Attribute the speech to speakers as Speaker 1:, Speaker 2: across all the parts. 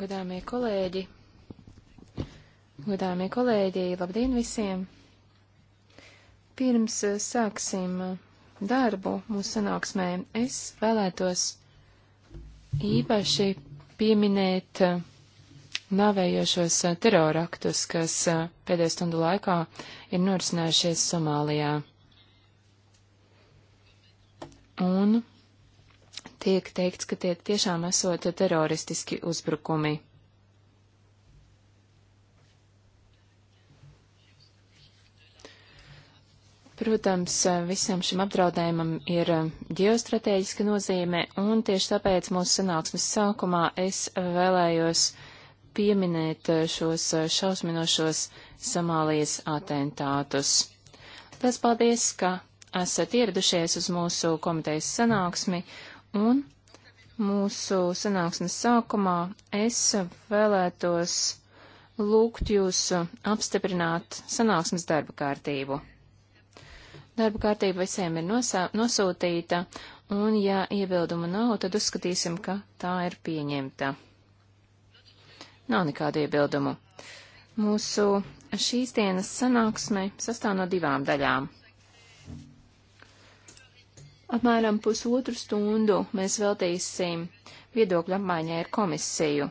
Speaker 1: Godāmie kolēģi, godāmie kolēģi, labdien visiem! Pirms eh, sāksim eh, darbu mūsu sanāksmē, es vēlētos īpaši pieminēt eh, navējošos teroraktus, kas pēdējo stundu laikā ir norisinājušies Somālijā. Un tiek teikts, ka tie tiešām esot teroristiski uzbrukumi. Protams, visam šim apdraudējumam ir ģeostrateģiska nozīme, un tieši tāpēc mūsu sanāksmes sākumā es vēlējos pieminēt šos šausminošos Somālijas atentātus. Liels paldies, ka esat ieradušies uz mūsu komitejas sanāksmi, Un mūsu sanāksmes sākumā es vēlētos lūgt jūs apstiprināt sanāksmes darba kārtību. Darba kārtība visiem ir nosā, nosūtīta, un ja iebildumu nav, tad uzskatīsim, ka tā ir pieņemta. Nav nekādu iebildumu. Mūsu šīs dienas sanāksme sastāv no divām daļām. Apmēram pusotru stundu mēs veltīsim viedokļu apmaiņai ar komisiju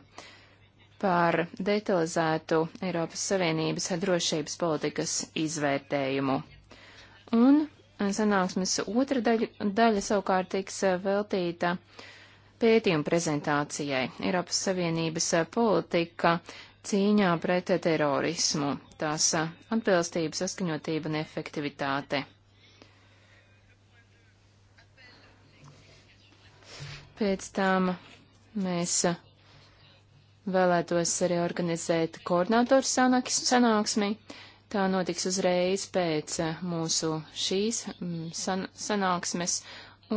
Speaker 1: par detalizētu Eiropas Savienības drošības politikas izvērtējumu. Un sanāksmes otra daļa, daļa savukārt tiks veltīta pētījuma prezentācijai Eiropas Savienības politika cīņā pret terorismu, tās atbilstība, saskaņotība un efektivitāte. Pēc tam mēs vēlētos arī organizēt koordinātoru sanāksmi. Tā notiks uzreiz pēc eh, mūsu šīs mm, san sanāksmes.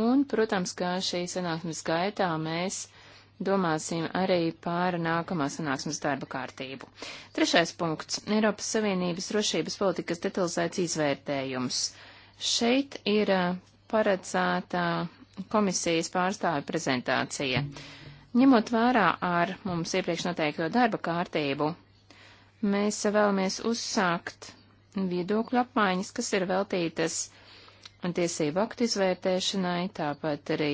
Speaker 1: Un, protams, ka šīs sanāksmes gaitā mēs domāsim arī pār nākamā sanāksmes darba kārtību. Trešais punkts - Eiropas Savienības drošības politikas detalizēts izvērtējums. Šeit ir eh, paredzēta komisijas pārstāvi prezentācija. Ņemot vērā ar mums iepriekš noteikto darba kārtību, mēs vēlamies uzsākt viedokļu apmaiņas, kas ir veltītas tiesību aktu izvērtēšanai, tāpat arī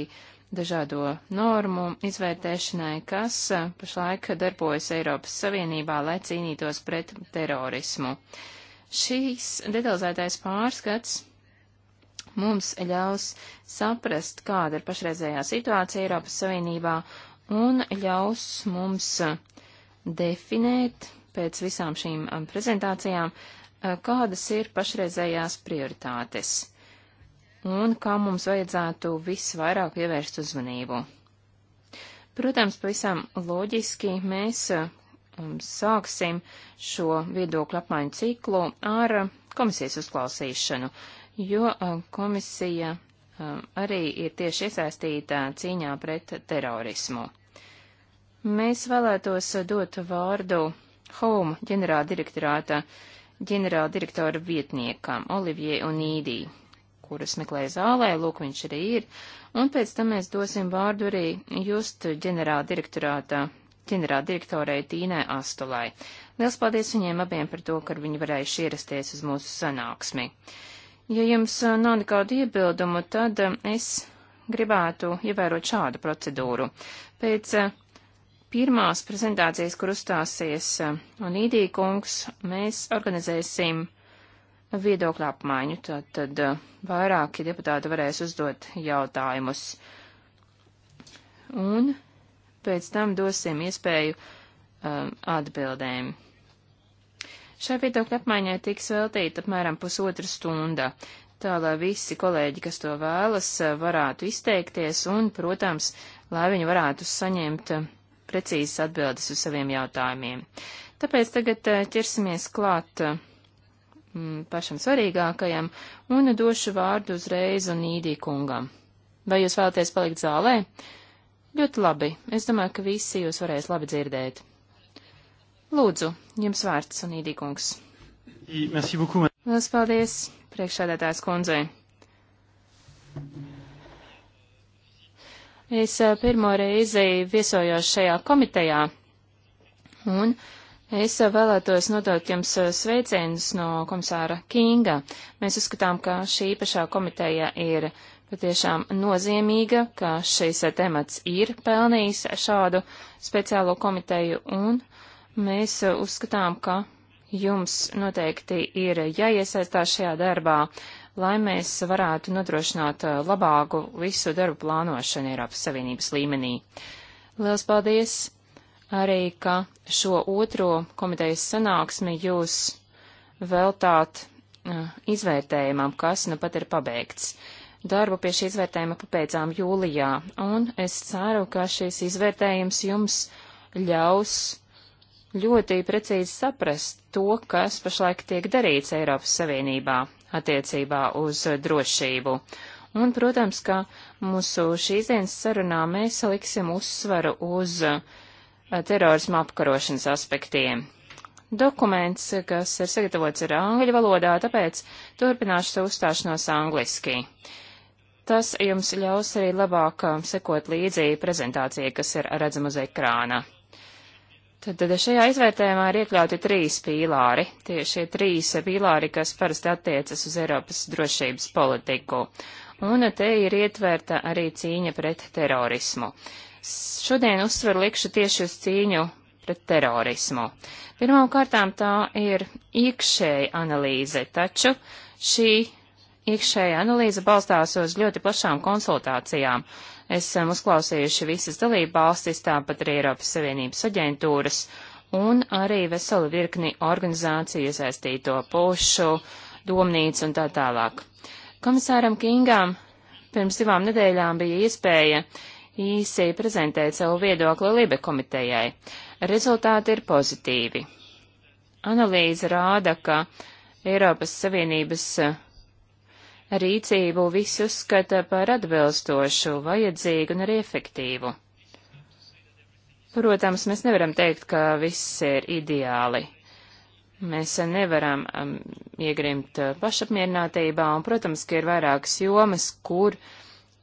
Speaker 1: dažādo normu izvērtēšanai, kas pašlaik darbojas Eiropas Savienībā, lai cīnītos pret terorismu. Šīs detalizētais pārskats mums ļaus saprast, kāda ir pašreizējā situācija Eiropas Savienībā un ļaus mums uh, definēt pēc visām šīm um, prezentācijām, uh, kādas ir pašreizējās prioritātes un kā mums vajadzētu visvairāk pievērst uzmanību. Protams, pavisam loģiski mēs uh, um, sāksim šo viedokļu apmaiņu ciklu ar komisijas uzklausīšanu, jo komisija arī ir tieši iesaistīta cīņā pret terorismu. Mēs vēlētos dot vārdu Home ģenerāldirektorāta ģenerāldirektora vietniekam Olivier Onīdī, kuras meklēja zālē, lūk, viņš arī ir, un pēc tam mēs dosim vārdu arī just ģenerāldirektorāta ģenerāldirektorai Tīnai Astolai. Liels paldies viņiem abiem par to, ka viņi varējuši ierasties uz mūsu sanāksmi. Uh, Ja jums nav nekādu iebildumu, tad es gribētu ievērot šādu procedūru. Pēc pirmās prezentācijas, kur uzstāsies Onīdī kungs, mēs organizēsim viedokļu apmaiņu, tad, tad vairāki deputāti varēs uzdot jautājumus. Un pēc tam dosim iespēju um, atbildēm. Šai viedokļa apmaiņai tiks veltīta apmēram pusotra stunda, tā lai visi kolēģi, kas to vēlas, varētu izteikties un, protams, lai viņi varētu saņemt precīzas atbildes uz saviem jautājumiem. Tāpēc tagad eh, ķersimies klāt eh, pašam svarīgākajam un došu vārdu uzreiz un īdī kungam. Vai jūs vēlaties palikt zālē? Ļoti labi. Es domāju, ka visi jūs varēs labi dzirdēt. Lūdzu, jums vārds un īdīgums. Lielas paldies, priekšādātājs kundzei. Es eh, pirmo reizi viesojos šajā komitejā, un es eh, vēlētos nodot jums eh, sveicienus no komisāra Kinga. Mēs uzskatām, ka šī īpašā komiteja ir patiešām nozīmīga, ka šis temats ir pelnījis šādu speciālo komiteju, un Mēs uh, uzskatām, ka jums noteikti ir jāiesaistās šajā darbā, lai mēs varētu nodrošināt uh, labāku visu darbu plānošanu Eiropas Savienības līmenī. Liels paldies arī, ka šo otro komitejas sanāksmi jūs veltāt uh, izvērtējumam, kas nu pat ir pabeigts. Darbu pie šī izvērtējuma pabeidzām jūlijā, un es ceru, ka šis izvērtējums jums ļaus ļoti precīzi saprast to, kas pašlaik tiek darīts Eiropas Savienībā attiecībā uz drošību. Un, protams, ka mūsu šīs dienas sarunā mēs liksim uzsvaru uz eh, terorismu apkarošanas aspektiem. Dokuments, kas ir sagatavots ar angļu valodā, tāpēc turpināšu savu uzstāšanos angliski. Tas jums ļaus arī labāk eh, sekot līdzi prezentācijai, kas ir redzama uz ekrāna. Tad, tad šajā izvērtējumā ir iekļauti trīs pīlāri, tie šie trīs pīlāri, kas parasti attiecas uz Eiropas drošības politiku. Un te ir ietvērta arī cīņa pret terorismu. Šodien uzsver likšu tieši uz cīņu pret terorismu. Pirmām kārtām tā ir iekšēja analīze, taču šī iekšēja analīze balstās uz ļoti plašām konsultācijām, Esam uzklausījuši visas dalību valstis, tāpat arī Eiropas Savienības aģentūras un arī veseli virkni organizāciju iesaistīto pušu, domnīcu un tā tālāk. Komisāram Kingām pirms divām nedēļām bija iespēja īsi prezentēt savu viedokli Libe komitejai. Rezultāti ir pozitīvi. Analīze rāda, ka Eiropas Savienības rīcību visi uzskata par atbilstošu, vajadzīgu un arī efektīvu. Protams, mēs nevaram teikt, ka viss ir ideāli. Mēs nevaram um, iegrimt pašapmierinātībā, un, protams, ka ir vairākas jomas, kur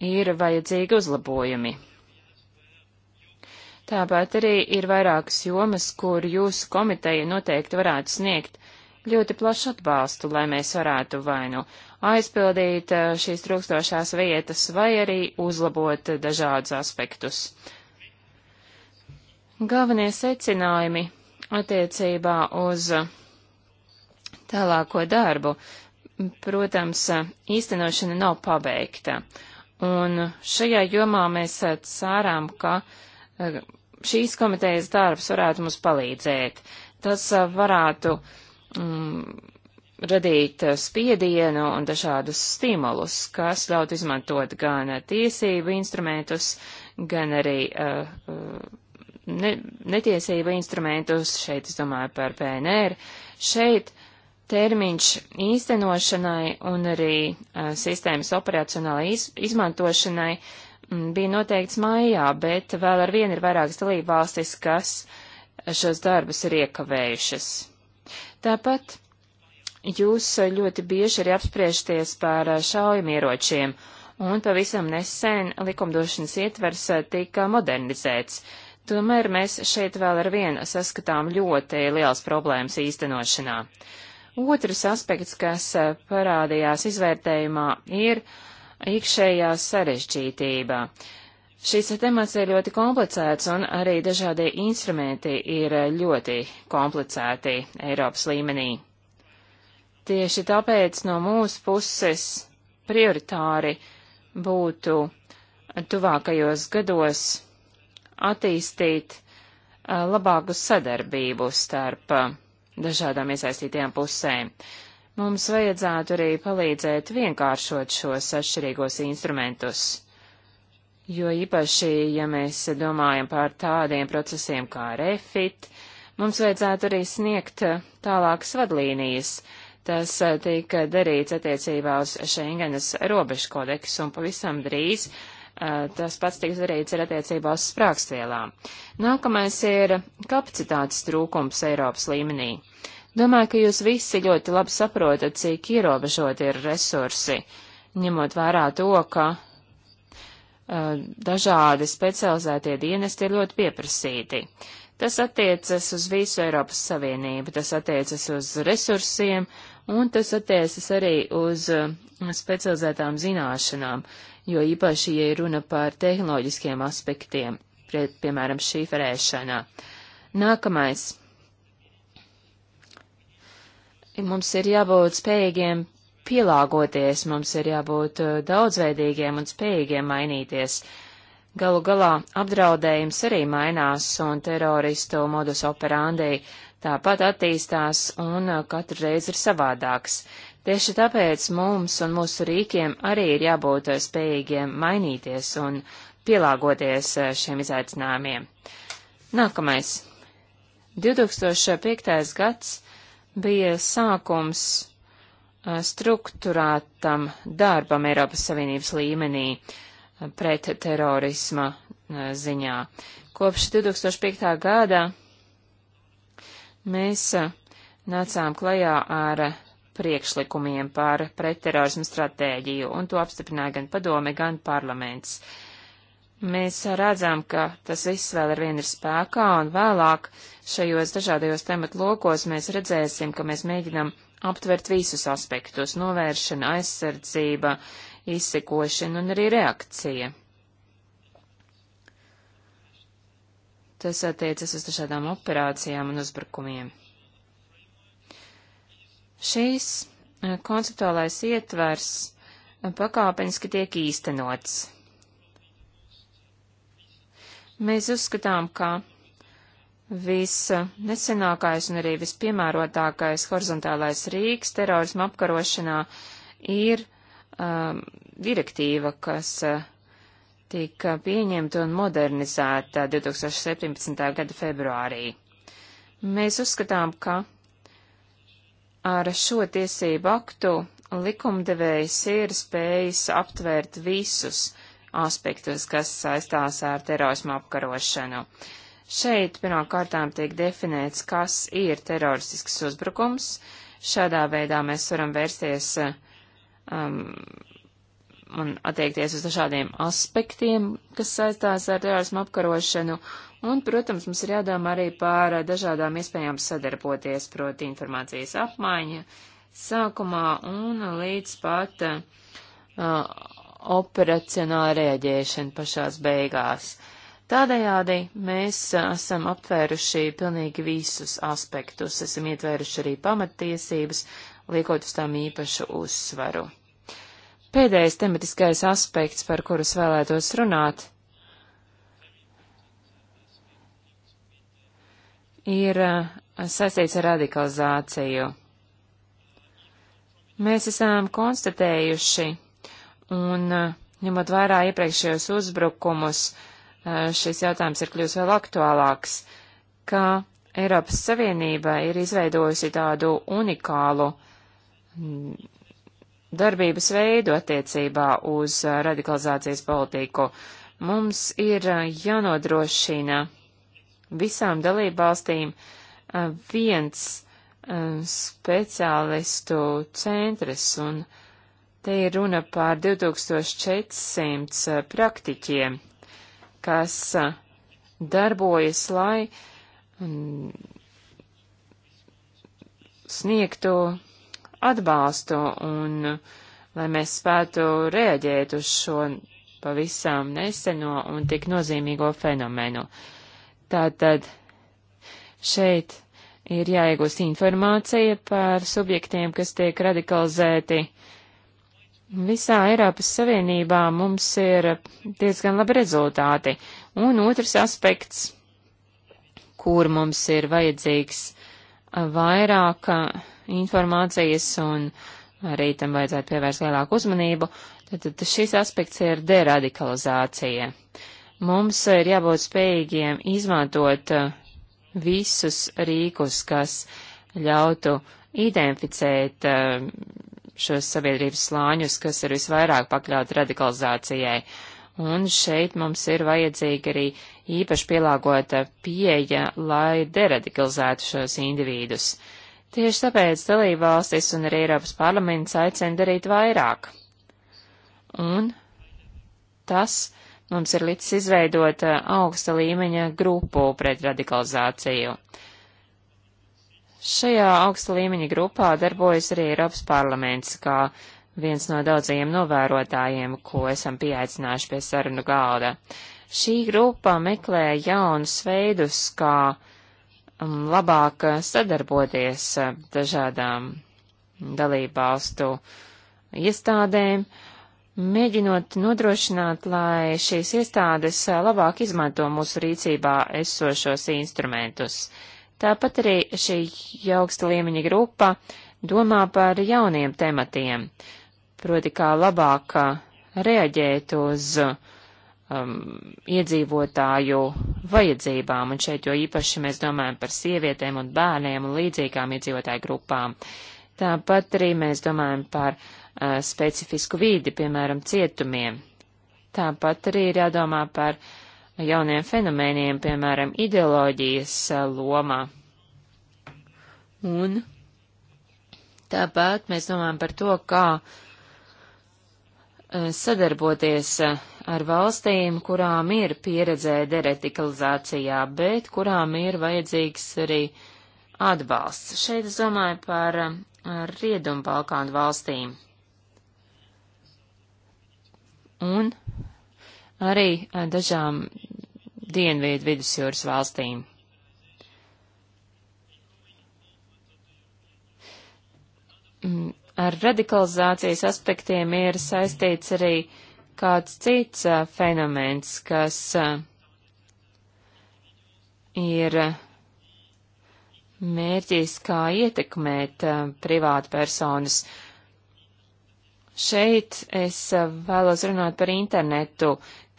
Speaker 1: ir vajadzīgi uzlabojumi. Tāpat arī ir vairākas jomas, kur jūsu komiteja noteikti varētu sniegt ļoti plašu atbalstu, lai mēs varētu vai nu aizpildīt eh, šīs trūkstošās vietas vai arī uzlabot dažādus aspektus. Galvenie secinājumi attiecībā uz tālāko darbu. Protams, īstenošana nav pabeigta. Un šajā jomā mēs sārām, eh, ka eh, šīs komitejas darbs varētu mums palīdzēt. Tas varētu mm, radīt eh, spiedienu un dažādus stimulus, kas ļaut izmantot gan eh, tiesību instrumentus, gan arī uh, ne, netiesību instrumentus, šeit es domāju par PNR, šeit termiņš īstenošanai un arī uh, sistēmas operacionālai iz, izmantošanai m, mm, bija noteikts maijā, bet vēl ar vienu ir vairākas dalību valstis, kas šos darbus ir iekavējušas. Tāpat jūs eh, ļoti bieži arī apspriešties par eh, šaujamieročiem, un pavisam nesen likumdošanas ietvers eh, tika modernizēts. Tomēr mēs šeit vēl ar vienu saskatām ļoti liels problēmas īstenošanā. Otrs aspekts, kas parādījās izvērtējumā, ir iekšējā sarežģītība. Šis temats ir ļoti komplicēts, un arī dažādie instrumenti ir ļoti komplicēti Eiropas līmenī. Tieši tāpēc no mūsu puses prioritāri būtu tuvākajos gados attīstīt labāku sadarbību starp dažādām iesaistītajām pusēm. Mums vajadzētu arī palīdzēt vienkāršot šos atšķirīgos instrumentus, jo īpaši, ja mēs domājam par tādiem procesiem kā refit, mums vajadzētu arī sniegt tālākas vadlīnijas, Tas eh, tika darīts attiecībā uz Schengenas robežu kodeksu un pavisam drīz uh, tas pats tiks darīts ir attiecībā uz sprākstvielām. Nākamais ir kapacitātes trūkums Eiropas līmenī. Domāju, ka jūs visi ļoti labi saprotat, cik ierobežot ir resursi, ņemot vērā to, ka uh, dažādi specializētie dienesti ir ļoti pieprasīti. Tas attiecas uz visu Eiropas Savienību, tas attiecas uz resursiem, un tas attiecas arī uz uh, specializētām zināšanām, jo īpaši, ja runa par tehnoloģiskiem aspektiem, prie, piemēram, šīferēšanā. Nākamais. Mums ir jābūt spējīgiem pielāgoties, mums ir jābūt uh, daudzveidīgiem un spējīgiem mainīties. Galu galā apdraudējums arī mainās, un teroristu modus operandi tāpat attīstās un uh, katru reizi ir savādāks. Tieši tāpēc mums un mūsu rīkiem arī ir jābūt uh, spējīgiem mainīties un pielāgoties uh, šiem izaicinājumiem. Nākamais. 2005. gads bija sākums struktūrātam darbam Eiropas Savienības līmenī pret terorisma ziņā. Kopš 2005. gada Mēs nācām klajā ar priekšlikumiem par pretterorismu stratēģiju, un to apstiprināja gan padome, gan parlaments. Mēs redzam, ka tas viss vēl ar vienu ir spēkā, un vēlāk šajos dažādajos tematu lokos mēs redzēsim, ka mēs mēģinam aptvert visus aspektus - novēršana, aizsardzība, izsekošana un arī reakcija. Tas attiecas uz dažādām operācijām un uzbrukumiem. Šīs eh, konceptuālais ietvers eh, pakāpeniski tiek īstenots. Mēs uzskatām, ka visnesenākais un arī vispiemērotākais horizontālais rīks terorismu apkarošanā ir um, direktīva, kas uh, tika pieņemta un modernizēta 2017. gada februārī. Mēs uzskatām, ka ar šo tiesību aktu likumdevējs ir spējis aptvērt visus aspektus, kas saistās ar terorismu apkarošanu. Šeit pirmām kārtām tiek definēts, kas ir teroristisks uzbrukums. Šādā veidā mēs varam vērsties um, un attiekties uz dažādiem aspektiem, kas saistās ar terorismu apkarošanu, un, protams, mums ir jādomā arī par dažādām iespējām sadarboties, proti informācijas apmaiņa sākumā un līdz pat uh, operacionāla rēģēšana pašās beigās. Tādējādi mēs uh, esam aptvēruši pilnīgi visus aspektus, esam ietvēruši arī pamattiesības, liekot uz tām īpašu uzsvaru. Pēdējais tematiskais aspekts, par kuru es vēlētos runāt, ir eh, saistīts ar radikalizāciju. Mēs esam konstatējuši, un eh, ņemot vērā iepriekšējos uzbrukumus, eh, šis jautājums ir kļūst vēl aktuālāks, ka Eiropas Savienība ir izveidojusi tādu unikālu mm, darbības veidu attiecībā uz uh, radikalizācijas politiku. Mums ir uh, jānodrošina visām dalībvalstīm uh, viens speciālistu centrs, un te ir runa par 2400 praktiķiem, kas darbojas, lai mm, sniegtu atbalstu un lai mēs spētu reaģēt uz šo pavisam neseno un tik nozīmīgo fenomenu. Tātad šeit ir jāiegūst informācija par subjektiem, kas tiek radikalizēti. Visā Eiropas Savienībā mums ir diezgan labi rezultāti. Un otrs aspekts, kur mums ir vajadzīgs uh, vairāk eh, informācijas un arī tam vajadzētu pievērst lielāku uzmanību, tad, tad šis aspekts ir deradikalizācija. Mums ir jābūt spējīgiem izmantot eh, visus rīkus, kas ļautu identificēt eh, šos sabiedrības slāņus, kas ir visvairāk pakļauti radikalizācijai un šeit mums ir vajadzīga arī īpaši pielāgota pieeja, lai deradikalizētu šos individus. Tieši tāpēc dalībvalstis un arī Eiropas parlaments aicina darīt vairāk. Un tas mums ir līdz izveidot eh, augsta līmeņa grupu pret radikalizāciju. Šajā augsta līmeņa grupā darbojas arī Eiropas parlaments kā viens no daudzajiem novērotājiem, ko esam pieaicinājuši pie sarunu galda. Šī grupa meklē jaunus veidus, kā um, labāk sadarboties uh, dažādām dalībvalstu iestādēm, mēģinot nodrošināt, lai šīs iestādes uh, labāk izmanto mūsu rīcībā esošos instrumentus. Tāpat arī šī augsta līmeņa grupa domā par jauniem tematiem proti kā labāk uh, reaģēt uz um, iedzīvotāju vajadzībām, un šeit jo īpaši mēs domājam par sievietēm un bērniem un līdzīgām iedzīvotāju grupām. Tāpat arī mēs domājam par uh, specifisku vīdi, piemēram, cietumiem. Tāpat arī ir jādomā par jauniem fenomēniem, piemēram, ideoloģijas uh, lomā. Un tāpat mēs domājam par to, kā uh, Eh, sadarboties eh, ar valstīm, kurām ir pieredzē deretikalizācijā, bet kurām ir vajadzīgs arī atbalsts. Šeit es domāju par eh, Rietumu Balkānu valstīm. Un arī dažām dienvīdu vidusjūras valstīm. Mm ar radikalizācijas aspektiem ir saistīts arī kāds cits uh, fenomens, kas uh, ir mērķis, kā ietekmēt uh, privātu personas. Šeit es vēlos runāt par internetu,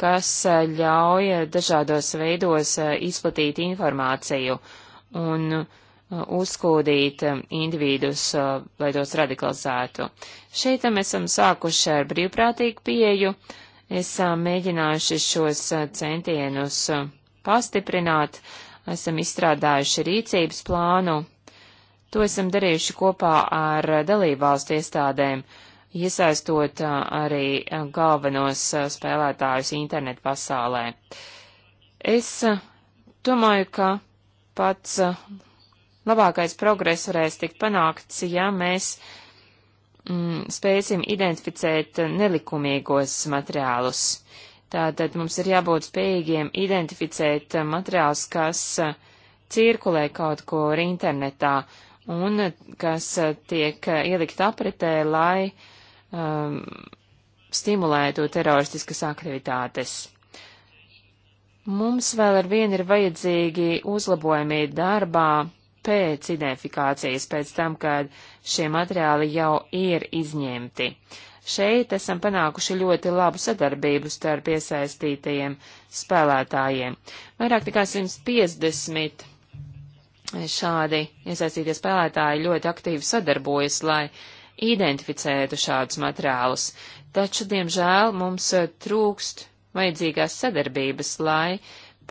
Speaker 1: kas ļauj dažādos veidos izplatīt informāciju. Un uh, Uh, uzskūdīt um, individus, uh, lai tos radikalizētu. Šeit um, mēs esam sākuši ar brīvprātīgu pieju, esam uh, mēģinājuši šos centienus pastiprināt, esam izstrādājuši rīcības plānu. To esam darījuši kopā ar dalībvalstu iestādēm, iesaistot arī galvenos spēlētājus internetu pasaulē. Es domāju, ka pats labākais progress varēs tikt panākts, ja mēs mm, spēsim identificēt nelikumīgos materiālus. Tātad mums ir jābūt spējīgiem identificēt eh, materiālus, kas eh, cirkulē kaut kur internetā un eh, kas tiek ielikt apritē, lai um, stimulētu teroristiskas aktivitātes. Mums vēl ar vienu ir vajadzīgi uzlabojumi darbā pēc identifikācijas, pēc tam, kad šie materiāli jau ir izņemti. Šeit esam panākuši ļoti labu sadarbību starp iesaistītajiem spēlētājiem. Vairāk nekā 150 šādi iesaistītie spēlētāji ļoti aktīvi sadarbojas, lai identificētu šādus materiālus. Taču, diemžēl, mums trūkst vajadzīgās sadarbības, lai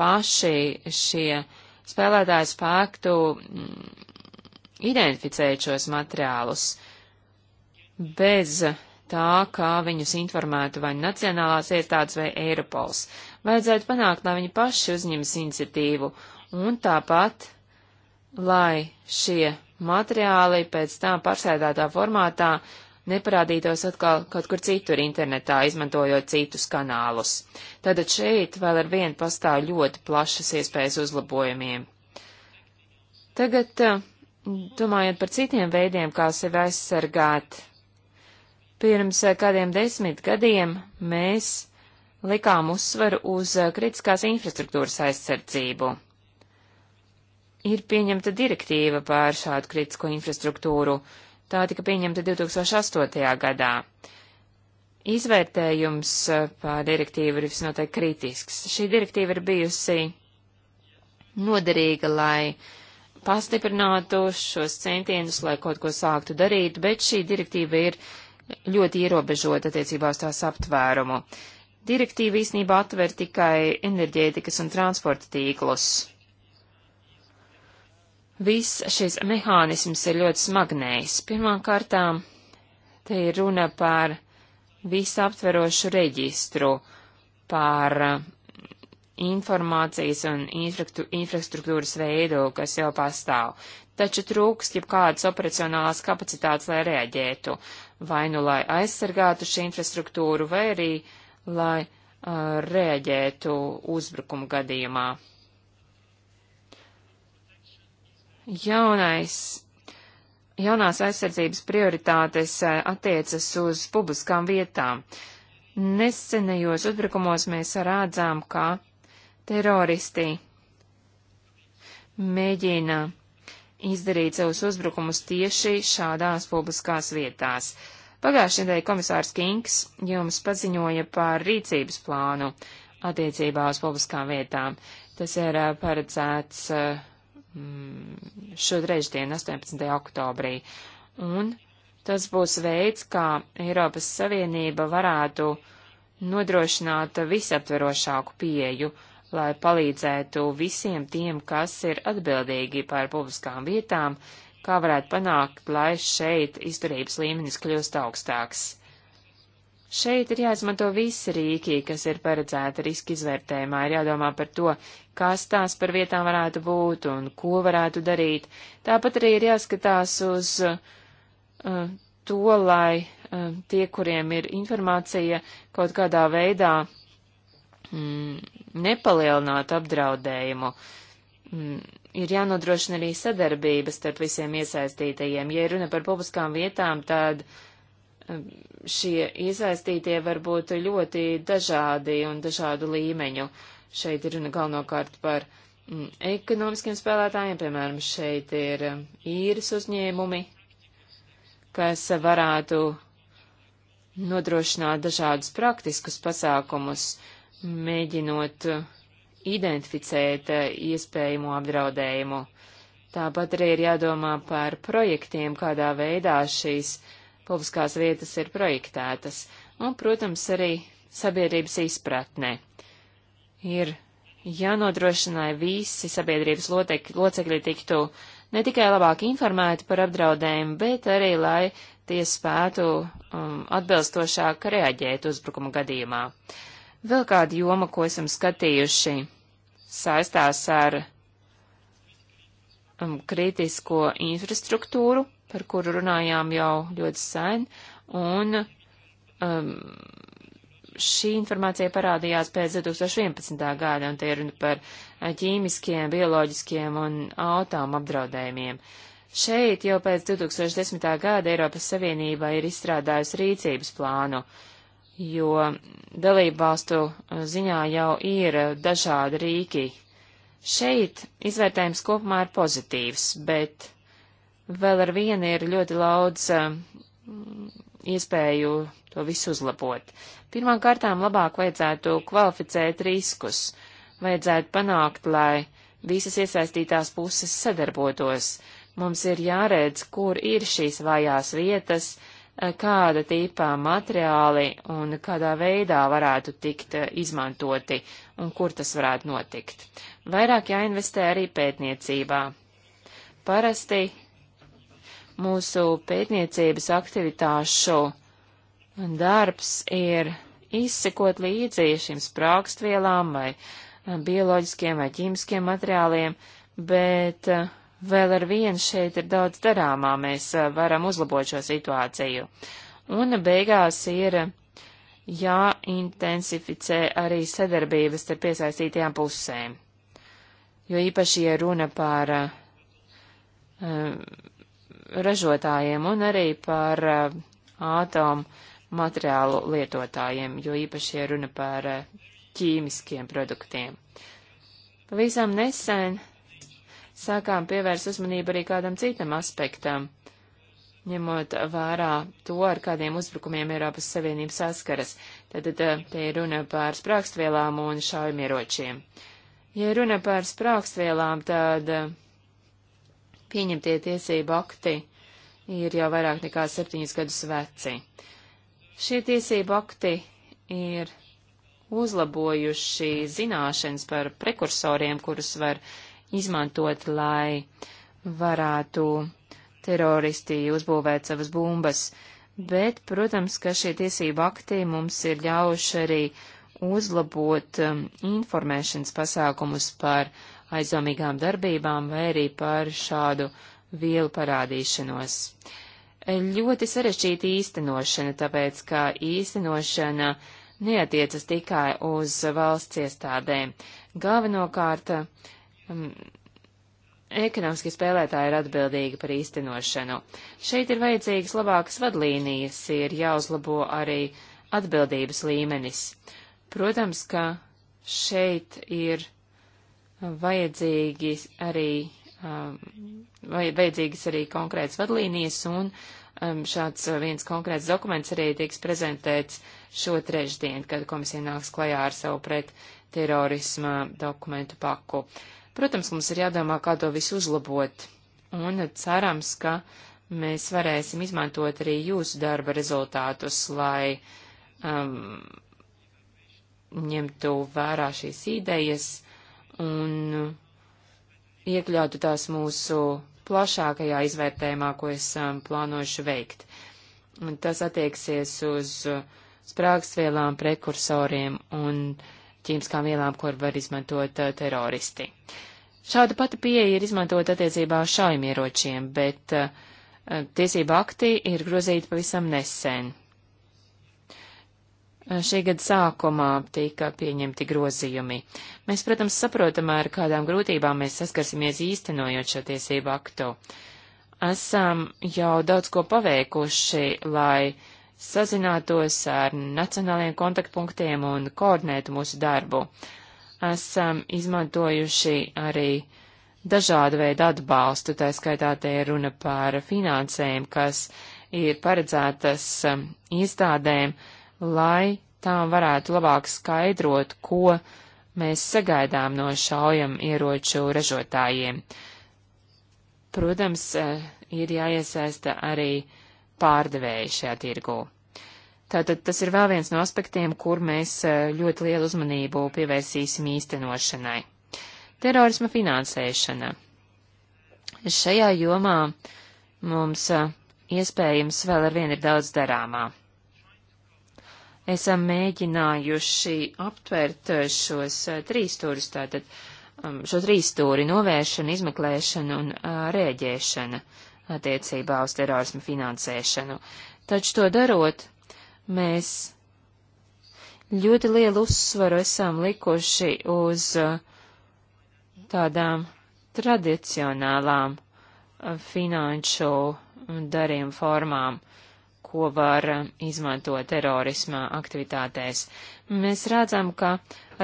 Speaker 1: paši šie spēlētāju spēktu mm, identificēt šos materiālus bez tā, kā viņus informētu vai nacionālās iestādes vai Eiropols. Vajadzētu panākt, lai viņi paši uzņems iniciatīvu un tāpat, lai šie materiāli pēc tam pārsēdētā formātā uh, neparādītos atkal kaut kur citur internetā, izmantojot citus kanālus. Tātad šeit vēl ar vienu pastāv ļoti plašas iespējas uzlabojumiem. Tagad, eh, domājot par citiem veidiem, kā sevi aizsargāt, pirms eh, kādiem desmit gadiem mēs likām uzsvaru uz eh, kritiskās infrastruktūras aizsardzību. Ir pieņemta direktīva pār šādu kritisko infrastruktūru, uh, Tā tika pieņemta 2008. gadā. Izvērtējums eh, pār direktīvu ir visnotaļ kritisks. Šī direktīva ir bijusi noderīga, lai pastiprinātu šos centienus, lai kaut ko sāktu darīt, bet šī direktīva ir ļoti ierobežota attiecībā uz tās aptvērumu. Direktīva īsnībā atver tikai enerģētikas un transporta tīklus. Viss šis mehānisms ir ļoti smagnējs. Pirmkārtām, te ir runa par visaptverošu reģistru, par uh, informācijas un infrastruktūras veidu, kas jau pastāv. Taču trūkst jau kādas operacionālās kapacitātes, lai reaģētu, vai nu lai aizsargātu šī infrastruktūru, vai arī lai uh, reaģētu uzbrukumu gadījumā. Jaunais, jaunās aizsardzības prioritātes eh, attiecas uz publiskām vietām. Nesenajos uzbrukumos mēs rādzām, ka teroristi mēģina izdarīt savus uzbrukumus tieši šādās publiskās vietās. Pagājušajā nedēļā komisārs Kings jums paziņoja par rīcības plānu attiecībā uz publiskām vietām. Tas ir eh, paredzēts uh, Mm, šodien, 18. oktobrī. Un tas būs veids, kā Eiropas Savienība varētu nodrošināt visaptverošāku pieju, lai palīdzētu visiem tiem, kas ir atbildīgi par publiskām vietām, kā varētu panākt, lai šeit izturības līmenis kļūst augstāks. Šeit ir jāizmanto visi rīki, kas ir paredzēti riska izvērtējumā, ir jādomā par to, kas tās par vietām varētu būt un ko varētu darīt. Tāpat arī ir jāskatās uz uh, to, lai uh, tie, kuriem ir informācija, kaut kādā veidā mm, nepalielinātu apdraudējumu. Mm, ir jānodrošina arī sadarbība starp visiem iesaistītajiem. Ja runa par publiskām vietām, tad uh, šie iesaistītie var būt ļoti dažādi un dažādu līmeņu. Uh, Šeit ir runa galvenokārt par mm, ekonomiskiem spēlētājiem, piemēram, šeit ir mm, īres uzņēmumi, kas varētu nodrošināt dažādus praktiskus pasākumus, mēģinot identificēt eh, iespējamo apdraudējumu. Tāpat arī ir jādomā par projektiem, kādā veidā šīs publiskās vietas ir projektētas, un, protams, arī sabiedrības izpratnē ir jānodrošina, lai visi sabiedrības locekļi tiktu ne tikai labāk informēti par apdraudējumu, bet arī, lai tie spētu um, atbilstošāk reaģēt uzbrukuma gadījumā. Vēl kāda joma, ko esam skatījuši, saistās ar um, kritisko infrastruktūru, par kuru runājām jau ļoti sen, un um, šī informācija parādījās pēc 2011. gada, un te ir par eh, ķīmiskiem, bioloģiskiem un autām apdraudējumiem. Šeit jau pēc 2010. gada Eiropas Savienība ir izstrādājusi rīcības plānu, jo dalību valstu eh, ziņā jau ir eh, dažādi rīki. Šeit izvērtējums kopumā ir pozitīvs, bet vēl ar vienu ir ļoti daudz iespēju to visu uzlabot. Pirmām kārtām labāk vajadzētu kvalificēt riskus, vajadzētu panākt, lai visas iesaistītās puses sadarbotos. Mums ir jāredz, kur ir šīs vājās vietas, eh, kāda tīpā materiāli un kādā veidā varētu tikt eh, izmantoti un kur tas varētu notikt. Vairāk jāinvestē arī pētniecībā. Parasti mūsu pētniecības aktivitāšu darbs ir izsekot līdzi šīm sprākstvielām vai eh, bioloģiskiem vai ķīmiskiem materiāliem, bet eh, vēl ar vienu šeit ir daudz darāmā, mēs eh, varam uzlabot šo situāciju. Un beigās ir jāintensificē arī sadarbības ar piesaistītajām pusēm. Jo īpaši, ja runa par uh, ražotājiem un arī par uh, eh, ātomu materiālu lietotājiem, jo īpaši ir runa par uh, ķīmiskiem produktiem. Pavisam nesen sākām pievērst uzmanību arī kādam citam aspektam, ņemot vērā to, ar kādiem uzbrukumiem Eiropas Savienība saskaras. Tad eh, te ir runa par sprākstvielām un šaujamieročiem. Ja runa par sprākstvielām, tad uh, Pieņemtie tiesību akti ir jau vairāk nekā septiņus gadus veci. Šie tiesību akti ir uzlabojuši zināšanas par prekursoriem, kurus var izmantot, lai varētu teroristi uzbūvēt savas bumbas. Bet, protams, ka šie tiesību akti mums ir ļaujuši arī uzlabot um, informēšanas pasākumus par aizdomīgām darbībām vai arī par šādu vielu parādīšanos. Ļoti sarežģīta īstenošana, tāpēc, ka īstenošana neatiecas tikai uz valsts iestādēm. Galvenokārt, um, ekonomiski spēlētāji ir atbildīgi par īstenošanu. Šeit ir vajadzīgas labākas vadlīnijas, ir jāuzlabo arī atbildības līmenis. Protams, ka šeit ir vajadzīgi arī, um, vajadzīgas arī konkrētas vadlīnijas un um, šāds uh, viens konkrēts dokuments arī tiks prezentēts šo trešdien, kad komisija nāks klajā ar savu pret terorisma dokumentu paku. Protams, mums ir jādomā, kā to visu uzlabot, un cerams, ka mēs varēsim izmantot arī jūsu darba rezultātus, lai um, ņemtu vērā šīs idejas un uh, iekļautu tās mūsu plašākajā izvērtējumā, ko esam plānojuši veikt. Un tas attieksies uz uh, sprāgstvielām, prekursoriem un ķīmiskām vielām, kur var izmantot uh, teroristi. Šāda pati pieeja ir izmantot attiecībā šaujamieročiem, bet uh, uh, tiesība akti ir grozīta pavisam nesen. Eh, šī gada sākumā tika pieņemti grozījumi. Mēs, protams, saprotam, ar kādām grūtībām mēs saskarsimies īstenojot šo tiesību aktu. Esam jau daudz ko paveikuši, lai sazinātos ar nacionālajiem kontaktpunktiem un koordinētu mūsu darbu. Esam izmantojuši arī dažādu veidu atbalstu, tā skaitā te ir runa par finansēm, kas ir paredzētas eh, iestādēm, um, lai tām varētu labāk skaidrot, ko mēs sagaidām no šaujam ieroču ražotājiem. Protams, eh, ir jāiesaista arī pārdevēji šajā tirgū. Tātad tas ir vēl viens no aspektiem, kur mēs eh, ļoti lielu uzmanību pievērsīsim īstenošanai. Terorisma finansēšana. Šajā jomā mums eh, iespējams vēl ar vienu ir daudz darāmā esam mēģinājuši aptvert eh, šos eh, trīs stūrus, tātad um, šo trīs stūri - novēršana, izmeklēšana un eh, rēģēšana attiecībā uz terorismu finansēšanu. Taču to darot, mēs ļoti lielu uzsvaru esam likuši uz tādām tradicionālām finanšu darījuma formām. Uh, ko var um, izmantot terorisma aktivitātēs. Mēs redzam, ka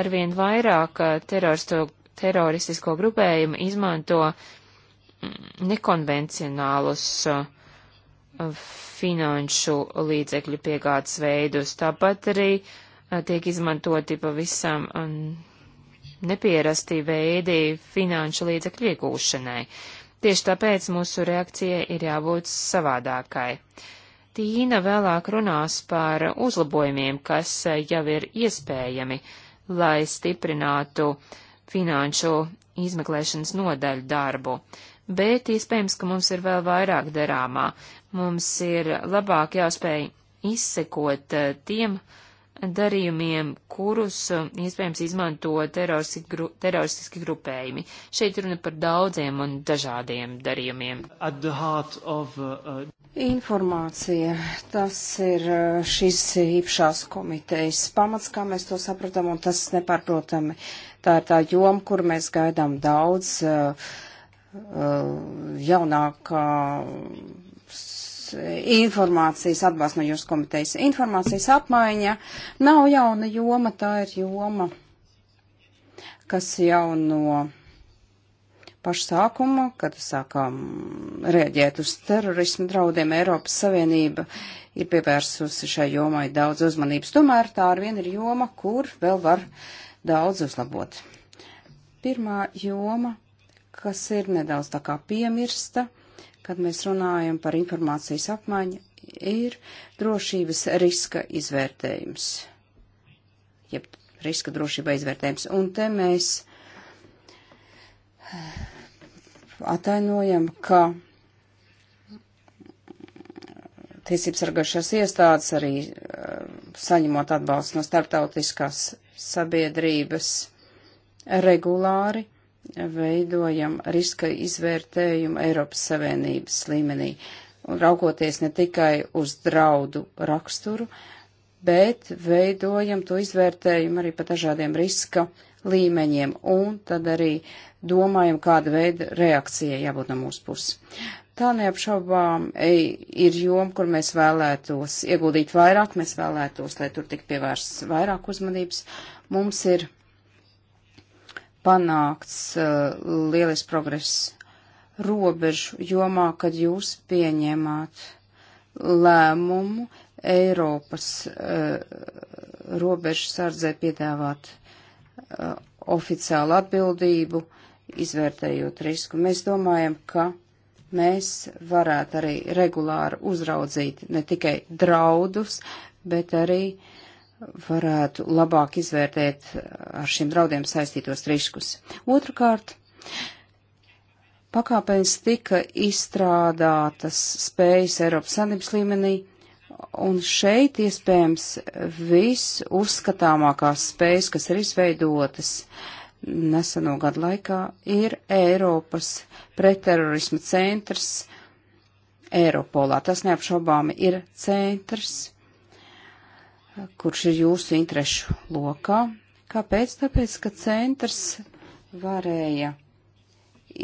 Speaker 1: arvien vairāk uh, teroristisko grupējumu izmanto mm, nekonvencionālus uh, finanšu līdzekļu piegādes veidus. Tāpat arī uh, tiek izmantoti pavisam um, nepierasti veidi finanšu līdzekļu iegūšanai. Tieši tāpēc mūsu reakcijai ir jābūt savādākai. Uh, Tīna vēlāk runās par uzlabojumiem, kas eh, jau ir iespējami, lai stiprinātu finanšu izmeklēšanas nodaļu darbu. Bet iespējams, ka mums ir vēl vairāk darāmā. Mums ir labāk jāspēj izsekot eh, tiem uh, darījumiem, kurus um, iespējams izmanto gru, teroristiski grupējumi. Šeit runa par daudziem un dažādiem darījumiem. Of, uh, uh,
Speaker 2: Informācija. Tas ir uh, šīs īpašās komitejas pamats, kā mēs to sapratam, un tas nepārprotami. Tā ir tā joma, kur mēs gaidām daudz uh, uh, jaunākā. Uh, informācijas atbalsts no jūsu komitejas. Informācijas apmaiņa nav jauna joma, tā ir joma, kas jau no paša sākuma, kad sākām rēģēt uz terorismu draudiem, Eiropas Savienība ir pievērsusi šai jomai daudz uzmanības. Tomēr tā ar vienu ir joma, kur vēl var daudz uzlabot. Pirmā joma, kas ir nedaudz tā kā piemirsta, kad mēs runājam par informācijas apmaiņu, ir drošības riska izvērtējums. Jeb riska drošība izvērtējums. Un te mēs eh, atainojam, ka tiesības sargājušās iestādes arī eh, saņemot atbalstu no starptautiskās sabiedrības regulāri veidojam riska izvērtējumu Eiropas Savienības līmenī, un raugoties ne tikai uz draudu raksturu, bet veidojam to izvērtējumu arī pa dažādiem riska līmeņiem, un tad arī domājam, kāda veida reakcija jābūt no mūsu puses. Tā neapšaubām ir joma, kur mēs vēlētos ieguldīt vairāk, mēs vēlētos, lai tur tik pievērsts vairāk uzmanības. Mums ir panākts uh, lielisks progress robežu jomā, kad jūs pieņēmāt lēmumu Eiropas uh, robežu sardzē piedāvāt uh, oficiālu atbildību, izvērtējot risku. Mēs domājam, ka mēs varētu arī regulāri uzraudzīt ne tikai draudus, bet arī uh, varētu labāk izvērtēt eh, ar šiem draudiem saistītos riskus. Otrakārt, pakāpēns tika izstrādātas spējas Eiropas Sanības līmenī, un šeit iespējams viss uzskatāmākās spējas, kas ir izveidotas neseno gadu laikā, ir Eiropas pretterorisma centrs Eiropolā. Tas neapšaubāmi ir centrs kurš ir jūsu interešu lokā. Kāpēc? Tāpēc, ka centrs varēja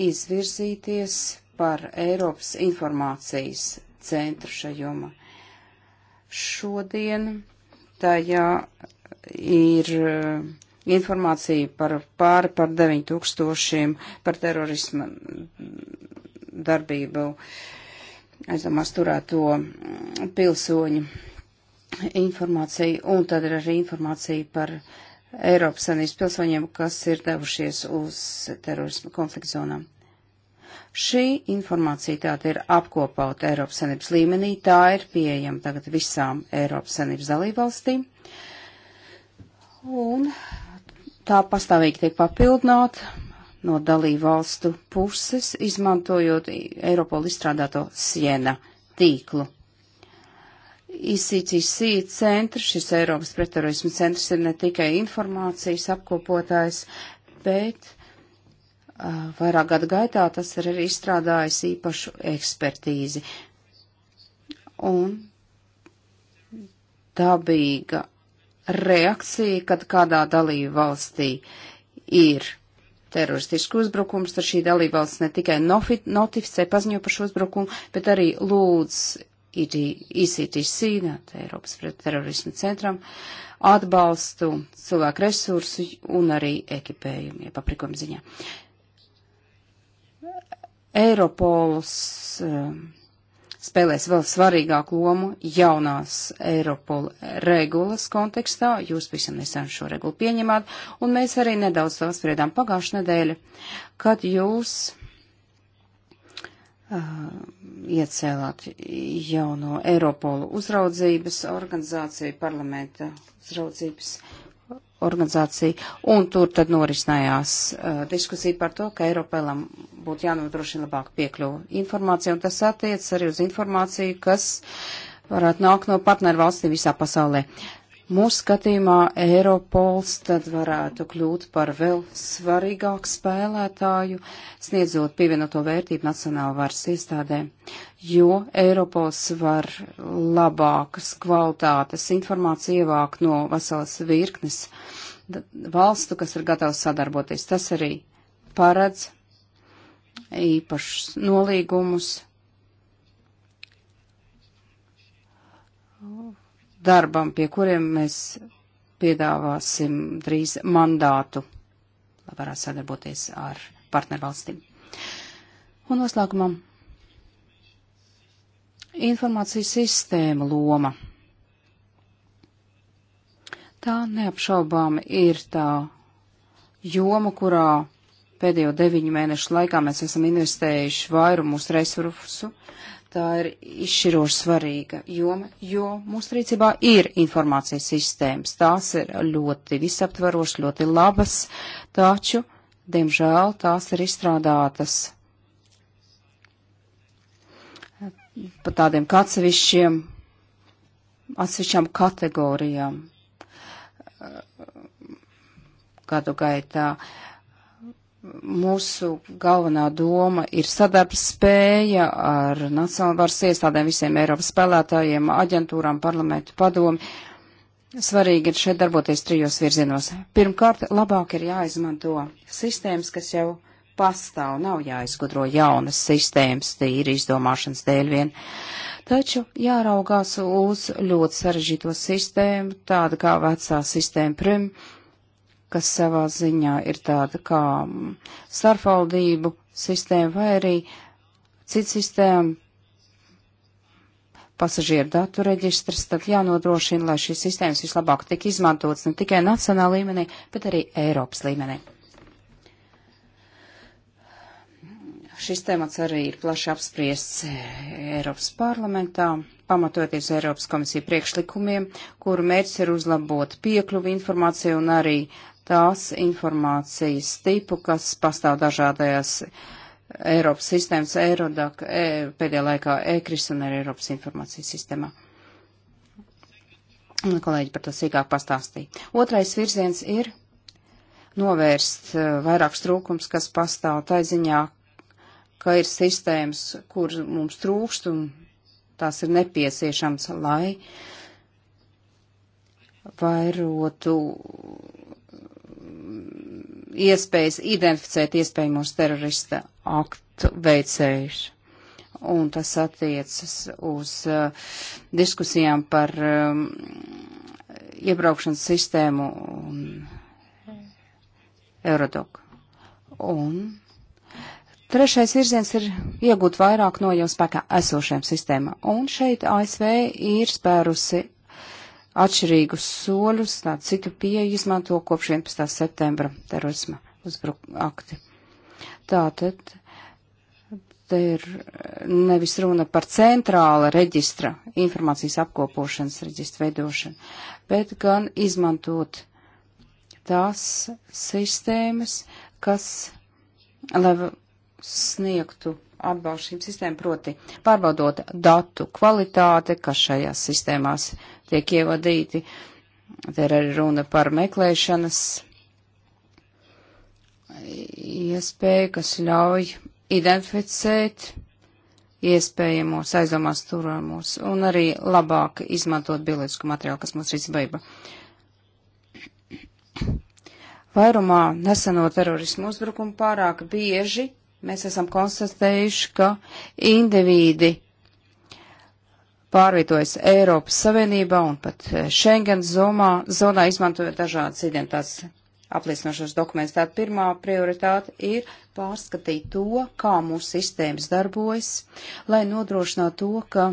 Speaker 2: izvirzīties par Eiropas informācijas centru šajomā. Šodien tajā ir uh, informācija par pāri par 9000 par terorismu darbību aizdomās turēto pilsoņu informāciju, un tad ir arī informācija par Eiropas Savienības pilsoņiem, kas ir devušies uz terorismu konfliktu zonām. Šī informācija tāda ir apkopauta Eiropas Savienības līmenī, tā ir pieejama tagad visām Eiropas Savienības dalībvalstīm, un tā pastāvīgi tiek papildināta no dalībvalstu puses, izmantojot Eiropola izstrādāto siena tīklu ICCC centrs, šis Eiropas pretterorismu centrs ir ne tikai informācijas apkopotājs, bet uh, vairāk gadu gaitā tas ir arī izstrādājis īpašu ekspertīzi. Un dabīga reakcija, kad kādā dalība valstī ir teroristisku uzbrukums, tad šī dalībvalsts ne tikai notificē paziņo par šo uzbrukumu, bet arī lūdz ICTC, Eiropas pretterorismu centram, atbalstu, cilvēku resursu un arī ekipējumu, ja paprikuma ziņā. Eiropols um, spēlēs vēl svarīgāku lomu jaunās Eiropola regulas kontekstā. Jūs visam nesen šo regulu pieņemāt, un mēs arī nedaudz vēl spriedām pagājušajā nedēļa, kad jūs iecēlāt jauno Eiropolu uzraudzības organizāciju, parlamenta uzraudzības organizāciju, un tur tad norisinājās uh, diskusija par to, ka Eiropelam būtu jānodrošina labāk piekļuvu informāciju, un tas attiec arī uz informāciju, kas varētu nākt no partneru valstīm visā pasaulē. Uh, Mūsu skatījumā Eiropols tad varētu kļūt par vēl svarīgāku spēlētāju, sniedzot pievienoto vērtību nacionālu varas iestādēm, jo Eiropols var labākas kvalitātes informāciju ievākt no veselas virknes valstu, kas ir gatavs sadarboties. Tas arī paredz īpašus nolīgumus darbam, pie kuriem mēs piedāvāsim drīz mandātu, lai varētu sadarboties ar partnervalstīm. Un noslēgumā informācijas sistēma loma. Tā neapšaubām ir tā joma, kurā pēdējo deviņu mēnešu laikā mēs esam investējuši vairumu mūsu resursu. Uh, Tā ir izšķiroši svarīga joma, jo mūsu rīcībā ir informācijas sistēmas. Tās ir ļoti visaptvarošas, ļoti labas, taču, diemžēl, tās ir izstrādātas pa tādiem kā atsevišķiem, atsevišķām kategorijām gadu gaitā. Uh, Mūsu galvenā doma ir sadarbspēja ar nacionālā varas iestādēm, visiem Eiropas spēlētājiem, aģentūrām, parlamentu padomi. Svarīgi ir šeit darboties trijos virzienos. Pirmkārt, labāk ir jāizmanto sistēmas, kas jau pastāv, nav jāizgudro jaunas sistēmas tīri izdomāšanas dēļ vien. Taču jāraugās uz ļoti sarežģīto sistēmu, tādu kā vecā sistēma prim, kas savā ziņā ir tāda kā mm, starpvaldību sistēma vai arī cita sistēma pasažieru datu reģistrs, tad jānodrošina, lai šīs sistēmas vislabāk tik izmantotas ne tikai nacionāla līmenī, bet arī Eiropas līmenī. Šis temats arī ir plaši apspriests eh, Eiropas parlamentā, pamatoties Eiropas komisiju priekšlikumiem, kuru mērķis ir uzlabot piekļuvi informāciju un arī tās informācijas tipu, kas pastāv dažādajās Eiropas sistēmas, Eirodak, e, pēdējā laikā ECRIS un arī Eiropas informācijas sistēmā. Un kolēģi par to sīkāk pastāstīja. Otrais virziens ir novērst e, vairākus trūkums, kas pastāv tai ziņā, ka ir sistēmas, kur mums trūkst un tās ir nepieciešams, lai vairotu iespējas identificēt iespējamos terorista aktu veicējus. Un tas attiecas uz uh, diskusijām par um, iebraukšanas sistēmu un Eurodoku. Un Trešais virziens ir iegūt vairāk no jau spēkā esošajām sistēmām, un šeit ASV ir spērusi atšķirīgus soļus, tādu citu pieeju izmanto kopš 11. septembra terorisma uzbrukakti. Tātad te ir nevis runa par centrāla reģistra, informācijas apkopošanas reģistra veidošanu, bet gan izmantot tās sistēmas, kas, lai sniegtu atbalstu šīm sistēmām, proti pārbaudot datu kvalitāti, kas šajās sistēmās tiek ievadīti. Te ir arī runa par meklēšanas iespēju, kas ļauj identificēt iespējamos aizdomās turamos un arī labāk izmantot bioloģisku materiālu, kas mums izbaiba. Vairumā neseno terorismu uzbrukumu pārāk bieži mēs esam konstatējuši, ka indivīdi pārvietojas Eiropas Savienībā un pat eh, Schengen zomā, zonā izmantojot dažādas identitātes apliecinošos dokumentus. Tātad pirmā prioritāte ir pārskatīt to, kā mūsu sistēmas darbojas, lai nodrošinātu to, ka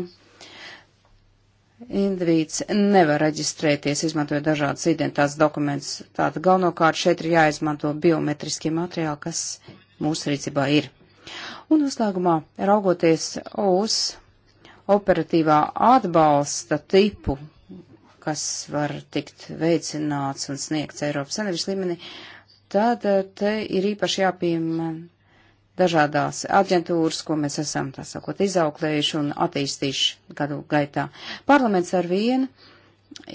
Speaker 2: Indivīds nevar reģistrēties, izmantojot dažādas identitātes dokumentus. Tātad galvenokārt šeit ir jāizmanto biometriskie materiāli, kas mūsu rīcībā ir. Un uzslēgumā, raugoties uz operatīvā atbalsta tipu, kas var tikt veicināts un sniegts Eiropas Savienības līmenī, tad eh, te ir īpaši jāpiemēr dažādās aģentūras, ko mēs esam, tā sakot, izauklējuši un attīstījuši gadu gaitā. Parlaments ar vienu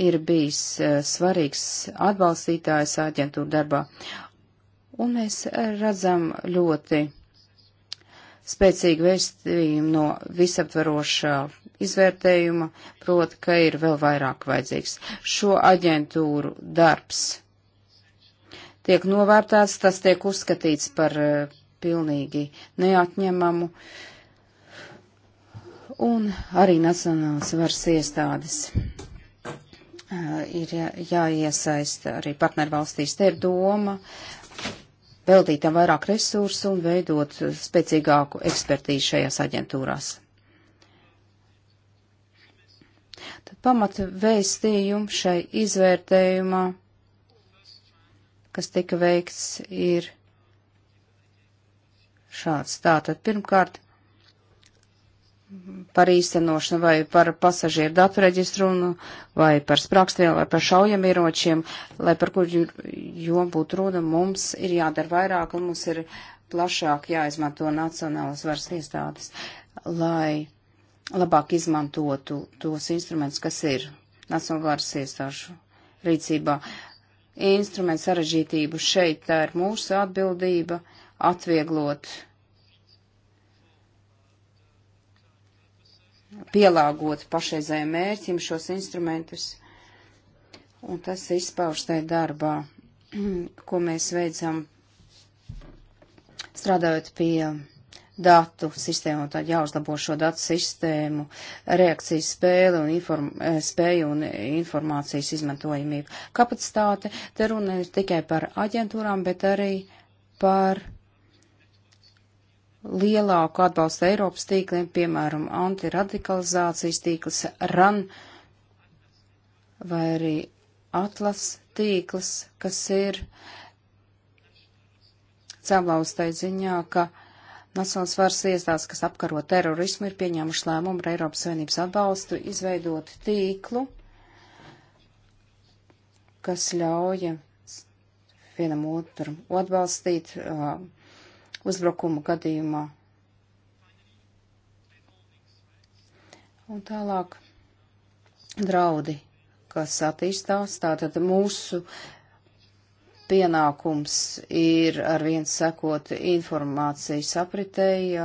Speaker 2: ir bijis eh, svarīgs atbalstītājs aģentūra darbā, un mēs eh, redzam ļoti spēcīgu vēstījumu no visaptverošā izvērtējuma, proti, ka ir vēl vairāk vajadzīgs. Šo aģentūru darbs tiek novērtēts, tas tiek uzskatīts par uh, pilnīgi neatņemamu, un arī nacionālas varas iestādes uh, ir jā, jāiesaista arī partnervalstīs. Te ir doma uh, veltīt tam vairāk resursu un veidot spēcīgāku ekspertīšu šajās aģentūrās. Tad pamata vēstījumi šai izvērtējumā, kas tika veikts, ir šāds. Tātad pirmkārt par īstenošanu vai par pasažieru datu reģistru vai par sprākstiem vai par šaujamieročiem, lai par kur jom būtu runa, mums ir jādara vairāk un mums ir plašāk jāizmanto nacionālas varas iestādes, lai labāk izmantotu tos instrumentus, kas ir nacionāla varas iestāžu rīcībā. Instruments sarežģītību šeit tā ir mūsu atbildība atvieglot pielāgot pašreizējiem mērķim šos instrumentus. Un tas izpauž tajā darbā, ko mēs veicam strādājot pie datu sistēmu, tad jāuzlabo šo datu sistēmu, reakcijas spēle un inform, eh, spēju un informācijas izmantojamību. Kapacitāte, te runa ir tikai par aģentūrām, bet arī par lielāku atbalstu Eiropas tīkliem, piemēram, antiradikalizācijas tīkls RAN vai arī Atlas tīkls, kas ir cēlaustai ziņā, ka Nacionāls varas iestādes, kas apkaro terorismu, ir pieņēmuši lēmumu ar Eiropas Savienības atbalstu izveidot tīklu, kas ļauj vienam otram atbalstīt uh, uzbrukumu gadījumā. Un tālāk draudi, kas attīstās, tātad mūsu pienākums ir ar vien sekot informācijas apritei.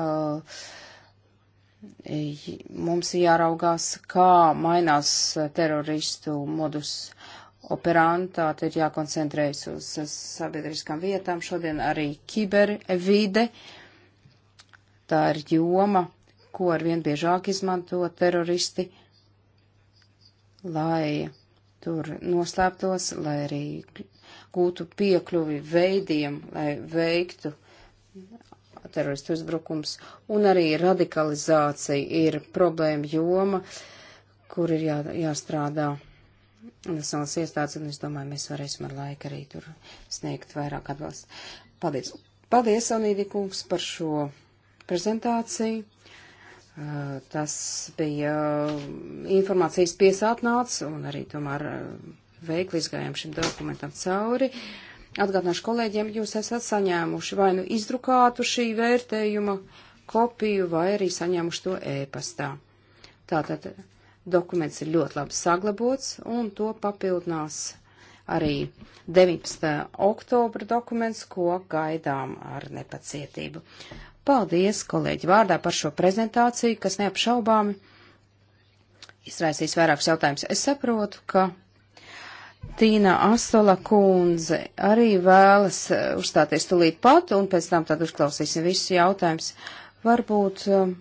Speaker 2: Mums jāraugās, kā mainās teroristu modus operantā, tad ir jākoncentrējas uz sabiedriskām vietām. Šodien arī kibervide. Tā ir joma, ko arvien biežāk izmanto teroristi, lai tur noslēptos, lai arī gūtu piekļuvi veidiem, lai veiktu teroristu uzbrukums. Un arī radikalizācija ir problēma joma, kur ir jā, jāstrādā nacionālas iestādes, un es domāju, mēs varēsim ar laiku arī tur sniegt vairāk atbalstu. Paldies! Paldies, Anīdi kungs, par šo prezentāciju. Uh, tas bija uh, informācijas piesātnāts un arī tomēr uh, veikli izgājām šim dokumentam cauri. Atgādināšu kolēģiem, jūs esat saņēmuši vai nu izdrukātu šī vērtējuma kopiju, vai arī saņēmuši to ēpastā. Tātad Dokuments ir ļoti labi saglabots un to papildinās arī 19. oktobra dokuments, ko gaidām ar nepacietību. Paldies kolēģi vārdā par šo prezentāciju, kas neapšaubāmi izraisīs vairākus jautājumus. Es saprotu, ka Tīna Astola kundze arī vēlas eh, uzstāties tulīt pat, un pēc tam tad uzklausīsim visus jautājumus. Varbūt eh,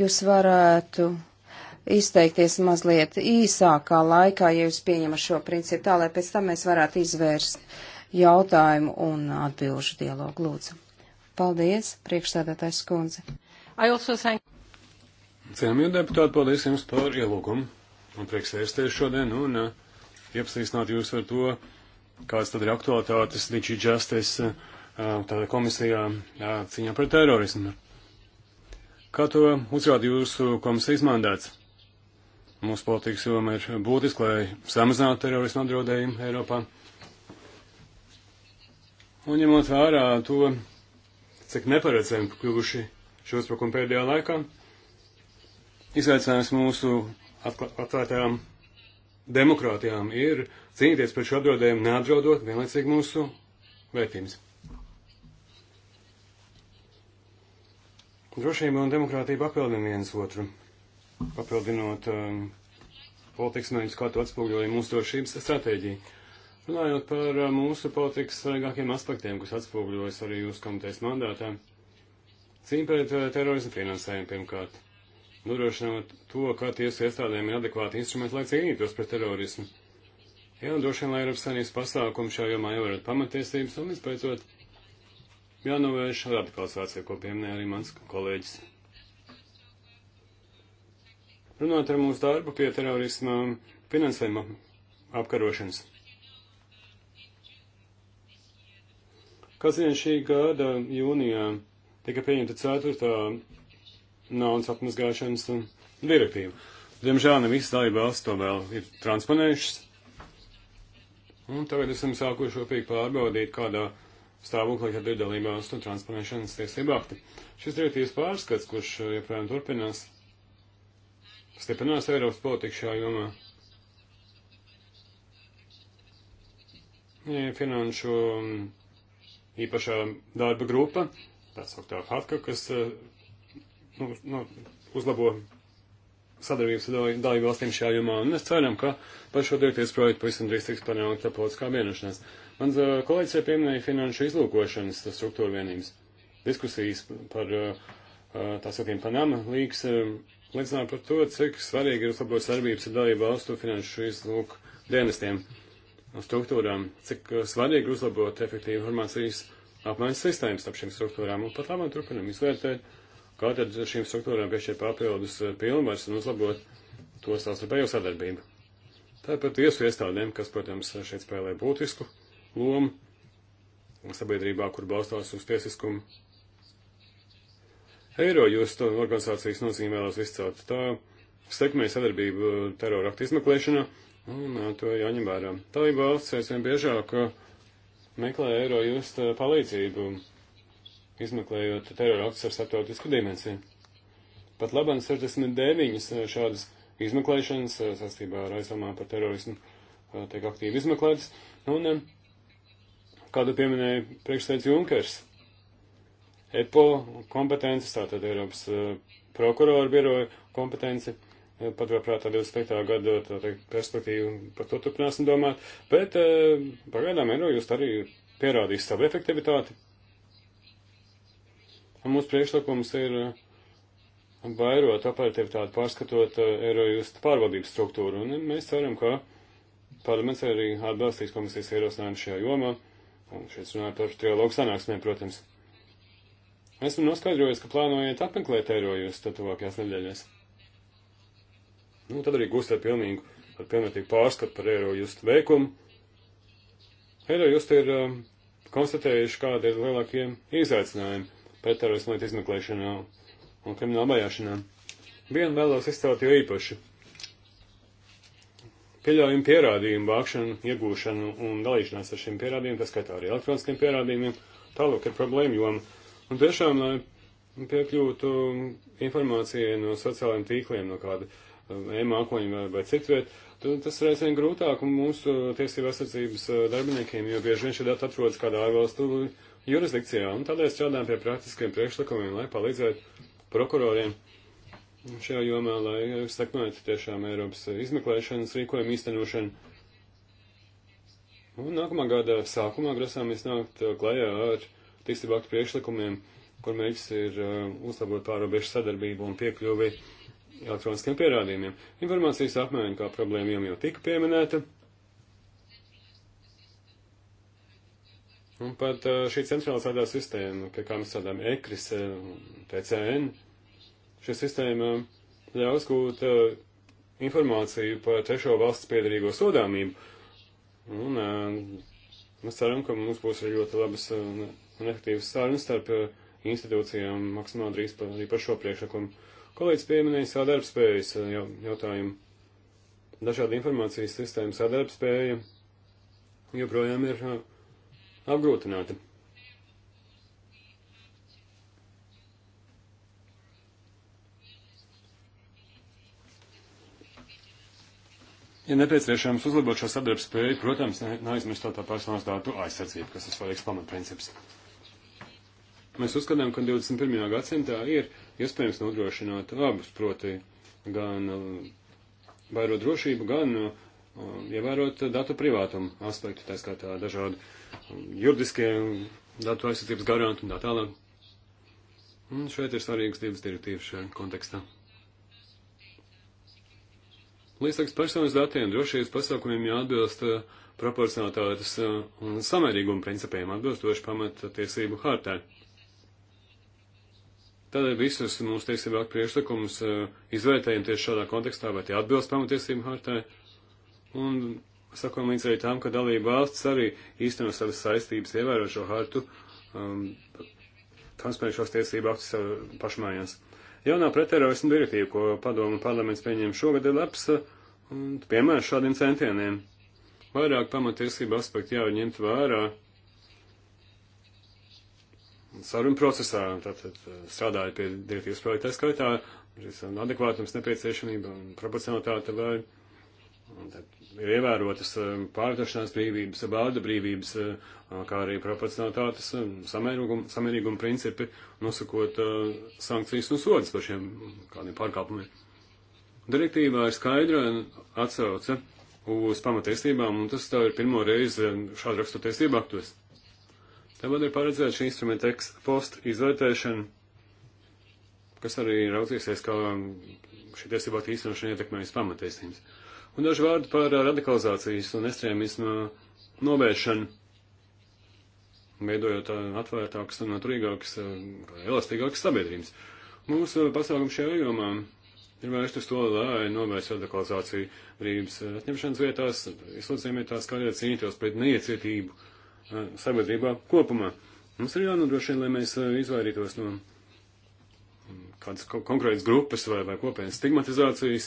Speaker 2: jūs varētu izteikties mazliet īsākā laikā, ja jūs pieņemat šo principu, tā lai pēc tam mēs varētu izvērst jautājumu un atbilžu dialogu. Lūdzu. Paldies, priekšstādātais skundze.
Speaker 3: Cienījamie deputāti, paldies jums par ielūgumu. Man prieks sēsties šodien un eh, iepazīstināt jūs ar to, kādas tad ir aktualitātes Digi Justice eh, tādā komisijā eh, cīņā par terorismu. Kā to uzrāda jūsu komisijas mandāts? mūsu politikas joma ir būtiska, lai samazinātu terorismu apdraudējumu Eiropā. Un ņemot vērā to, cik neparedzami kļuvuši šo uzbrukumu pēdējā laikā, izaicinājums mūsu atvērtajām demokrātijām ir cīnīties pret šo apdraudējumu, neapdraudot vienlaicīgi mūsu vērtības. Drošība un demokrātija papildina viens otru papildinot um, politikas mērķus, kā to atspoguļoja mūsu drošības stratēģija. Runājot par uh, mūsu politikas svarīgākiem aspektiem, kas atspoguļojas arī jūsu komitejas mandātā, cīņa pret uh, terorismu finansējumu pirmkārt, nodrošinot to, kā tiesu iestādēm ir adekvāti instrumenti, lai cīnītos pret terorismu. Jā, droši vien, lai Eiropas Savienības pasākumi šajā jomā jau varat pamatiesības un, vispēcot, jānovērš radikalizācija, ko pieminēja arī mans kolēģis. Runājot ar mūsu darbu pie terorisma finansējuma apkarošanas. Kas vien šī gada jūnijā tika pieņemta ceturtā naudas apmazgāšanas direktīva. Diemžēl ne visas dalībvalsts to vēl ir transponējušas. Un tagad esam sākuši rūpīgi pārbaudīt, kādā stāvoklī tad ir dalībvalstu transponēšanas tiesība akti. Šis direktīvas pārskats, kurš joprojām turpinās, stiprinās Eiropas politiku šajā jomā. E, finanšu mm, īpašā darba grupa, tā sauktā FATKA, kas e, nu, nu, uzlabo sadarbības dalību valstīm šajā jomā, un mēs ceram, ka par šo direktīvas projektu pavisam drīz tiks panākta politiskā vienošanās. Mans e, kolēģis jau pieminēja finanšu izlūkošanas struktūra vienības diskusijas par tā sauktiem Panama līgas liecināja par to, cik svarīgi ir uzlabot sadarbības ar dalību valstu finanšu izlūku dienestiem un struktūrām, cik uh, svarīgi ir uzlabot efektīvu informācijas apmaiņas sistēmas ap šīm struktūrām, un pat labāk turpinam izvērtēt, kā tad šīm struktūrām piešķirt papildus uh, pilnvars un uzlabot to savstarpējo sadarbību. Tāpat tiesu iestādēm, kas, protams, šeit spēlē būtisku lomu sabiedrībā, kur balstās uz tiesiskumu Eiro jūs to organizācijas nozīmē vēlos izcelt. Tā sekmē sadarbību terora aktu izmeklēšanā, un uh, to jāņem vērā. Tā ir valsts aizvien biežāk uh, meklē eiro just palīdzību, izmeklējot terora aktus ar starptautisku dimensiju. Pat labam 69 uh, šādas izmeklēšanas saistībā ar aizdomām par terorismu tiek aktīvi izmeklētas, un um, kādu pieminēja priekšsēdz Junkers – EPO kompetences, tātad Eiropas e, prokuroru biroja kompetenci, e, paturprātā 25. gada teikt, perspektīvu, par to turpināsim domāt, bet e, pagaidām Eirojust arī pierādīs savu efektivitāti. Un mūsu priekšlikums ir vairot operatīvitāti, pārskatot Eirojust pārvaldības struktūru, un mēs ceram, ka parlaments arī atbalstīs komisijas ierosinājumu šajā jomā, un šeit runāja par trilogu sanāksmēm, protams. Esmu noskaidrojis, ka plānojat apmeklēt eiro jūs tuvākajās nedēļās. Nu, tad arī gūstat pilnīgu, pilnvērtīgu pārskatu par eiro just veikumu. Eiro just ir um, konstatējuši, kādi ir lielākie izaicinājumi pretterorismu lietu izmeklēšanā un krimināla bajāšanā. Vienu vēlos izcelt jau īpaši. Pieļaujam pierādījumu vākšanu, iegūšanu un dalīšanās ar šiem pierādījumiem, tas skaitā arī elektroniskiem pierādījumiem. Tālāk ir problēma joma Un tiešām, lai piekļūtu informācijai no sociālajiem tīkliem, no kāda um, e-mākoņa vai, vai citviet, tas ir aizvien grūtāk mūsu tiesību aizsardzības uh, darbiniekiem, jo bieži vien šie dati atrodas kādā ārvalstu jurisdikcijā. Un tādēļ strādājam pie praktiskiem priekšlikumiem, lai palīdzētu prokuroriem šajā jomā, lai sekmētu tiešām Eiropas izmeklēšanas rīkojumu īstenošanu. Un nākamā gada sākumā grasāmies nākt uh, klajā ar uh, tiesību aktu priekšlikumiem, kur mērķis ir uh, uzlabot pārobežu sadarbību un piekļuvi elektroniskiem pierādījumiem. Informācijas apmaiņa kā problēma jau, jau tika pieminēta. Un pat uh, šī centralizētā sistēma, pie kā mēs strādājam, ECRIS, uh, TCN, šī sistēma ļauj uzgūt uh, informāciju par trešo valsts piedarīgo sodāmību. Un uh, mēs ceram, ka mums būs arī ļoti labas un uh, un efektīvas sarunas starp eh, institūcijām maksimāli drīz par, arī par šo priekšlikumu. Kolēģis pieminēja sadarbspējas eh, jautājumu. Dažādi informācijas sistēmas sadarbspēja joprojām ir eh, apgrūtināta. Ja nepieciešams uzlabot šo sadarbspēju, protams, neaizmirstot tā personas datu aizsardzību, kas ir svarīgs pamatprincips. Mēs uzskatām, ka 21. gadsimtā ir iespējams nodrošināt abus, proti gan uh, vairot drošību, gan uh, um, ievērot datu privātumu aspektu, tā skaitā dažādi um, juridiskie datu aizsardzības garanti un tā tālāk. Un šeit ir svarīgas divas direktīvas šajā kontekstā. Līdztekus personas datiem drošības pasākumiem jāatbilst uh, proporcionalitātes uh, un samērīguma principiem atbilstoši pamata tiesību hārtai. Tādēļ visus mūsu tiesību aktu priekšlikumus eh, izvērtējam tieši šādā kontekstā, vai tie atbilst pamatiesību hartai. Un sakojam līdz arī tam, ka dalība valsts arī īsteno savas saistības ievēro šo hartu, um, transponē šos tiesību aktus uh, pašmājās. Jaunā pretterorismu direktīva, ko padomu parlaments pieņem šogad, ir labs uh, un piemērs šādiem centieniem. Vairāk pamatiesību aspektu jāņemt vērā sarunu procesā, tātad eh, strādāju pie direktīvas projekta skaitā, šis adekvātums, nepieciešamība un proporcionalitāte, lai ir ievērotas eh, pārvietošanās brīvības, bauda brīvības, eh, kā arī proporcionalitātes samērīguma principi, nosakot sankcijas un sodas par šiem kādiem pārkāpumiem. Direktīvā ir skaidra atsauce uz pamatiesībām, un tas tā ir pirmo reizi šāda rakstura tiesību aktos. Te man ir paredzēta šī instrumenta ekspost izvērtēšana, kas arī raudzīsies, kā šī tiesība attīstināšana ietekmējas pamatiesības. Un daži vārdi par radikalizācijas un ekstrēmismu novēršanu, veidojot uh, atvērtākas un noturīgākas, uh, elastīgākas sabiedrības. Mūsu pasākums šajā jomā ir vērst uz to, lai novērstu radikalizāciju brīvības uh, atņemšanas vietās, ieslodzījumietās, kā arī cīnītos pret neiecietību sabiedrībā kopumā. Mums ir jānodrošina, lai mēs eh, izvairītos no mm, kādas konkrētas grupas vai, vai kopējas stigmatizācijas,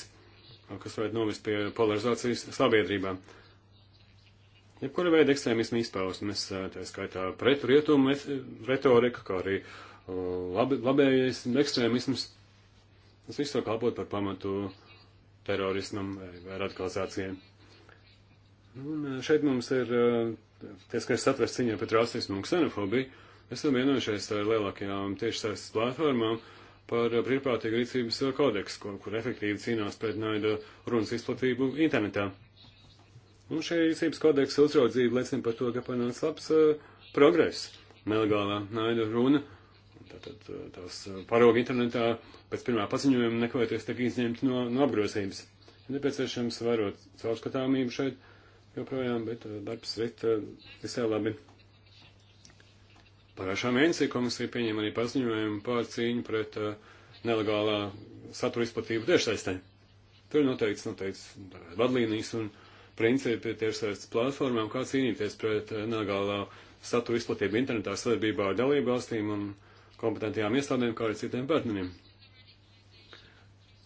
Speaker 3: kas varētu novest pie polarizācijas sabiedrībā. Jebkura veida ekstrēmismu izpausmes, tā skaitā pretu rietumu retorika, kā arī labi, labējais ekstrēmisms, tas viss var kalpot par pamatu terorismam vai radikalizācijai. Un šeit mums ir Ties, ka es atvestu ciņā pret rasismu un ksenofobiju, esam vienojušies ar lielākajām tiešsaistes platformām par brīvprātīgu rīcības kodeksu, kur, kur efektīvi cīnās pret naida runas izplatību internetā. Un šī rīcības kodeksa uzraudzība liecina par to, ka panāks labs uh, progress. Nelegālā naida runa, tātad eh, tās eh, parauga internetā pēc pirmā paziņojuma nekavēties tiek izņemta no, no apgrozības. Nepieciešams vērot caurskatāmību šeit joprojām, bet eh, darbs rit eh, visai labi. Pagājušā mēnesī komisija pieņēma arī paziņojumu par cīņu pret eh, nelegālā satura izplatību tiešsaistē. Tur noteikts, noteikts vadlīnijas un principi tiešsaistes platformām, kā cīnīties pret nelegālā satura izplatību internetā sadarbībā ar dalību valstīm un kompetentajām iestādēm, kā arī citiem partneriem.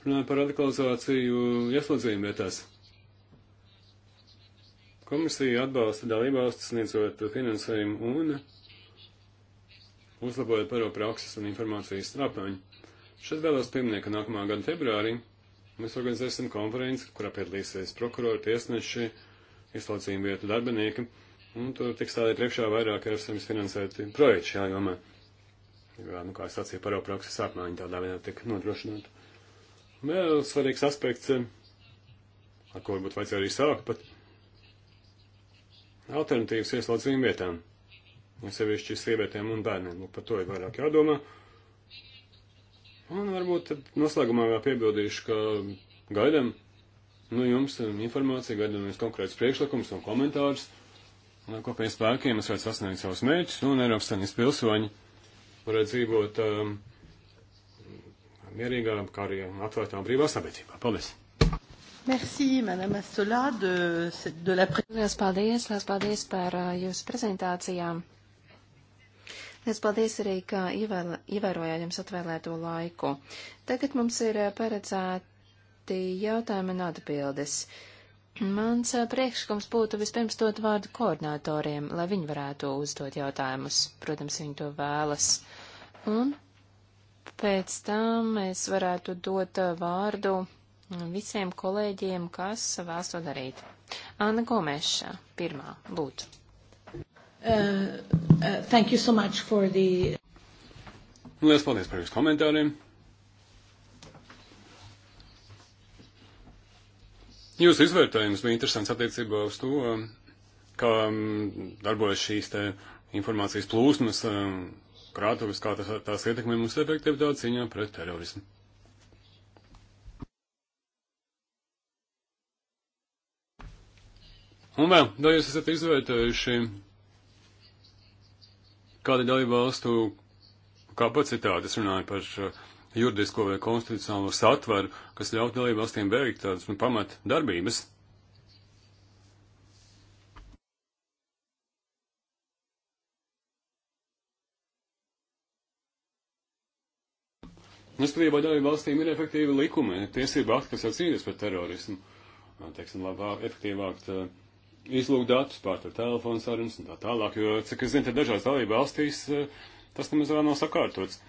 Speaker 3: Runājot par radikalizāciju ieslodzījumu vietās. Komisija atbalsta dalībvalstis sniedzot finansējumu un uzlabojot paro prakses un informācijas apmaiņu. Šeit vēlos pieminēt, ka nākamā gada februārī mēs organizēsim konferenci, kurā piedalīsies prokurori, tiesneši, izlaucījumu vietu darbinieki, un tur tiks stādīt priekšā vairāk ar sevis finansēti projekti šajā jomā. Jā, nu, kā es sacīju, paro prakses apmaiņa tādā veidā tiek nodrošināta. Vēl svarīgs aspekts, ar ko varbūt vajadzēja arī sākt, bet alternatīvas ieslodzījuma vietām. Un sevišķi sievietēm un bērniem. Nu, par to ir vairāk jādomā. Un varbūt tad noslēgumā vēl piebildīšu, ka gaidam nu, jums informāciju, gaidam jums konkrēts priekšlikums un komentārus. Lai nu, kopējiem spēkiem mēs varētu sasniegt savus mērķus un Eiropas Savienības pilsoņi varētu dzīvot um, mierīgā, kā arī atvērtā un brīvā sabiedrībā. Paldies!
Speaker 1: Merci, Madame Astola, de, de la Lielas paldies, liels paldies par uh, jūsu prezentācijām. Liels paldies arī, ka ievēl, ievērojāt jums atvēlēto laiku. Tagad mums ir uh, paredzēti jautājumi un atbildes. Mans uh, priekšlikums būtu vispirms dot vārdu koordinatoriem, lai viņi varētu uzdot jautājumus. Protams, viņi to vēlas. Un pēc tam es varētu dot uh, vārdu visiem kolēģiem, kas vēlas to darīt. Anna Gomeša, pirmā, lūdzu. Uh, uh, thank you so much for the.
Speaker 3: Lielas paldies par jūsu komentāriem. Jūsu izvērtējums bija interesants attiecībā uz to, um, kā um, darbojas šīs te informācijas plūsmas, um, krātuves, kā tas, tās ietekmē mūsu efektivitāti cīņā pret terorismu. Un vēl, vai jūs esat izvērtējuši kāda dalība valstu kapacitāte, es runāju par uh, juridisko vai konstitucionālo satvaru, kas ļautu dalību valstīm veikt tādas nu, pamat darbības? Nespējībā nu, dalību valstīm ir efektīvi likumi, tiesība akti, kas atcīnās pret terorismu. Teiksim, labāk, efektīvāk. Tā, uh, izlūk datus, pārtur telefonu sarunas un tā tālāk, jo, cik es zinu, te dažās dalība valstīs eh, tas nemaz vēl nav sakārtots.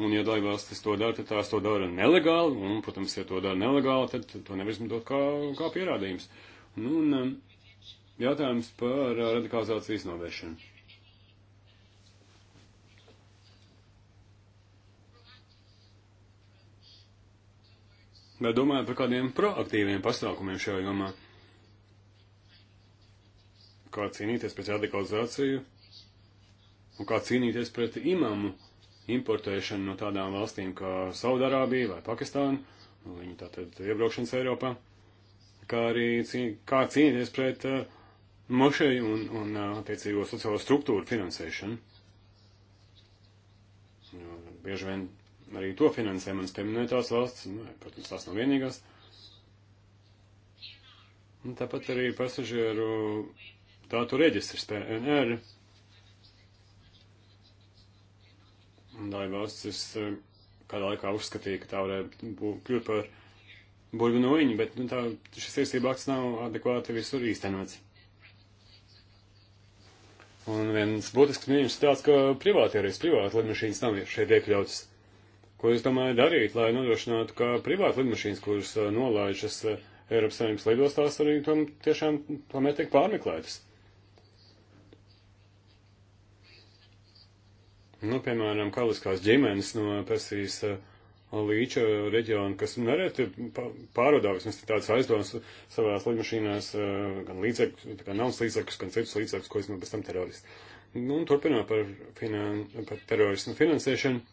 Speaker 3: Un, ja dalība valstis to dara, tad tās to dara nelegāli, un, protams, ja to dara nelegāli, tad to nevar izmantot kā, kā pierādījums. Nu, un eh, jautājums par eh, radikalizācijas novēršanu. Vai domājat par kādiem proaktīviem pasākumiem šajā jomā? kā cīnīties pret radikalizāciju un kā cīnīties pret imamu importēšanu no tādām valstīm kā Saudarābija vai Pakistāna, un viņu tātad iebraukšanas Eiropā, kā arī cī, kā cīnīties pret uh, mošeju un, un uh, attiecīgo sociālo struktūru finansēšanu. Jo, bieži vien arī to finansē manas pieminētās valsts, nu, protams, tās nav vienīgās. Un tāpat arī pasažieru datu reģistrs PNR. Daļvalstis eh, kādā laikā uzskatīja, ka tā varētu kļūt par burbuļoņu, bet nu, tā, šis tiesība akts nav adekvāti visur īstenots. Un viens būtisks mīnus tāds, ka privāti arī privāti lidmašīnas nav šeit iekļautas. Ko es domāju darīt, lai nodrošinātu, ka privāti lidmašīnas, kuras eh, nolaižas eh, Eiropas Savienības lidostās, arī tam tiešām tomēr tiek pārmeklētas. Nu, piemēram, kaliskās ģimenes no Persijas uh, līča reģiona, kas nereti pārodā vismaz tādas aizdomas savās lidmašīnās, uh, gan līdzekļus, gan naudas līdzekļus, gan citus līdzekļus, ko izmanto pēc tam teroristi. Nu, un turpinot par, finan par terorismu finansēšanu.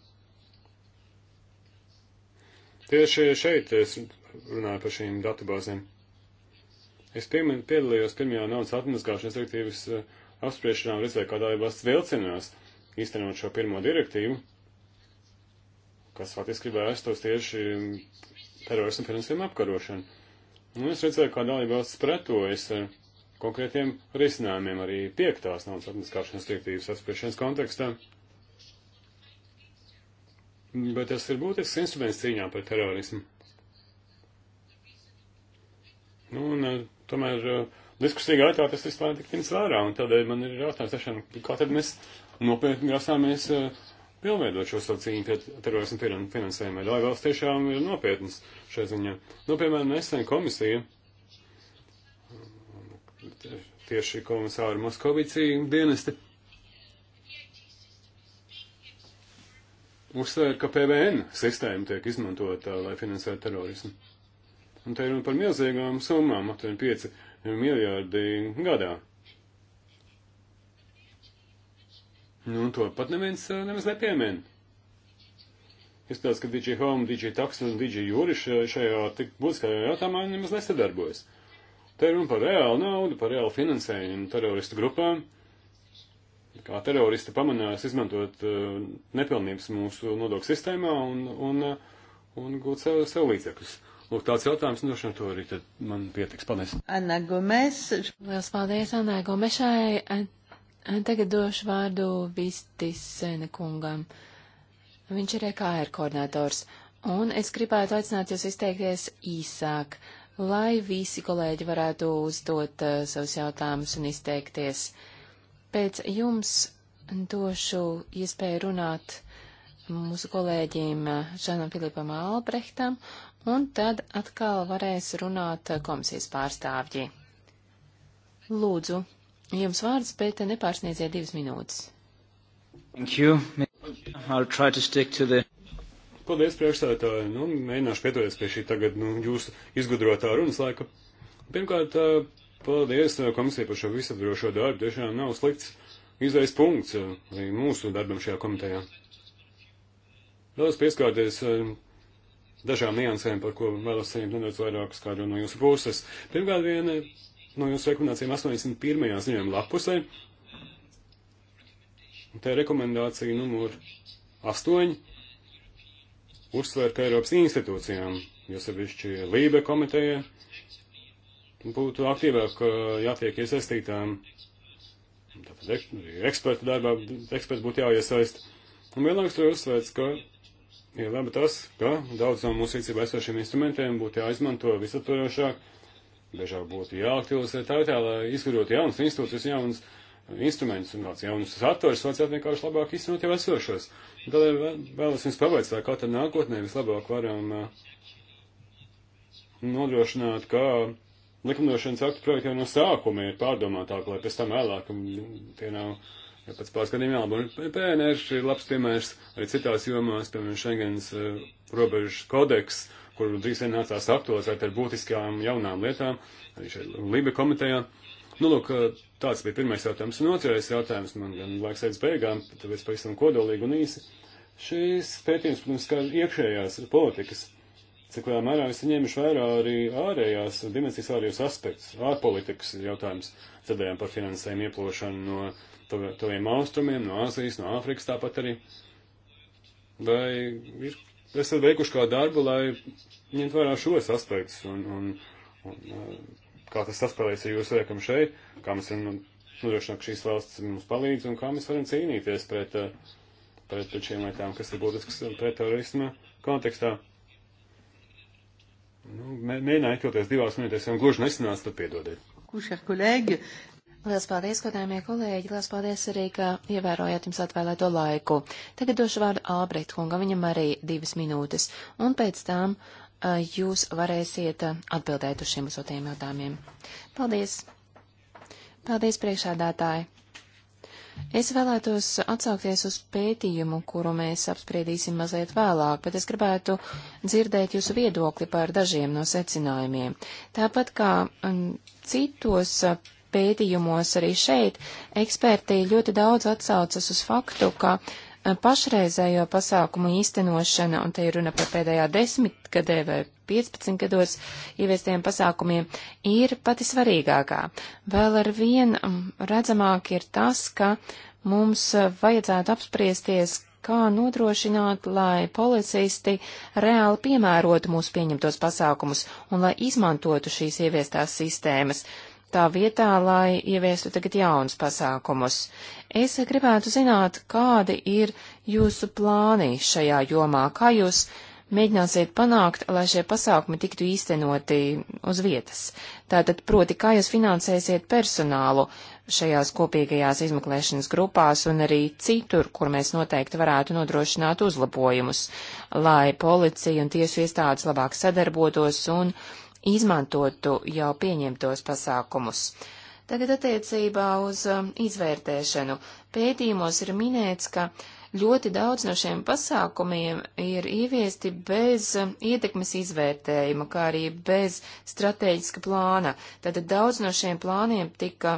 Speaker 3: Tieši šeit es runāju par šīm datubāzēm. Es piedalījos pirmajā naudas atmaskāšanas direktīvas uh, apspriešanā un redzēju, kādā jau valsts vilcinās. Uh, īstenot šo pirmo direktīvu, kas faktiski vērstos tieši terorismu finansējumu apkarošanu. Un es redzēju, kā dalībvalsts pretojas ar konkrētiem risinājumiem arī piektās naudas atmaskāšanas direktīvas atspiešanas kontekstā. Bet tas ir būtisks instruments cīņā pret terorismu. Nu, un, eh, tomēr uh, diskusiju gaitā tas viss vēl tik ņemts vērā, un tādēļ man ir jautājums, tiešām, kā tad mēs nopietni grasāmies eh, pilnveidot šo savu cīņu pret terorismu finansējumā, lai valsts tiešām ir nopietnas šai ziņā. Nu, piemēram, nesen komisija, tieši komisāra Moskovici dienesti, uzsver, ka PVN sistēma tiek izmantota, lai finansētu terorismu. Un te ir runa par milzīgām summām, aptuveni 5 miljardi gadā. Nu, to pat neviens eh, nemaz nepiemēna. Izskatās, ka DJ Home, DJ Tax un DJ Jūri šajā tik būtiskajā jautājumā nemaz nesadarbojas. Te ir runa par reālu naudu, par reālu finansējumu teroristu grupām. Kā teroristi pamanās izmantot uh, nepilnības mūsu nodokļu sistēmā un, un, eh, un gūt sev, sev līdzekļus. Uh, Lūk, tāds jautājums, nu, šim to arī tad man pietiks. Paldies.
Speaker 1: Anna Gomes. Lielas paldies, Anna Gomešai. Tagad došu vārdu Vistis Senekungam. Viņš ir EKR koordinators. Un es gribētu aicināt jūs izteikties īsāk, lai visi kolēģi varētu uzdot uh, savus jautājumus un izteikties. Pēc jums došu iespēju runāt mūsu kolēģim eh, Žanam Filipam Albrehtam un tad atkal varēs runāt komisijas pārstāvji. Lūdzu, jums vārds, bet nepārsniedziet divas minūtes.
Speaker 2: Thank you. I'll try to stick to the.
Speaker 3: Paldies, priekšstādātāji. Nu, mēģināšu pieturēties pie šī tagad, nu, jūsu izgudrotā runas laika. Pirmkārt, paldies komisijai par šo visapdrošo darbu. Tiešām nav slikts izvēles punkts arī mūsu darbam šajā komitejā. Vēlos pieskārties dažām niansēm, par ko vēlos saņemt nedaudz vairāk skaidro no jūsu puses. Pirmkārt, viena no jūsu rekomendācijām 81. ziņojuma lapusē. Tā ir rekomendācija numur 8. Uzsver, ka Eiropas institūcijām, jo sevišķi Lībe komiteja, būtu aktīvāk jātiek iesaistītām. Tātad ekspertu darbā, eksperti būtu jāiesaist. Un vienlaikus to uzsvērts, ka ir labi tas, ka daudz no mūsu rīcībā esošiem instrumentiem būtu jāizmanto visaptvarošāk, biežāk būtu jāaktivizē tā, tā lai izgudrotu jaunas institūcijas, jaunas instrumentus un kāds jaunus saturs, vajadzētu vienkārši labāk izsnot jau esošos. Tādēļ vēlos jums pavaicāt, kā tad nākotnē vislabāk varam eh, nodrošināt, ka likumdošanas aktu projekti jau no sākuma ir pārdomātāki, lai pēc tam vēlāk tie nav Ja pēc pāris gadiem jābūt nu, PNR ir labs piemērs arī citās jomās, piemēram, Schengens uh, eh, robežu kodeks, kur drīz vien nācās aktualizēt ar būtiskām jaunām lietām, arī šeit Libe komitejā. Nu, lūk, eh, tāds bija pirmais jautājums. Un otrais jautājums man gan laiks aiz beigām, tāpēc pavisam kodolīgi un īsi. Šīs pētījums, protams, kā iekšējās politikas, cik lielā mērā es ņēmuši vērā arī ārējās dimensijas ārējos aspektus, ārpolitikas jautājums. Dzirdējām par finansējumu ieplošanu no tuviem austrumiem, no Āzijas, no Āfrikas tāpat arī. Vai ir, esat veikuši kā darbu, lai ņemt vērā šos aspektus un, un, un uh, kā tas saspēlēs ar jūsu veikam šeit, kā mēs varam nodrošināt, ka šīs valsts mums palīdz un kā mēs varam cīnīties pret, uh, pret, pret šiem lietām, kas ir būtisks pret terorisma kontekstā. Nu, mēģināju iekļauties divās minūtēs, ja gluži nesanāca, tad
Speaker 1: piedodiet. Lielas paldies, godājumie kolēģi, lielas paldies arī, ka ievērojāt jums atvēlēto laiku. Tagad došu vārdu Albrecht kungam, viņam arī divas minūtes, un pēc tam uh, jūs varēsiet uh, atbildēt uz šiem uzotajiem jautājumiem. Paldies! Paldies, priekšādātāji! Es vēlētos atsaukties uz pētījumu, kuru mēs apspriedīsim mazliet vēlāk, bet es gribētu dzirdēt jūsu viedokli par dažiem no secinājumiem. Tāpat kā um, citos uh, pētījumos arī šeit eksperti ļoti daudz atsaucas uz faktu, ka eh, pašreizējo pasākumu īstenošana, un te ir runa par pēdējā desmitgadē vai 15 gados ieviestiem pasākumiem, ir pati svarīgākā. Vēl ar vien mm, redzamāk ir tas, ka mums vajadzētu apspriesties, kā nodrošināt, lai policisti reāli piemērotu mūsu pieņemtos pasākumus un lai izmantotu šīs ieviestās sistēmas. Uh, tā vietā, lai ieviestu tagad jaunus pasākumus. Es gribētu zināt, kādi ir jūsu plāni šajā jomā, kā jūs mēģināsiet panākt, lai šie pasākumi tiktu īstenoti uz vietas. Tātad, proti, kā jūs finansēsiet personālu šajās kopīgajās izmeklēšanas grupās un arī citur, kur mēs noteikti varētu nodrošināt uzlabojumus, lai policija un tiesu iestādes labāk sadarbotos un izmantotu jau pieņemtos pasākumus. Tagad attiecībā uz um, izvērtēšanu. Pētījumos ir minēts, ka ļoti daudz no šiem pasākumiem ir ieviesti bez um, ietekmes izvērtējuma, kā arī bez strateģiska plāna. Tātad daudz no šiem plāniem tika,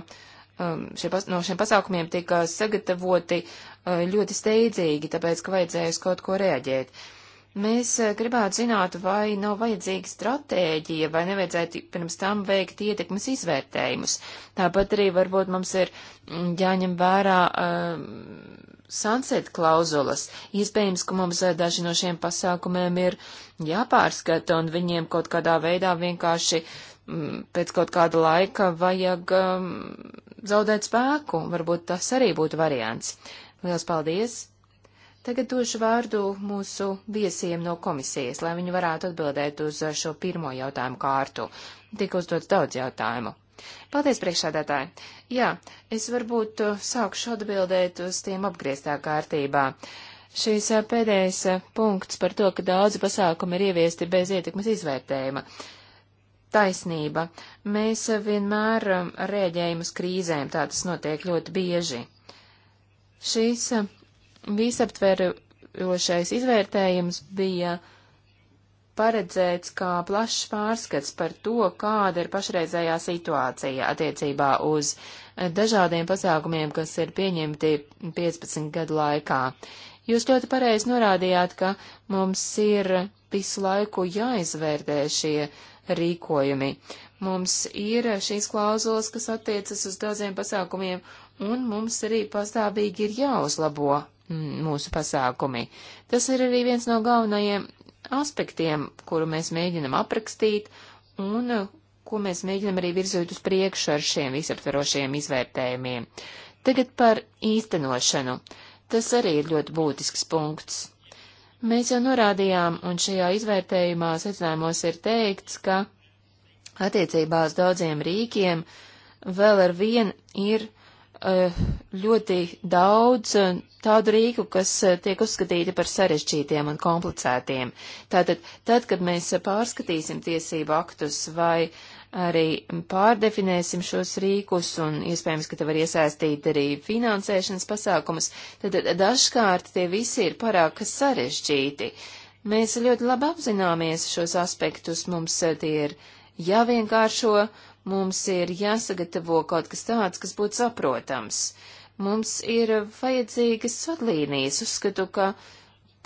Speaker 1: um, šie pas, no šiem pasākumiem tika sagatavoti uh, ļoti steidzīgi, tāpēc, ka vajadzēja uz kaut ko reaģēt. Mēs eh, gribētu zināt, vai nav vajadzīga stratēģija, vai nevajadzētu pirms tam veikt ietekmes izvērtējumus. Tāpat arī varbūt mums ir mm, jāņem vērā uh, sunset klauzulas. Iespējams, ka mums eh, daži no šiem pasākumiem ir jāpārskata un viņiem kaut kādā veidā vienkārši um, pēc kaut kāda laika vajag um, zaudēt spēku. Varbūt tas arī būtu variants. Lielas paldies! Tagad došu vārdu mūsu viesiem no komisijas, lai viņi varētu atbildēt uz šo pirmo jautājumu kārtu. Tik uzdots daudz jautājumu. Paldies, priekšsādātāji! Jā, es varbūt uh, sākušu atbildēt uz tiem apgrieztā kārtībā. Šīs uh, pēdējais uh, punkts par to, ka daudzi pasākumi ir ieviesti bez ietekmes izvērtējuma. Taisnība. Mēs vienmēr um, rēģējam uz krīzēm, tā tas notiek ļoti bieži. Šīs Visaptverošais izvērtējums bija paredzēts kā plašs pārskats par to, kāda ir pašreizējā situācija attiecībā uz dažādiem pasākumiem, kas ir pieņemti 15 gadu laikā. Jūs ļoti pareizi norādījāt, ka mums ir visu laiku jāizvērtē šie rīkojumi. Mums ir šīs klauzulas, kas attiecas uz daudziem pasākumiem, un mums arī pastāvīgi ir jāuzlabo mūsu pasākumi. Tas ir arī viens no galvenajiem aspektiem, kuru mēs mēģinam aprakstīt un uh, ko mēs mēģinam arī virzot uz priekšu ar šiem visaptverošajiem izvērtējumiem. Tagad par īstenošanu. Tas arī ir ļoti būtisks punkts. Mēs jau norādījām, un šajā izvērtējumā secinājumos ir teikts, ka attiecībā uz daudziem rīkiem vēl ar vien ir Eh, ļoti daudz eh, tādu rīku, kas eh, tiek uzskatīti par sarežģītiem un komplicētiem. Tātad, tad, kad mēs pārskatīsim tiesību aktus vai arī pārdefinēsim šos rīkus un iespējams, ka te var iesaistīt arī finansēšanas pasākumus, tad dažkārt tie visi ir parāk sarežģīti. Mēs ļoti labi apzināmies šos aspektus, mums tie ir jāvienkāršo, ja Mums ir jāsagatavo kaut kas tāds, kas būtu saprotams. Mums ir vajadzīgas vadlīnijas. Uzskatu, ka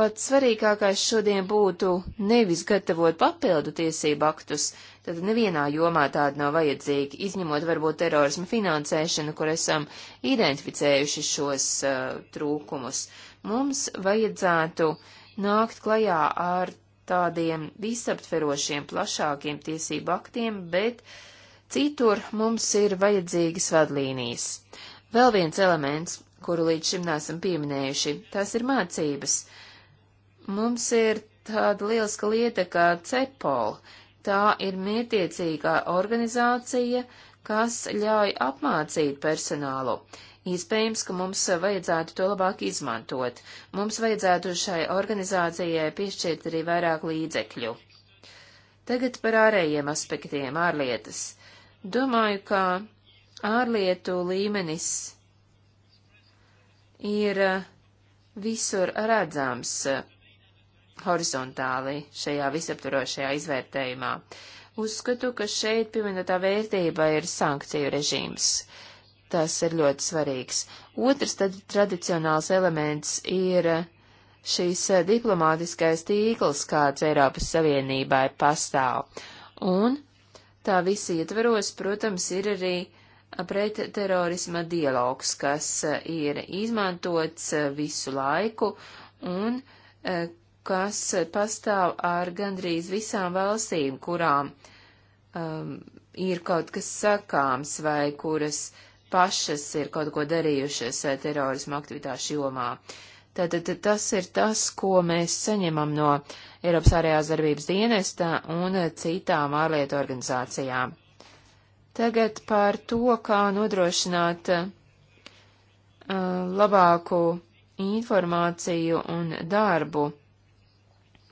Speaker 1: pats svarīgākais šodien būtu nevis gatavot papildu tiesību aktus, tad nevienā jomā tāda nav vajadzīga, izņemot varbūt terorismu finansēšanu, kur esam identificējuši šos uh, trūkumus. Mums vajadzētu nākt klajā ar tādiem visaptverošiem, plašākiem tiesību aktiem, bet uh, Citur mums ir vajadzīgas vadlīnijas. Vēl viens elements, kuru līdz šim nesam pieminējuši, tās ir mācības. Mums ir tāda lieliska lieta kā CEPOL. Tā ir mērtiecīgā organizācija, kas ļauj apmācīt personālu. Iespējams, ka mums vajadzētu to labāk izmantot. Mums vajadzētu šai organizācijai piešķirt arī vairāk līdzekļu. Tagad par ārējiem aspektiem ārlietas. Domāju, ka ārlietu līmenis ir eh, visur redzams eh, horizontāli šajā visaptvarošajā izvērtējumā. Uzskatu, ka šeit pieminētā vērtība ir sankciju režīms. Tas ir ļoti svarīgs. Otrs tad tradicionāls elements ir eh, šīs diplomātiskais tīkls, kāds Eiropas Savienībai pastāv. Un Tā visa ietveros, protams, ir arī pretterorisma dialogs, kas eh, ir izmantots eh, visu laiku un eh, kas pastāv ar gandrīz visām valstīm, kurām um, ir kaut kas sakāms vai kuras pašas ir kaut ko darījušas terorismu aktivitāšu jomā. Uh, Tātad tas ir tas, ko mēs saņemam no Eiropas ārējās darbības dienesta un citām ārlietu organizācijām. Tagad par to, kā nodrošināt uh, labāku informāciju un darbu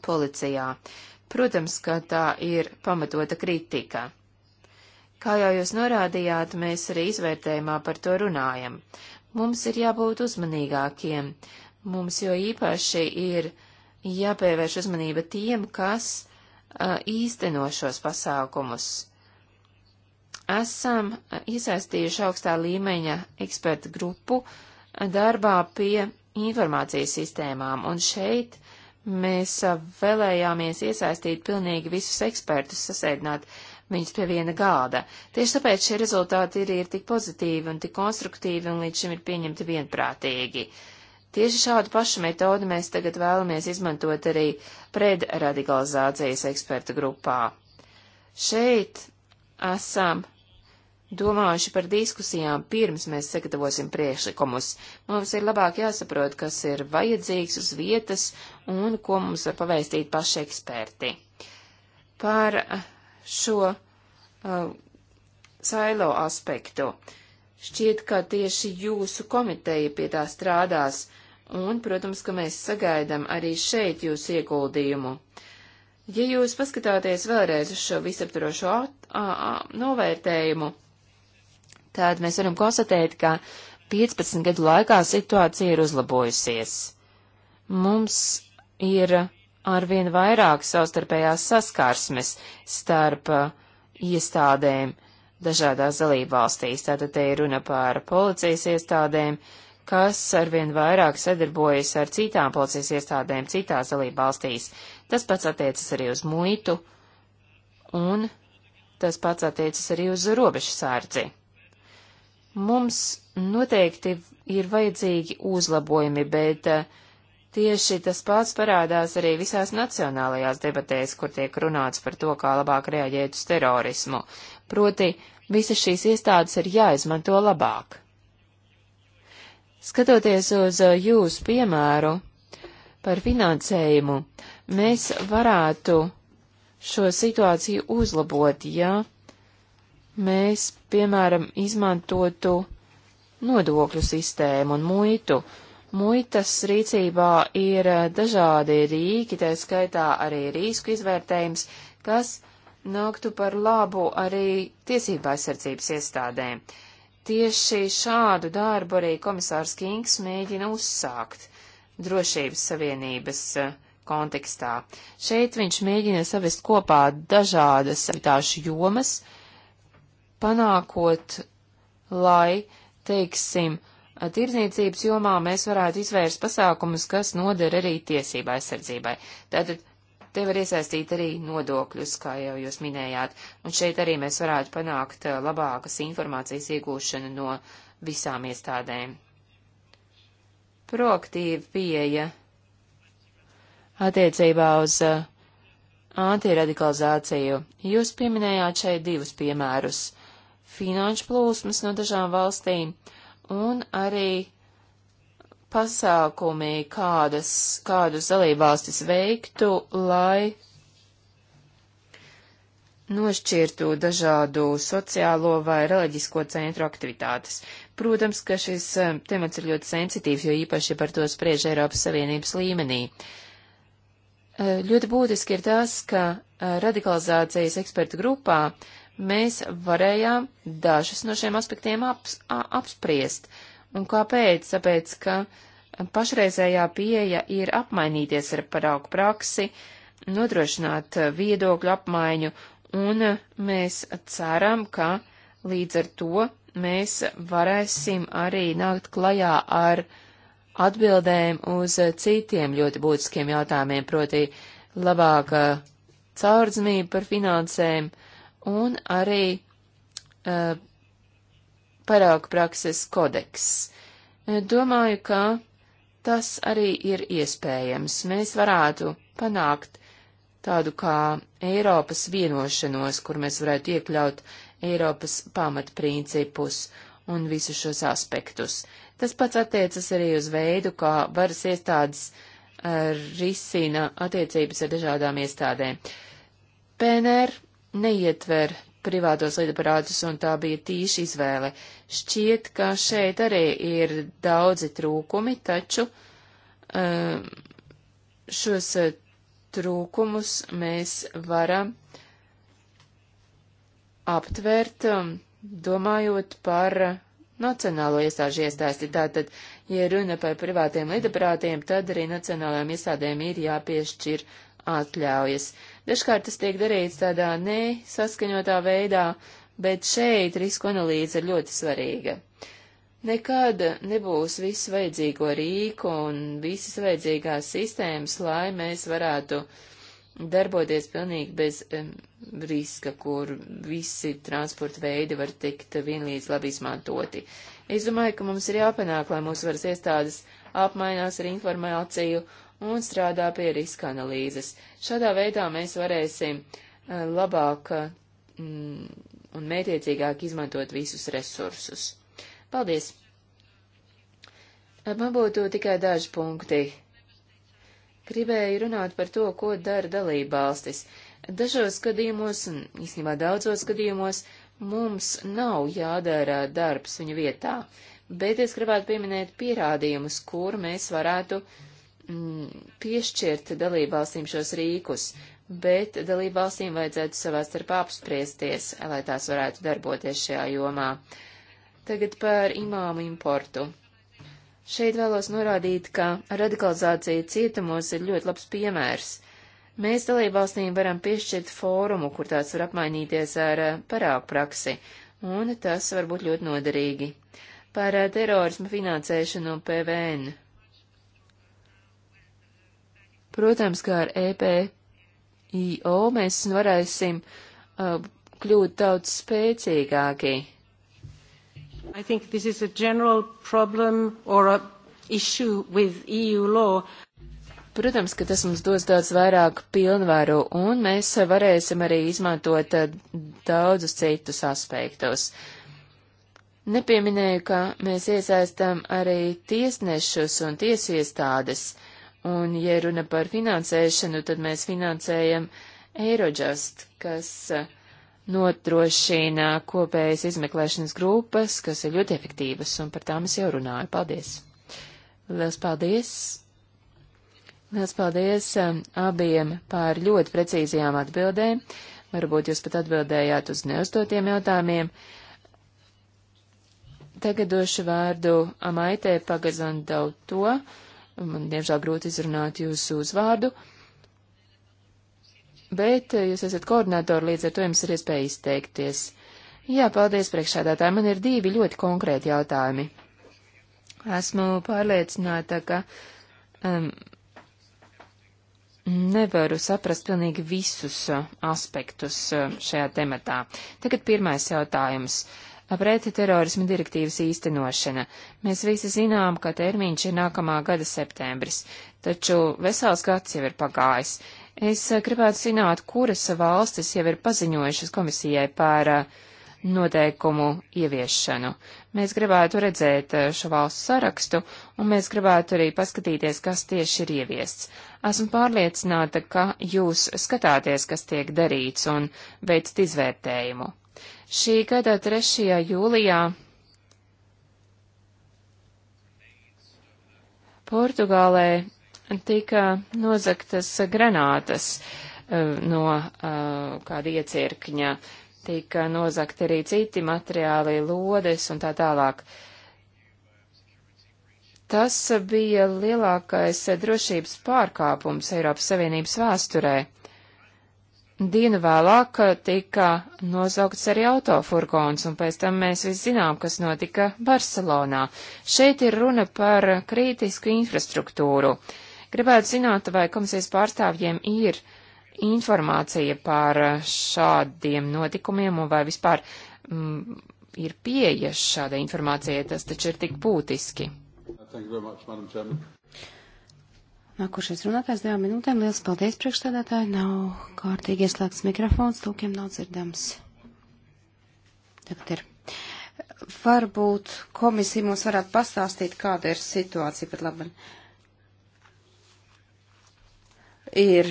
Speaker 1: policijā. Protams, ka tā ir pamatota kritika. Kā jau jūs norādījāt, mēs arī izvērtējumā par to runājam. Mums ir jābūt uzmanīgākiem. Mums jo īpaši ir jāpievērš uzmanība tiem, kas uh, īsteno šos pasākumus. Esam iesaistījuši augstā līmeņa ekspertu grupu darbā pie informācijas sistēmām, un šeit mēs vēlējāmies iesaistīt pilnīgi visus ekspertus, sasēdināt viņus pie viena gāda. Tieši tāpēc šie rezultāti ir, ir tik pozitīvi un tik konstruktīvi, un līdz šim ir pieņemti vienprātīgi. Uh, Tieši šādu pašu metodu mēs tagad vēlamies izmantot arī predradikalizācijas eksperta grupā. Šeit esam domājuši par diskusijām pirms mēs sagatavosim priekšlikumus. Mums ir labāk jāsaprot, kas ir vajadzīgs uz vietas un ko mums var pavēstīt paši eksperti. Par šo uh, sailo aspektu. Šķiet, ka tieši jūsu komiteja pie tā strādās. Uh, un, protams, ka mēs sagaidām arī šeit jūsu ieguldījumu. Ja jūs paskatāties vēlreiz uz šo visaptvarošo novērtējumu, tad mēs varam konstatēt, ka 15 gadu laikā situācija ir uzlabojusies. Mums ir arvien vairāk savstarpējās saskarsmes starp iestādēm dažādās dalībvalstīs. Tātad te ir runa par policijas iestādēm, kas arvien vairāk sadarbojas ar citām policijas iestādēm citās dalība valstīs. Tas pats attiecas arī uz muitu, un tas pats attiecas arī uz robežu sārdzi. Mums noteikti ir vajadzīgi uzlabojumi, bet eh, tieši tas pats parādās arī visās nacionālajās debatēs, kur tiek runāts par to, kā labāk reaģēt uz terorismu. Proti, visas šīs iestādes ir jāizmanto labāk. Skatoties uz uh, jūsu piemēru par finansējumu, mēs varētu šo situāciju uzlabot, ja mēs, piemēram, izmantotu nodokļu sistēmu un muitu. Muitas rīcībā ir uh, dažādi rīki, tā skaitā arī risku izvērtējums, kas nāktu par labu arī tiesībā aizsardzības iestādēm. Uh, Tieši šādu darbu arī komisārs Kings mēģina uzsākt drošības savienības eh, kontekstā. Šeit viņš mēģina savest kopā dažādas aktivitāšu jomas, panākot, lai, teiksim, tirdzniecības jomā mēs varētu izvērst pasākumus, kas noder arī tiesībai aizsardzībai. Tātad Te var iesaistīt arī nodokļus, kā jau jūs minējāt, un šeit arī mēs varētu panākt uh, labākas informācijas iegūšanu no visām iestādēm. Proaktīva pieeja attiecībā uz uh, antiradikalizāciju. Jūs pieminējāt šeit divus piemērus - finanšu plūsmas no dažām valstīm un arī pasākumi, kādas, kādus dalībvalstis veiktu, lai nošķirtu dažādu sociālo vai reliģisko centru aktivitātes. Protams, ka šis eh, temats ir ļoti sensitīvs, jo īpaši par to spriež Eiropas Savienības līmenī. Eh, ļoti būtiski ir tas, ka eh, radikalizācijas ekspertu grupā mēs varējām dažus no šiem aspektiem aps, apspriest. Ap Un kāpēc? Tāpēc, ka pašreizējā pieeja ir apmainīties ar paraugu praksi, nodrošināt viedokļu apmaiņu, un mēs ceram, ka līdz ar to mēs varēsim arī nākt klajā ar atbildēm uz citiem ļoti būtiskiem jautājumiem, proti labāka caurdzmība par finansēm un arī uh, parauga prakses kodeks. E, domāju, ka tas arī ir iespējams. Mēs varētu panākt tādu kā Eiropas vienošanos, kur mēs varētu iekļaut Eiropas pamatprincipus un visus šos aspektus. Tas pats attiecas arī uz veidu, kā varas iestādes e, risina attiecības ar dažādām iestādēm. PNR neietver privātos lidaparātus, un tā bija tīša izvēle. Šķiet, ka šeit arī ir daudzi trūkumi, taču um, šos uh, trūkumus mēs varam aptvērt, um, domājot par nacionālo iestāžu iestāsti. Tātad, ja runa par privātiem lidaparātiem, tad arī nacionālajām iestādēm ir jāpiešķir atļaujas. Uh, Dažkārt tas tiek darīts tādā nesaskaņotā veidā, bet šeit risku analīze ir ļoti svarīga. Nekad nebūs visu vajadzīgo rīku un visas vajadzīgās sistēmas, lai mēs varētu darboties pilnīgi bez um, riska, kur visi transporta veidi var tikt vienlīdz labi izmantoti. Es domāju, ka mums ir jāpanāk, lai mūsu varas iestādes apmainās ar informāciju un strādā pie riska analīzes. Šādā veidā mēs varēsim eh, labāk eh, mm, un mētiecīgāk izmantot visus resursus. Paldies! Eh, man būtu tikai daži punkti. Gribēju runāt par to, ko dara dalībvalstis. Dažos gadījumos, un īstenībā daudzos gadījumos, mums nav jādara darbs viņu vietā, bet es gribētu pieminēt pierādījumus, kur mēs varētu uh, mm, piešķirt dalībvalstīm šos rīkus, bet dalībvalstīm vajadzētu savā starpā apspriesties, lai tās varētu darboties šajā jomā. Tagad par imāmu importu. Šeit vēlos norādīt, ka radikalizācija cietumos ir ļoti labs piemērs. Mēs dalībvalstīm varam piešķirt fórumu, kur tās var apmainīties ar eh, parāku praksi, un tas var būt ļoti noderīgi. Par eh, terorismu finansēšanu un PVN. Protams, kā ar EPIO mēs varēsim uh, kļūt daudz spēcīgāki. I think this is a general problem or a issue with EU law. Protams, ka tas mums dos daudz vairāk pilnvaru, un mēs varēsim arī izmantot uh, daudzus citus aspektus. Nepieminēju, ka mēs iesaistam arī tiesnešus un tiesu iestādes. Uh, Un, ja runa par finansēšanu, tad mēs finansējam Eirodžast, kas uh, nodrošina kopējas izmeklēšanas grupas, kas ir ļoti efektīvas, un par tām es jau runāju. Paldies! Lielas paldies! Lielas paldies um, abiem par ļoti precīzajām atbildēm. Varbūt jūs pat atbildējāt uz neuzdotiem jautājumiem. Tagad došu vārdu Amaitē Pagazandau to man diemžēl grūti izrunāt jūsu uzvārdu, bet eh, jūs esat koordinātori, līdz ar to jums ir iespēja izteikties. Jā, paldies priekšādātāji, man ir divi ļoti konkrēti jautājumi. Esmu pārliecināta, ka um, nevaru saprast pilnīgi visus uh, aspektus uh, šajā tematā. Tagad pirmais jautājums. Uh, preti terorismu direktīvas īstenošana. Mēs visi zinām, ka termiņš ir nākamā gada septembris, taču vesels gads jau ir pagājis. Es eh, gribētu zināt, kuras valstis jau ir paziņojušas komisijai par eh, noteikumu ieviešanu. Mēs gribētu redzēt eh, šo valstu sarakstu, un mēs gribētu arī paskatīties, kas tieši ir ieviests. Esmu pārliecināta, ka jūs skatāties, kas tiek darīts, un veicat izvērtējumu. Šī gada 3. jūlijā Portugālē tika nozaktas granātas e, no e, kāda iecirkņa, tika nozakti arī citi materiāli, lodes un tā tālāk. Tas bija lielākais drošības pārkāpums Eiropas Savienības vēsturē. Dienu vēlāk eh, tika nozaugts arī autofurgons, un pēc tam mēs visi zinām, kas notika Barcelonā. Šeit ir runa par kritisku infrastruktūru. Gribētu zināt, vai komisijas pārstāvjiem ir informācija par eh, šādiem notikumiem, un vai vispār mm, ir pieeja šāda informācija, tas taču ir tik būtiski. Much,
Speaker 2: Nākošais runātājs divām minūtēm. Liels paldies priekšstādātāji. Nav kārtīgi ieslēgts mikrofons, tūkiem nav dzirdams. Tagad ir. Varbūt komisija mums varētu pastāstīt, kāda ir situācija pat labi. Ir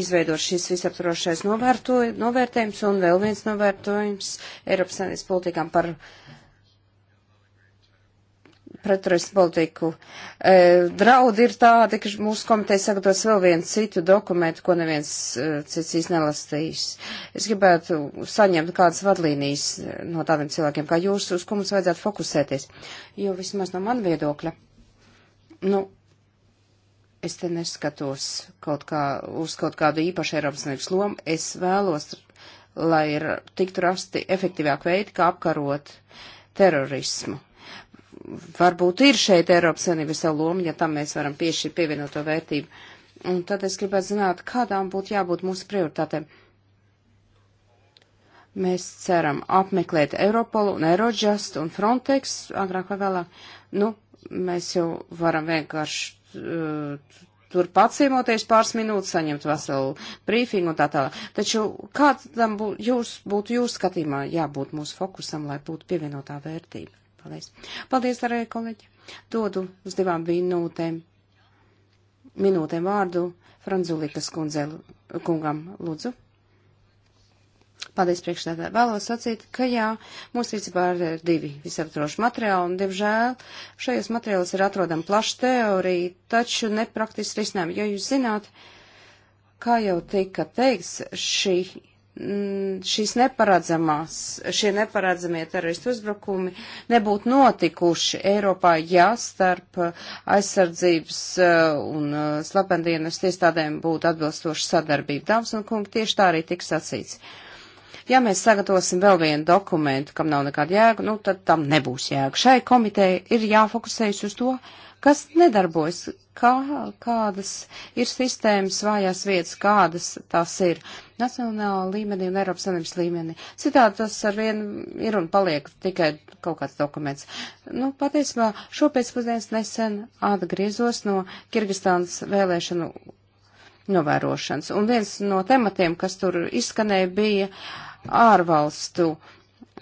Speaker 2: izveidot šis visaptrošais novērtējums un vēl viens novērtējums Eiropas Savienības politikām par uh, preturistu politiku. E, draudi ir tādi, ka mūsu komiteja sagatavos vēl vienu citu dokumentu, ko neviens e, cits īsti nelastījis. Es gribētu saņemt kādas vadlīnijas e, no tādiem cilvēkiem, kā jūs, uz ko mums vajadzētu fokusēties. Jo vismaz no man viedokļa, nu, es te neskatos kaut kā, uz kaut kādu īpašu Eiropas Savienības lomu. Es vēlos, lai ir tiktu rasti efektīvāk veidi, kā apkarot terorismu varbūt ir šeit Eiropas Savienības loma, ja tam mēs varam piešķirt pievienoto vērtību. Un tad es gribētu zināt, kādām būtu jābūt mūsu prioritātēm. Mēs ceram apmeklēt Europolu un Eurojust un Frontex agrāk vai vēlāk. Nu, mēs jau varam vienkārši uh, tur pacīmoties pāris minūtes, saņemt veselu brīfingu un tā tālāk. Taču kādam bū, jūs, būtu jūs skatījumā jābūt mūsu fokusam, lai būtu pievienotā vērtība? Paldies. Paldies arī, kolēģi. Dodu uz divām minūtēm, minūtēm vārdu Franzulikas kundze, kungam lūdzu. Paldies priekšstādā. Vēlos sacīt, ka jā, mūsu rīcībā ir divi visaptroši materiāli, un, diemžēl, šajos materiālos ir atrodama plaša teorija, taču nepraktiski risinājumi, jo jūs zināt, kā jau tika teiks, šī Mm, šīs neparedzamās, šie neparedzamie teroristu uzbrukumi nebūtu notikuši Eiropā, ja starp aizsardzības eh, un eh, slependienas iestādēm būtu atbilstoša sadarbība. Dāmas un kungi, tieši tā arī tiks sacīts. Ja mēs sagatavosim vēl vienu dokumentu, kam nav nekāda jēga, nu tad tam nebūs jēga. Šai komitei ir jāfokusējas uz to, uh, kas nedarbojas, kā, kādas ir sistēmas vājās vietas, kādas tās ir nacionālā līmenī un Eiropas Savienības līmenī. Citādi tas ar vienu ir un paliek tikai kaut kāds dokuments. Nu, patiesībā šopēcpusdienas nesen atgriezos no Kirgistānas vēlēšanu novērošanas. Un viens no tematiem, kas tur izskanēja, bija ārvalstu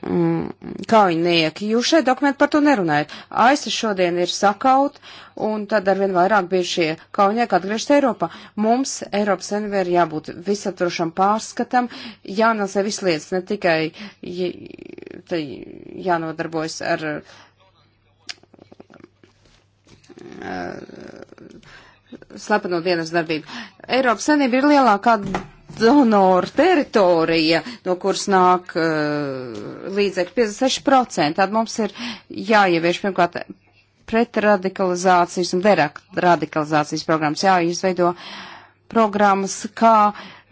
Speaker 2: Mm, kaujinieki. Jūs šeit dokumentu par to nerunājat. ASV šodien ir sakaut, un tad arvien vairāk bijušie kaujinieki atgriežas Eiropā. Mums Eiropas NV ir jābūt visaptrošam pārskatam, jānasē viss lietas, ne tikai jānodarbojas ar. Uh, slepenot dienas darbību. Eiropas Savienība ir lielākā donoru teritorija, no kuras nāk uh, līdzekļi 56%. Tad mums ir jāievieš pirmkārt pretradikalizācijas un deradikalizācijas programmas, jāizveido programmas, kā,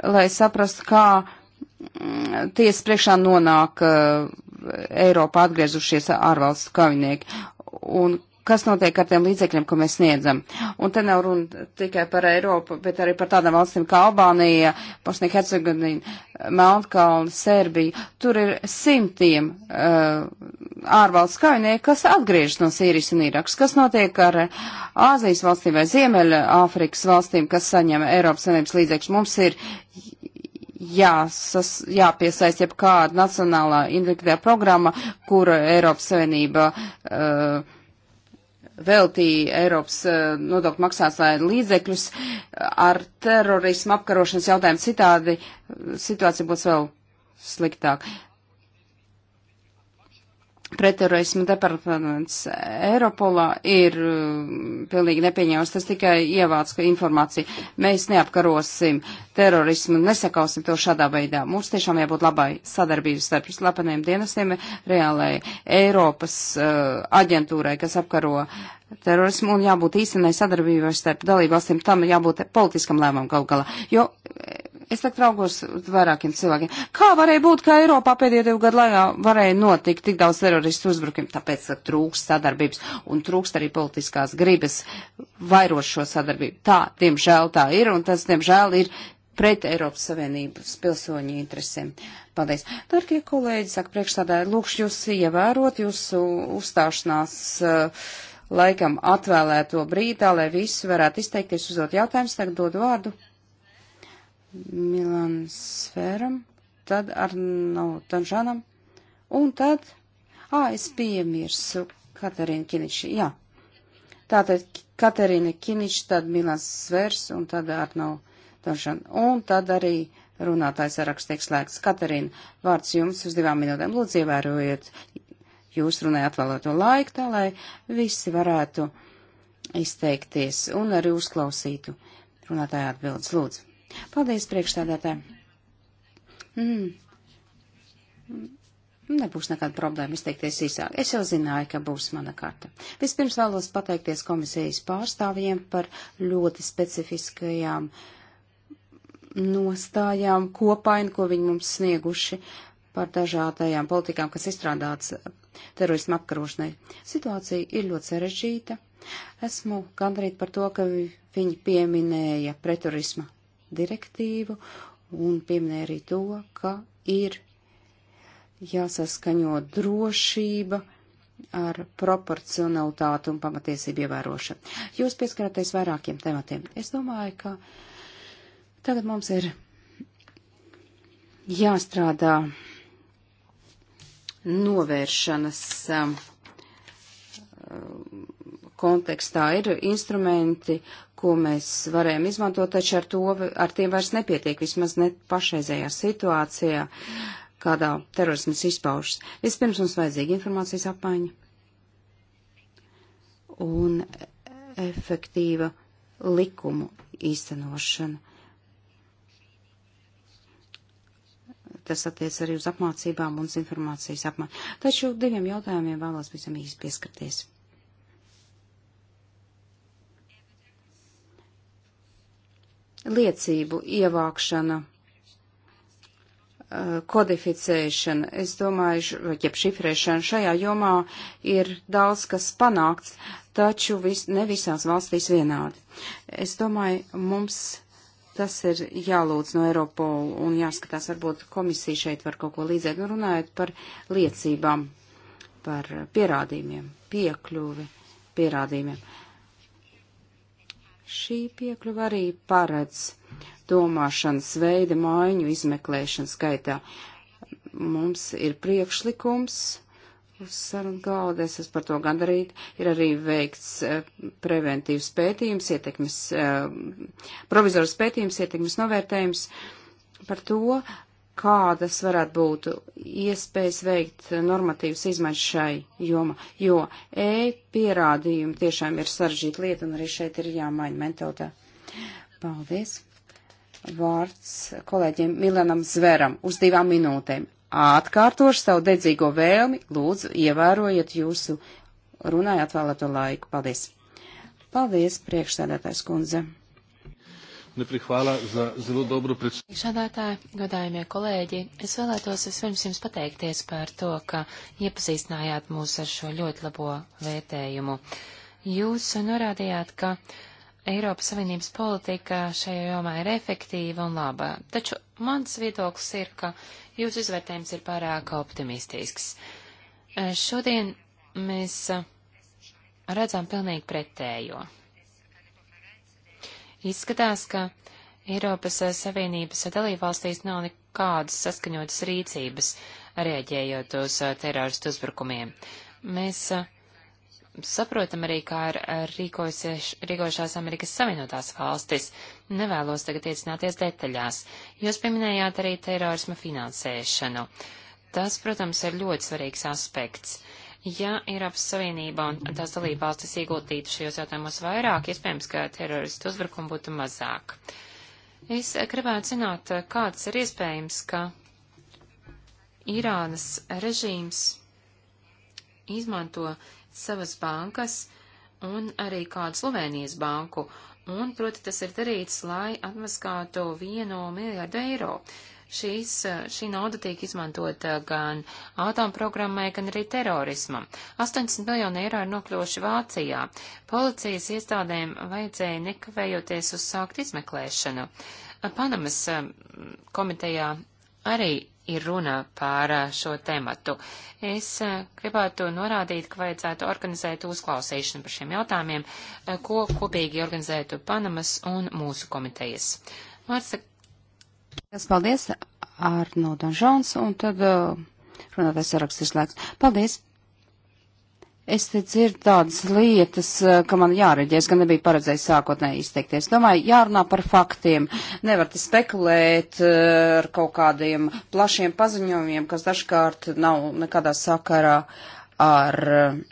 Speaker 2: lai saprastu, kā mm, tiesas priekšā nonāk uh, Eiropā atgriezušies ārvalstu kavinieki un kas notiek ar tiem līdzekļiem, ko mēs sniedzam. Un te nav runa tikai par Eiropu, bet arī par tādām valstīm kā Albānija, Bosnija, Hercegovina, Melnkalna, Serbija. Tur ir simtiem uh, ārvalsts kaujinieku, kas atgriežas no Sīrijas un Irakas. Kas notiek ar uh, Āzijas valstīm vai Ziemeļa Āfrikas valstīm, kas saņem Eiropas Savienības līdzekļus? Mums ir jāsas, jāpiesaist jeb kāda nacionālā individuāla programma, kur Eiropas Savienība uh, veltīja Eiropas eh, nodokļu maksātāju līdzekļus ar terorismu apkarošanas jautājumu citādi, eh, situācija būs vēl sliktāk pretterorisma departaments Eiropolā ir mm, pilnīgi nepieņēmis. Tas tikai ievāc informāciju. Mēs neapkarosim terorismu, nesakausim to šādā veidā. Mums tiešām jābūt labai sadarbības starp slepeniem dienestiem, reālai Eiropas uh, aģentūrai, kas apkaro terorismu, un jābūt īstenai sadarbībai starp dalībvalstīm. Tam jābūt politiskam lēmumam gal galā. Jo Es tagad raugos vairākiem cilvēkiem. Kā varēja būt, ka Eiropā pēdējo divu gadu laikā varēja notikt tik daudz teroristu uzbrukumu? Tāpēc, ka trūkst sadarbības un trūkst arī politiskās gribas vairot šo sadarbību. Tā, diemžēl tā ir, un tas, diemžēl, ir pret Eiropas Savienības pilsoņu interesēm. Paldies. Dargie kolēģi, saka priekšstādāji, lūkšu jūs ievērot jūsu uzstāšanās uh, laikam atvēlēto brīdā, lai visi varētu izteikties uzdot jautājumus. Tagad dodu vārdu Milan Sfēram, tad Arnau Tanžanam, un tad, ā, es piemirsu Katerīnu Kiniči, jā. Tātad Katerīna Kiniči, tad Milans Svērs, un tad Arnau Tanžan, un tad arī runātājs saraksts tiek slēgts. Katerīna, vārds jums uz divām minūtēm, lūdzu ievērojiet, jūs runājat vēlēto laiku, tā lai visi varētu izteikties un arī uzklausītu runātāju atbildes, lūdzu. Paldies, priekšstādātāji. Mm. Nebūs nekāda problēma izteikties īsāk. Es jau zināju, ka būs mana karta. Vispirms vēlos pateikties komisijas pārstāvjiem par ļoti specifiskajām nostājām kopaini, ko viņi mums snieguši par dažādajām politikām, kas izstrādāts terorismu apkarošanai. Situācija ir ļoti sarežģīta. Esmu gandrīt par to, ka viņi pieminēja preturisma direktīvu un pieminēja arī to, ka ir jāsaskaņo drošība ar proporcionalitāti un pamatiesību ievērošanu. Jūs pieskarāties vairākiem tematiem. Es domāju, ka tagad mums ir jāstrādā novēršanas um, kontekstā ir instrumenti, ko mēs varējām izmantot, taču ar, to, ar tiem vairs nepietiek, vismaz ne pašreizējā situācijā, kādā terorismas izpaužas. Vispirms mums vajadzīga informācijas apmaiņa un efektīva likumu īstenošana. Tas attiec arī uz apmācībām un informācijas apmaiņu. Taču diviem jautājumiem vēlos visam īsti pieskarties. liecību ievākšana, eh, kodificēšana, es domāju, jeb šifrēšana šajā jomā ir daudz kas panākts, taču vis, ne visās valstīs vienādi. Es domāju, mums tas ir jālūdz no Eiropola un jāskatās, varbūt komisija šeit var kaut ko līdzēt, nu runājot par liecībām, par pierādījumiem, piekļuvi pierādījumiem. Šī piekļuva arī paredz domāšanas veida maiņu izmeklēšanas gaitā. Mums ir priekšlikums uz sarunu galda, es esmu par to gandarīt, ir arī veikts eh, preventīvs pētījums, ietekmes, eh, provizors pētījums, ietekmes novērtējums par to, kādas varētu būt iespējas veikt normatīvas izmaiņas šai jomā, jo e-pierādījumi tiešām ir saržģīta lieta un arī šeit ir jāmaina mentalitā. Paldies! Vārds kolēģiem Milenam Zveram uz divām minūtēm. Atkārtošu savu dedzīgo vēlmi, lūdzu, ievērojiet jūsu runājāt vēlēto laiku. Paldies! Paldies, priekšsēdētājs kundze!
Speaker 3: Nepri, hvala za zelo dobru predstavību.
Speaker 1: Šādātāji, godājumie kolēģi, es vēlētos vispirms jums pateikties par to, ka iepazīstinājāt mūs ar šo ļoti labo vērtējumu. Jūs norādījāt, ka Eiropas Savienības politika šajā jomā ir efektīva un laba, taču mans viedoklis ir, ka jūsu izvērtējums ir pārāk optimistisks. Šodien mēs redzam pilnīgi pretējo. Izskatās, ka Eiropas eh, Savienības dalībvalstīs nav nekādas saskaņotas rīcības, rēģējot uz eh, teroristu uzbrukumiem. Mēs eh, saprotam arī, kā ir rīkojušās Amerikas Savienotās valstis. Nevēlos tagad iecināties detaļās. Jūs pieminējāt arī terorisma finansēšanu. Tas, protams, ir ļoti svarīgs aspekts. Uh, Ja Eiropas Savienība un tās dalībvalstis ieguldītu šajos jautājumos vairāk, iespējams, ka teroristu uzbrukumu būtu mazāk. Es gribētu zināt, kāds ir iespējams, ka Irānas režīms izmanto savas bankas un arī kādu Slovenijas banku, un proti tas ir darīts, lai atmaskātu vienu miljardu eiro. Šīs, šī nauda tiek izmantota gan atomprogrammai, gan arī terorismam. 80 miljoni eiro ir nokļuvuši Vācijā. Policijas iestādēm vajadzēja nekavējoties uzsākt izmeklēšanu. Panamas komitejā arī ir runa par šo tematu. Es gribētu norādīt, ka vajadzētu organizēt uzklausīšanu par šiem jautājumiem, ko kopīgi organizētu Panamas un mūsu komitejas. Marsa
Speaker 2: Es paldies Arno Danžons un tad uh, runātais saraksts ir slēgts. Paldies! Es te dzirdu tādas lietas, uh, ka man jāreģē, es gan nebiju paredzējis sākotnēji izteikties. Domāju, jārunā par faktiem. Nevar te spekulēt uh, ar kaut kādiem plašiem paziņojumiem, kas dažkārt nav nekādā sakarā ar uh,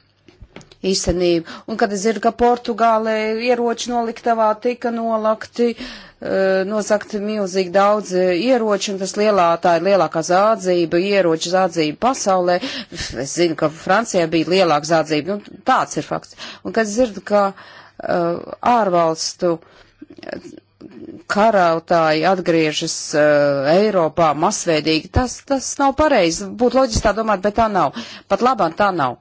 Speaker 2: īstenību. Un kad es dzirdu, ka Portugālē ieroči noliktavā tika nolakti, eh, nozakti milzīgi daudz eh, ieroči, un tas lielā, tā ir lielākā zādzība, ieroču zādzība pasaulē. Es zinu, ka Francijā bija lielāka zādzība, nu tāds ir fakts. Un kad es dzirdu, ka eh, ārvalstu karautāji atgriežas uh, Eiropā masveidīgi. Tas, tas nav pareizi. Būtu loģiski tā domāt, bet tā nav. Pat labāk tā nav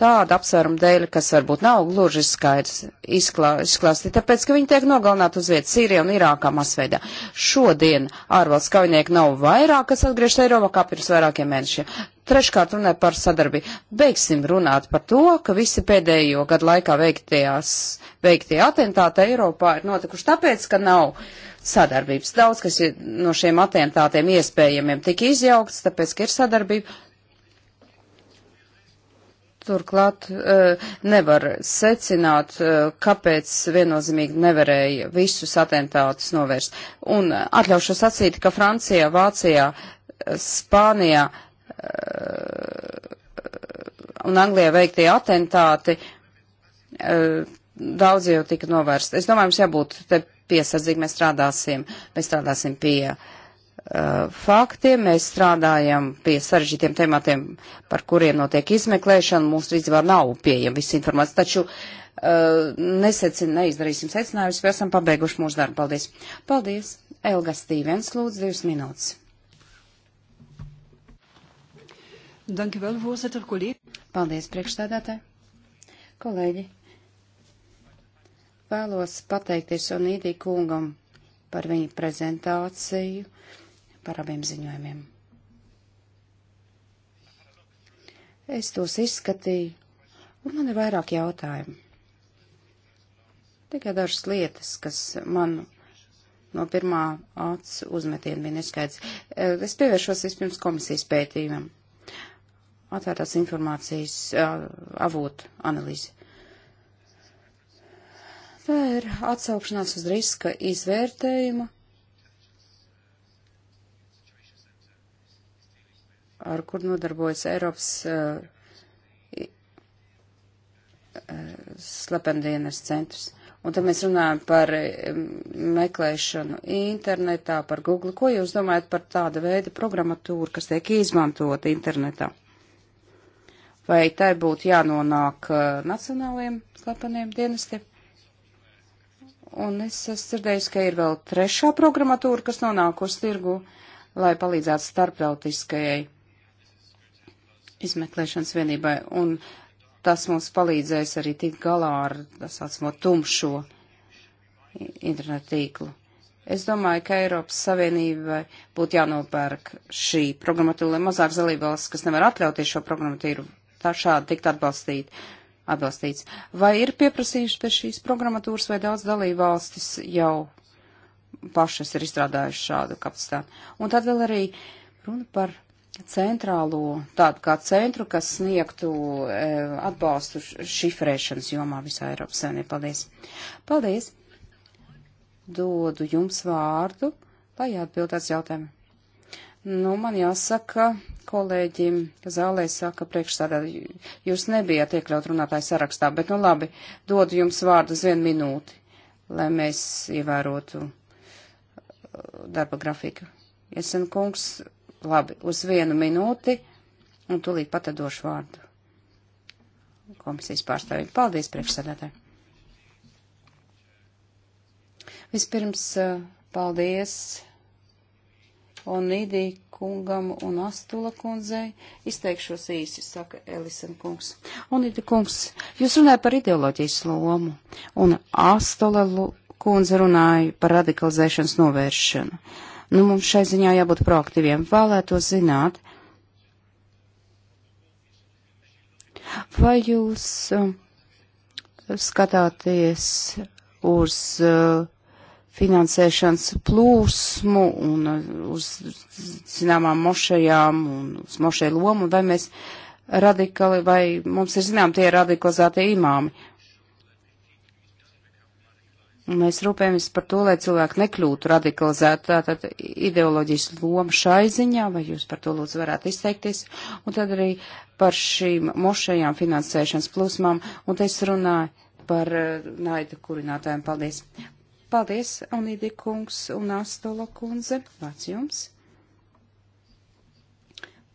Speaker 2: tāda apsvēruma dēļ, kas varbūt nav gluži skaidrs izklā, izklāstīt, tāpēc, ka viņi tiek nogalināti uz vietas Sīrijā un Irākā masveidā. Šodien ārvalsts kaujinieki nav vairāk, kas atgriežas Eiropā kā pirms vairākiem mēnešiem. Treškārt runāja par sadarbību. Beigsim runāt par to, ka visi pēdējo gadu laikā veiktajās, veiktie atentāti Eiropā ir notikuši tāpēc, ka nav sadarbības. Daudz, kas no šiem atentātiem iespējamiem tika izjaukts, tāpēc, ka ir sadarbība Turklāt eh, nevar secināt, eh, kāpēc viennozīmīgi nevarēja visus atentātus novērst. Un eh, atļaušu sacīt, ka Francijā, Vācijā, Spānijā un Anglijā veiktie atentāti daudz jau tika novērsti. Es domāju, mums jābūt te piesardzīgi, mēs strādāsim, mēs strādāsim pie uh, Eh, faktiem, mēs strādājam pie sarežģītiem tematiem, par kuriem notiek izmeklēšana, mums vispār nav pieejama viss informācija, taču uh, nesecin, neizdarīsim secinājumus, jo esam pabeiguši mūsu darbu. Paldies! Paldies! Elga Stīvens, lūdzu, divas minūtes. Dankjewel, voorzitter, collega. Paldies, priekšstādātāji. Kolēģi, vēlos pateikties Onīdī kungam par viņa prezentāciju par abiem ziņojumiem. Es tos izskatīju, un man ir vairāk jautājumu. Tikai dažas lietas, kas man no pirmā acu uzmetiena bija neskaidrs. Eh, es pievēršos vispirms komisijas pētījumam. Atvērtās informācijas eh, avotu analīzi. Tā ir atsaukšanās uz riska izvērtējumu ar kur nodarbojas Eiropas uh, slependienas centrs. Un tad mēs runājam par eh, meklēšanu internetā, par Google. Ko jūs domājat par tādu veidu programmatūru, kas tiek izmantota internetā? Vai tai būtu jānonāk uh, nacionāliem slepeniem dienestiem? Un es esmu dzirdējis, ka ir vēl trešā programmatūra, kas nonāk uz tirgu, lai palīdzētu starptautiskajai izmeklēšanas vienībai, un tas mums palīdzēs arī tikt galā ar, tā saucamo, tumšo internetu tīklu. Es domāju, ka Eiropas Savienībai būtu jānopērk šī programmatūra, lai mazāk dalībvalsts, kas nevar atļauties šo programmatūru, tā šādi tikt atbalstīt, atbalstīts. Vai ir pieprasījuši pie šīs programmatūras, vai daudz dalībvalstis jau pašas ir izstrādājuši šādu kapacitāti? Un tad vēl arī runa par centrālo, tādu kā centru, kas sniegtu e, atbalstu šifrēšanas jomā visā Eiropas saimnē. Paldies! Paldies! Dodu jums vārdu, lai atbildētu jautājumu. Nu, man jāsaka, kolēģim zālē saka priekšstādā, jūs nebijāt iekļaut runātāju sarakstā, bet nu labi, dodu jums vārdu uz vienu minūti, lai mēs ievērotu e, darba grafiku. Jesen kungs Labi, uz vienu minūti, un tūlīt pat došu vārdu komisijas pārstāvjiem. Paldies, priekšsēdētāji! Vispirms eh, paldies Onīdī kungam un Astula kundzei. Izteikšos īsi, saka Elisen kungs. Onīdī kungs, jūs runājat par ideoloģijas lomu, un Astula kundze runāja par radikalizēšanas novēršanu. Uh, Nu, mums šai ziņā jābūt proaktīviem. Vēlētos zināt, vai jūs um, skatāties uz uh, finansēšanas plūsmu un uh, uz zināmām mošajām un uz mošai lomu, vai mēs radikali, vai mums ir zinām tie radikalizētie imāmi. Un mēs rūpējamies par to, lai cilvēki nekļūtu radikalizēti. Tātad ideoloģijas loma šai ziņā, vai jūs par to lūdzu varētu izteikties, un tad arī par šīm mošajām finansēšanas plūsmām, un te es runāju par eh, naida kurinātājiem. Paldies! Paldies, Unīdi kungs un Astola kundze. Vārds jums!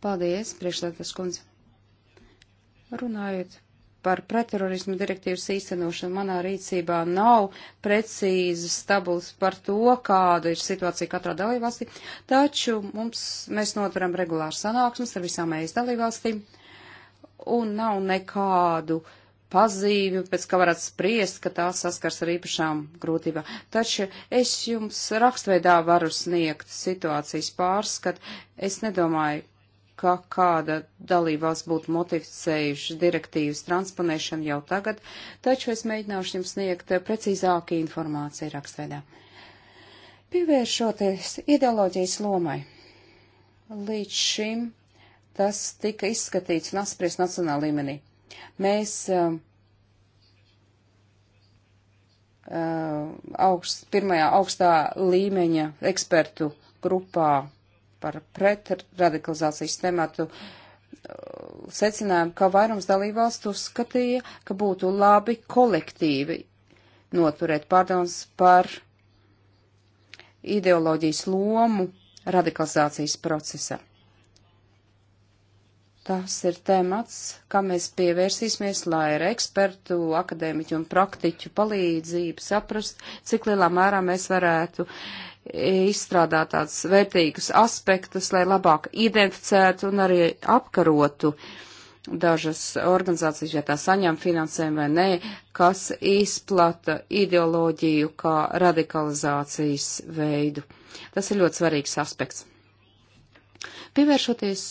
Speaker 2: Paldies, priekšlētas kundze! Runājot par pretterorismu direktīvas īstenošanu manā rīcībā nav precīzas tabulas par to, kāda ir situācija katrā dalībvalstī, taču mums, mēs noturam regulāru sanāksmes ar visām ES dalībvalstīm, un nav nekādu pazīmi, pēc kā varat spriest, ka tās saskars ar īpašām grūtībām. Taču es jums rakstveidā varu sniegt situācijas pārskat. Es nedomāju, ka kāda dalībvalsts būtu motivicējuši direktīvas transponēšanu jau tagad, taču es mēģināšu jums sniegt precīzāku informāciju rakstveidā. Pievēršoties ideoloģijas lomai, līdz šim tas tika izskatīts un apspriests nacionāla līmenī. Mēs um, uh, augst, pirmajā augstā līmeņa ekspertu grupā par pretradikalizācijas tematu uh, secinājumu, ka vairums dalībvalstu uzskatīja, ka būtu labi kolektīvi noturēt pārdomas par ideoloģijas lomu radikalizācijas procesā. Tas ir temats, kam mēs pievērsīsimies, lai ar ekspertu, akadēmiķu un praktiķu palīdzību saprast, cik lielā mērā mēs varētu izstrādāt tādus vērtīgus aspektus, lai labāk identificētu un arī apkarotu dažas organizācijas, ja tā saņem finansējumu vai nē, kas izplata ideoloģiju kā radikalizācijas veidu. Tas ir ļoti svarīgs aspekts. Pievēršoties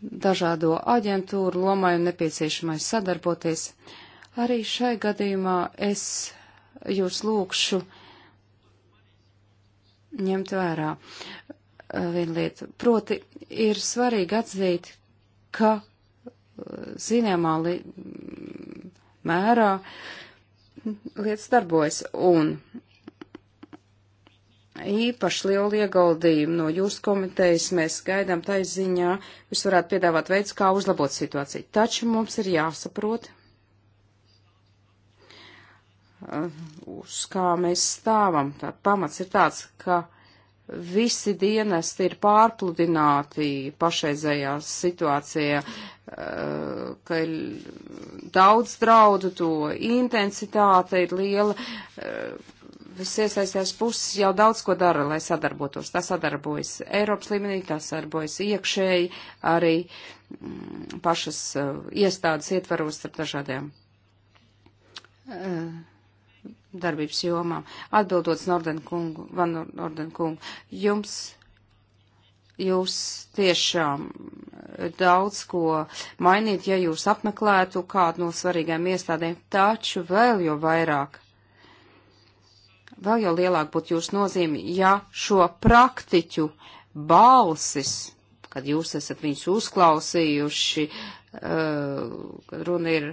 Speaker 2: dažādo aģentūru lomai un nepieciešamais sadarboties. Arī šai gadījumā es jūs lūkšu ņemt vērā uh, vienu lietu. Proti, ir svarīgi atzīt, ka uh, zināmā li mērā lietas darbojas un īpaši lielu ieguldījumu no jūsu komitejas. Mēs gaidām taisziņā, jūs varētu piedāvāt veids, kā uzlabot situāciju. Taču mums ir jāsaprot, uh, uz kā mēs stāvam. Tā pamats ir tāds, ka visi dienesti ir pārpludināti pašreizējā situācijā, uh, ka ir daudz draudu, to intensitāte ir liela uh, Viss iesaistās puses jau daudz ko dara, lai sadarbotos. Tā sadarbojas Eiropas līmenī, tā sadarbojas iekšēji, arī mm, pašas uh, iestādes ietvaros ar dažādiem uh, darbības jomām. Atbildot Norden kungu, Van Norden kungu, jums, jūs tiešām daudz ko mainīt, ja jūs apmeklētu kādu no svarīgām iestādēm, taču vēl jo vairāk vēl jau lielāk būtu jūsu nozīme, ja šo praktiķu balsis, kad jūs esat viņus uzklausījuši, kad eh, runa ir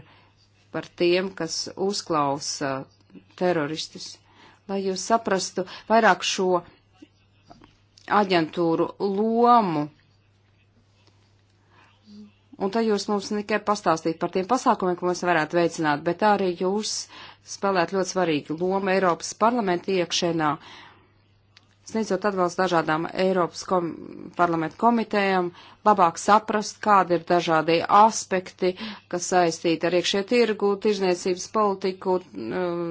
Speaker 2: par tiem, kas uzklausa teroristus, lai jūs saprastu vairāk šo aģentūru lomu. Un tad jūs mums ne tikai pastāstīt par tiem pasākumiem, ko mēs varētu veicināt, bet arī jūs uh, spēlēt ļoti svarīgu lomu Eiropas parlamenta iekšēnā, sniedzot atbalstu dažādām Eiropas kom parlamenta komitējām, labāk saprast, kādi ir dažādie aspekti, kas saistīti ar iekšē tirgu, tirzniecības politiku, um,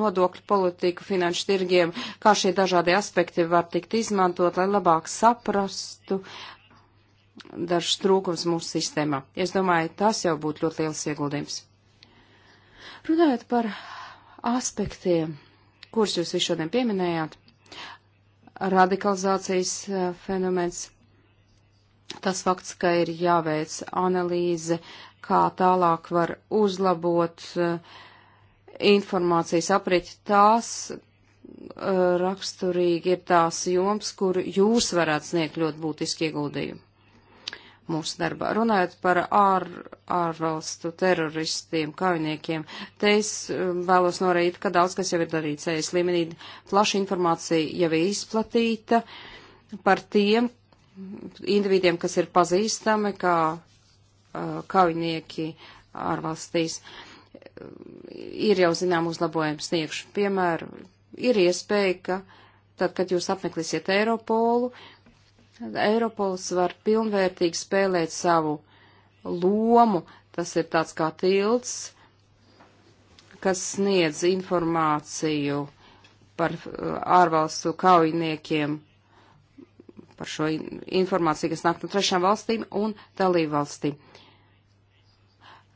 Speaker 2: nodokļu politiku, finanšu tirgiem, kā šie dažādie aspekti var tikt izmantot, lai labāk saprastu, dažs trūkums mūsu sistēmā. Es domāju, tas jau būtu ļoti liels ieguldījums. Runājot par aspektiem, kurus jūs visu šodien pieminējāt, radikalizācijas eh, fenomens, tas fakts, ka ir jāveic analīze, kā tālāk var uzlabot eh, informācijas apriķi, tās eh, raksturīgi ir tās joms, kur jūs varētu sniegt ļoti būtiski ieguldījumu mūsu darbā. Runājot par ār, ārvalstu teroristiem, kaujiniekiem, te es um, vēlos norīt, ka daudz kas jau ir darīts ES līmenī. Plaša informācija jau ir izplatīta par tiem individiem, kas ir pazīstami kā uh, kaujinieki ārvalstīs. Ir jau zinām uzlabojums sniegšu. Piemēram, ir iespēja, ka tad, kad jūs apmeklēsiet Eiropolu, uh, Eiropols var pilnvērtīgi spēlēt savu lomu. Tas ir tāds kā tilts, kas sniedz informāciju par uh, ārvalstu kaujiniekiem, par šo informāciju, kas nāk no trešām valstīm un dalību valstīm,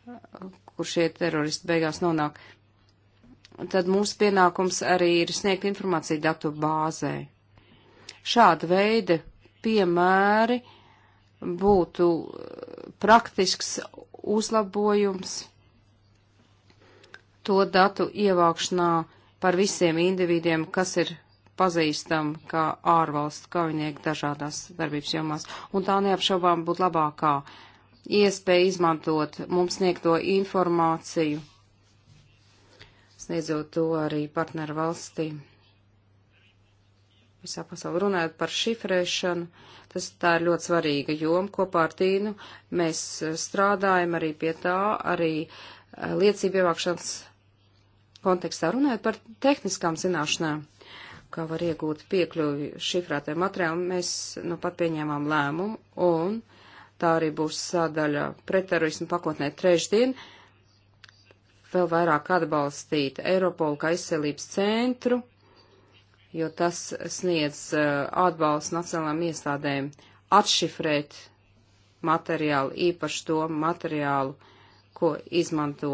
Speaker 2: kur šie teroristi beigās nonāk. Tad mūsu pienākums arī ir sniegt informāciju datu bāzē. Šāda veida piemēri būtu eh, praktisks uzlabojums to datu ievākšanā par visiem individiem, kas ir pazīstami kā ārvalstu kaujinieki dažādās darbības jomās. Un tā neapšaubām būtu labākā iespēja izmantot mums sniegto informāciju, sniedzot to arī partneru valstīm visā pasaulē. Runājot par šifrēšanu, tas tā ir ļoti svarīga joma kopā ar Tīnu. Mēs eh, strādājam arī pie tā, arī eh, liecību ievākšanas kontekstā. Runājot par tehniskām zināšanām, kā var iegūt piekļuvi šifrētiem materiāliem, mēs nu pat pieņēmām lēmumu un tā arī būs sādaļa pretterorismu pakotnē trešdien vēl vairāk atbalstīt Eiropolu kā izcelības centru jo tas sniedz eh, atbalstu nacionālām iestādēm atšifrēt materiālu, īpaši to materiālu, ko izmanto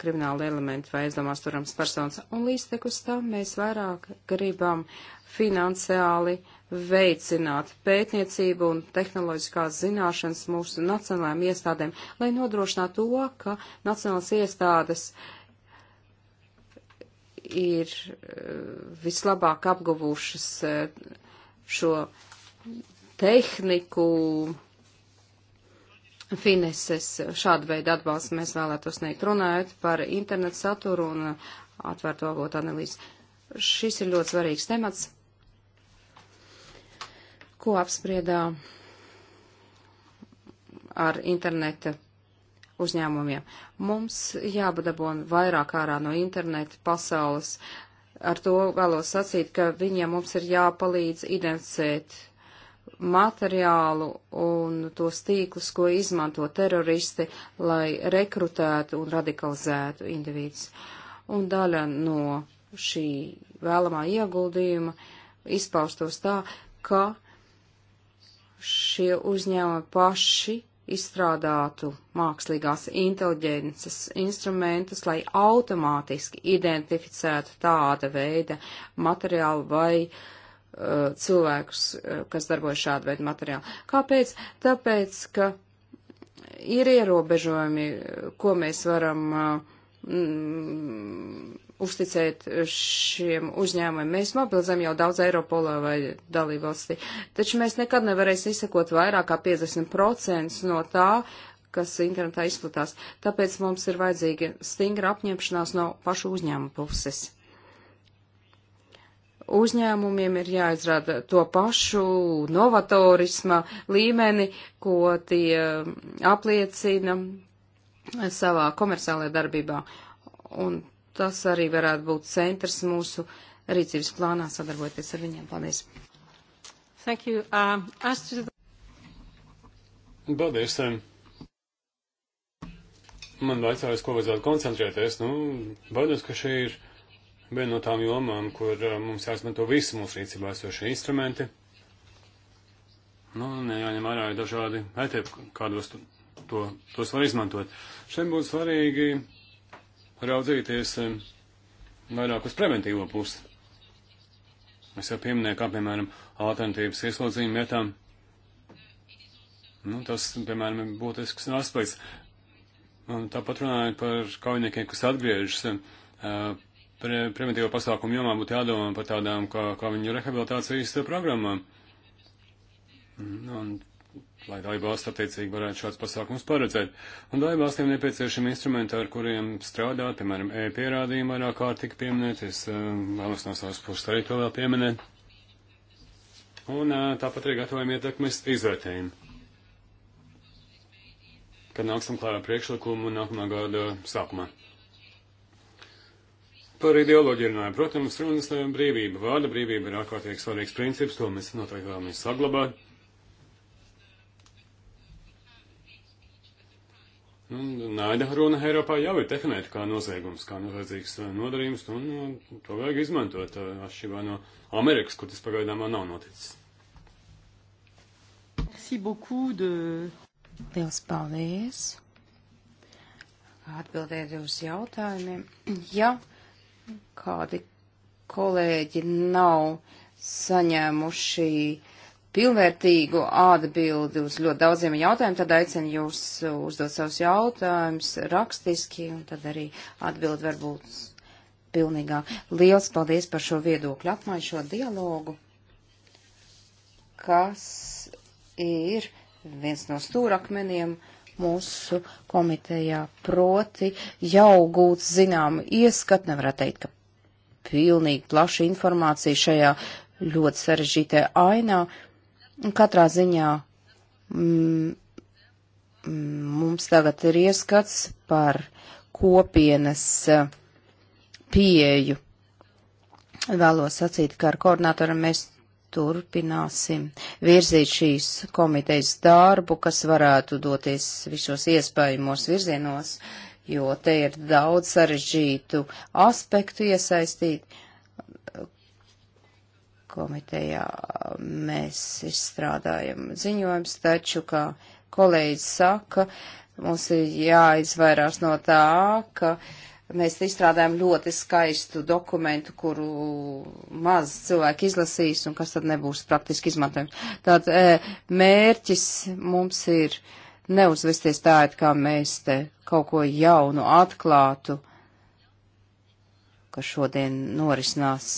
Speaker 2: krimināli elementi vai aizdomās turams personas. Un līdz tek uz tam mēs vairāk gribam finansiāli veicināt pētniecību un tehnoloģiskās zināšanas mūsu nacionālajām iestādēm, lai nodrošinātu to, ka nacionālas iestādes uh, ir eh, vislabāk apguvušas eh, šo tehniku fineses. Šādu veidu atbalstu mēs vēlētos sniegt runājot par internetu saturu un eh, atvērto avotu analīzi. Šis ir ļoti svarīgs temats, ko apspriedā ar interneta uzņēmumiem. Mums jābadabon vairāk ārā no interneta pasaules. Ar to vēlos sacīt, ka viņiem mums ir jāpalīdz identificēt materiālu un tos tīklus, ko izmanto teroristi, lai rekrutētu un radikalizētu individus. Un daļa no šī vēlamā ieguldījuma izpaustos tā, ka šie uzņēmumi paši izstrādātu mākslīgās inteliģences instrumentus, lai automātiski identificētu tāda veida materiālu vai uh, cilvēkus, uh, kas darbojas šādu veidu materiālu. Kāpēc? Tāpēc, ka ir ierobežojumi, ko mēs varam uh, mm, uzticēt šiem uzņēmumiem. Mēs mobilizējam jau daudz Eiropolā vai dalībvalstī, taču mēs nekad nevarēsim izsekot vairāk kā 50% no tā, kas internetā izplatās. Tāpēc mums ir vajadzīga stingra apņemšanās no pašu uzņēmuma puses. Uzņēmumiem ir jāizrāda to pašu novatorisma līmeni, ko tie apliecina savā komerciālajā darbībā. Un tas arī varētu būt centrs mūsu rīcības plānā sadarbojoties ar viņiem. Paldies! Thank you. Um, as to
Speaker 3: the... Paldies! Man vajadzējas, ko vajadzētu koncentrēties. Nu, baidos, ka šī ir viena no tām jomām, kur uh, mums jāizmanto visi mūsu rīcībā esošie instrumenti. Nu, nejāņem vērā ir dažādi etiķi, kādos to, tos var izmantot. Šeit būtu svarīgi raudzīties vairāk uz preventīvo pusi. Es jau pieminēju, kā piemēram alternatīvas ieslodzījuma vietām. Nu, tas, piemēram, ir būtisks aspekts. Un tāpat runājot par kaujiniekiem, kas atgriežas, pre, preventīvo pasākumu jomā būtu jādomā par tādām kā, kā viņu rehabilitācijas programmām. Un lai dalībvalsts attiecīgi varētu šāds pasākums paredzēt. Un dalībvalstiem nepieciešami instrumenti, ar kuriem strādāt, piemēram, e-pierādījumi vairāk kā tika pieminēt, es eh, vēlos no savas puses arī to vēl pieminēt. Un eh, tāpat arī gatavojam ietekmes izvērtējumu. Kad nāksim klārā priekšlikumu nākamā gada sākumā. Par ideoloģiju runājot, protams, runas eh, brīvība, vārda brīvība ir ārkārtīgi svarīgs princips, to mēs noteikti vēlamies saglabāt. Naida runa Eiropā jau ir definēta kā noziegums, kā noziedzīgs eh, nodarījums, un nu, to vajag izmantot eh, atšķirībā no Amerikas, kur tas pagaidām nav
Speaker 2: noticis. De... Liels paldies! Atbildēt uz jautājumiem. Ja kādi kolēģi nav saņēmuši pilnvērtīgu atbildi uz ļoti daudziem jautājumiem, tad aicinu jūs uzdot savus jautājumus rakstiski, un tad arī atbildi var būt pilnīgā. Liels paldies par šo viedokļu apmaiņu, šo dialogu, kas ir viens no stūrakmeniem mūsu komitejā, proti jau gūt zināmu ieskatu, nevarētu teikt, ka pilnīgi plaša informācija šajā ļoti sarežģītajā ainā, Katrā ziņā mm, mm, mums tagad ir ieskats par kopienas eh, pieeju. Vēlos sacīt, ka ar koordinatoru mēs turpināsim virzīt šīs komitejas darbu, kas varētu doties visos iespējamos virzienos, jo te ir daudz sarežģītu aspektu iesaistīt komitejā mēs izstrādājam ziņojums, taču, kā kolēģis saka, mums ir jāizvairās no tā, ka mēs izstrādājam ļoti skaistu dokumentu, kuru maz cilvēki izlasīs un kas tad nebūs praktiski izmantojams. Tātad e, mērķis mums ir neuzvesties tā, it kā mēs te kaut ko jaunu atklātu, kas šodien norisinās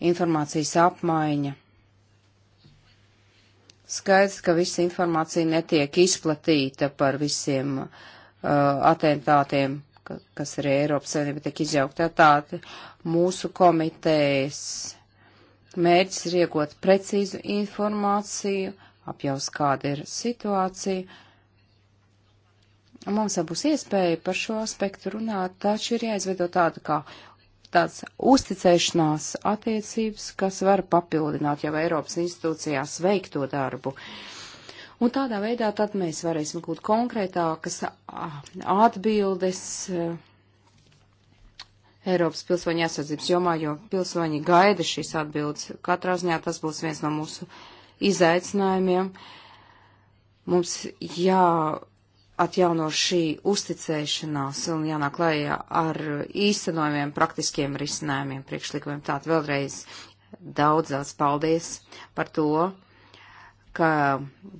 Speaker 2: informācijas apmaiņa. Skaidrs, ka visa informācija netiek izplatīta par visiem uh, atentātiem, ka, kas arī Eiropas Savienība tiek izjaukti atāti. Mūsu komitejas mērķis ir iegūt precīzu informāciju, apjaus kāda ir situācija. Mums jau būs iespēja par šo aspektu runāt, taču ir jāizveido tāda kā tāds uzticēšanās attiecības, kas var papildināt jau Eiropas institūcijās veikto darbu. Un tādā veidā tad mēs varēsim gūt konkrētākas atbildes Eiropas pilsoņu aizsardzības jomā, jo pilsoņi gaida šīs atbildes. Katrā ziņā tas būs viens no mūsu izaicinājumiem. Mums jā, atjauno šī uzticēšanās un jānāk klājā ar īstenojumiem, praktiskiem risinājumiem, priekšlikumiem. Tātad vēlreiz daudzās paldies par to, ka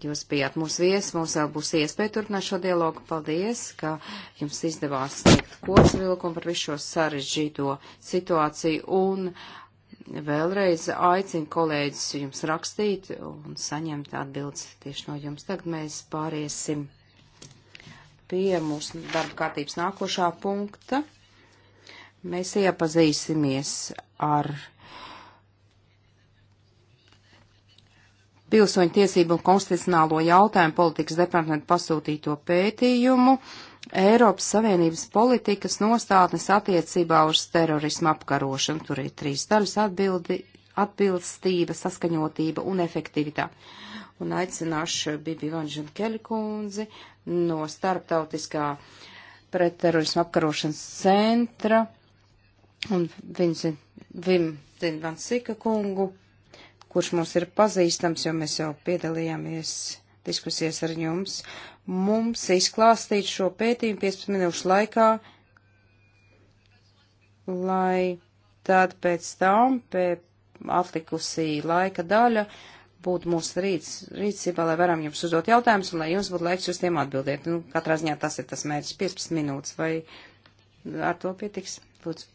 Speaker 2: jūs bijāt mūsu viesi, mums vēl būs iespēja turpināt šo dialogu. Paldies, ka jums izdevās sniegt kopsvilkumu par visu šo sarežģīto situāciju un vēlreiz aicinu kolēģis jums rakstīt un saņemt atbildes tieši no jums. Tagad mēs pāriesim pie mūsu darba kārtības nākošā punkta. Mēs iepazīsimies ar pilsoņu tiesību un konstitucionālo jautājumu politikas departamentu pasūtīto pētījumu Eiropas Savienības politikas nostātnes attiecībā uz terorismu apkarošanu. Tur ir trīs daļas atbildi, atbilstība, saskaņotība un efektivitāte un aicināšu Bibi Vanžan Kelikundzi no starptautiskā pretterorismu apkarošanas centra un viņu Vim Zinvansika kungu, kurš mums ir pazīstams, jo mēs jau piedalījāmies diskusijas ar jums. Mums izklāstīt šo pētījumu 15 minūšu laikā, lai tad pēc tam pēc atlikusī laika daļa būtu mūsu rīts, rīcībā, lai varam jums uzdot jautājumus un lai jums būtu laiks uz tiem atbildēt. Nu, katrā ziņā tas ir tas mērķis - 15 minūtes, vai ar to pietiks? Lūdzu.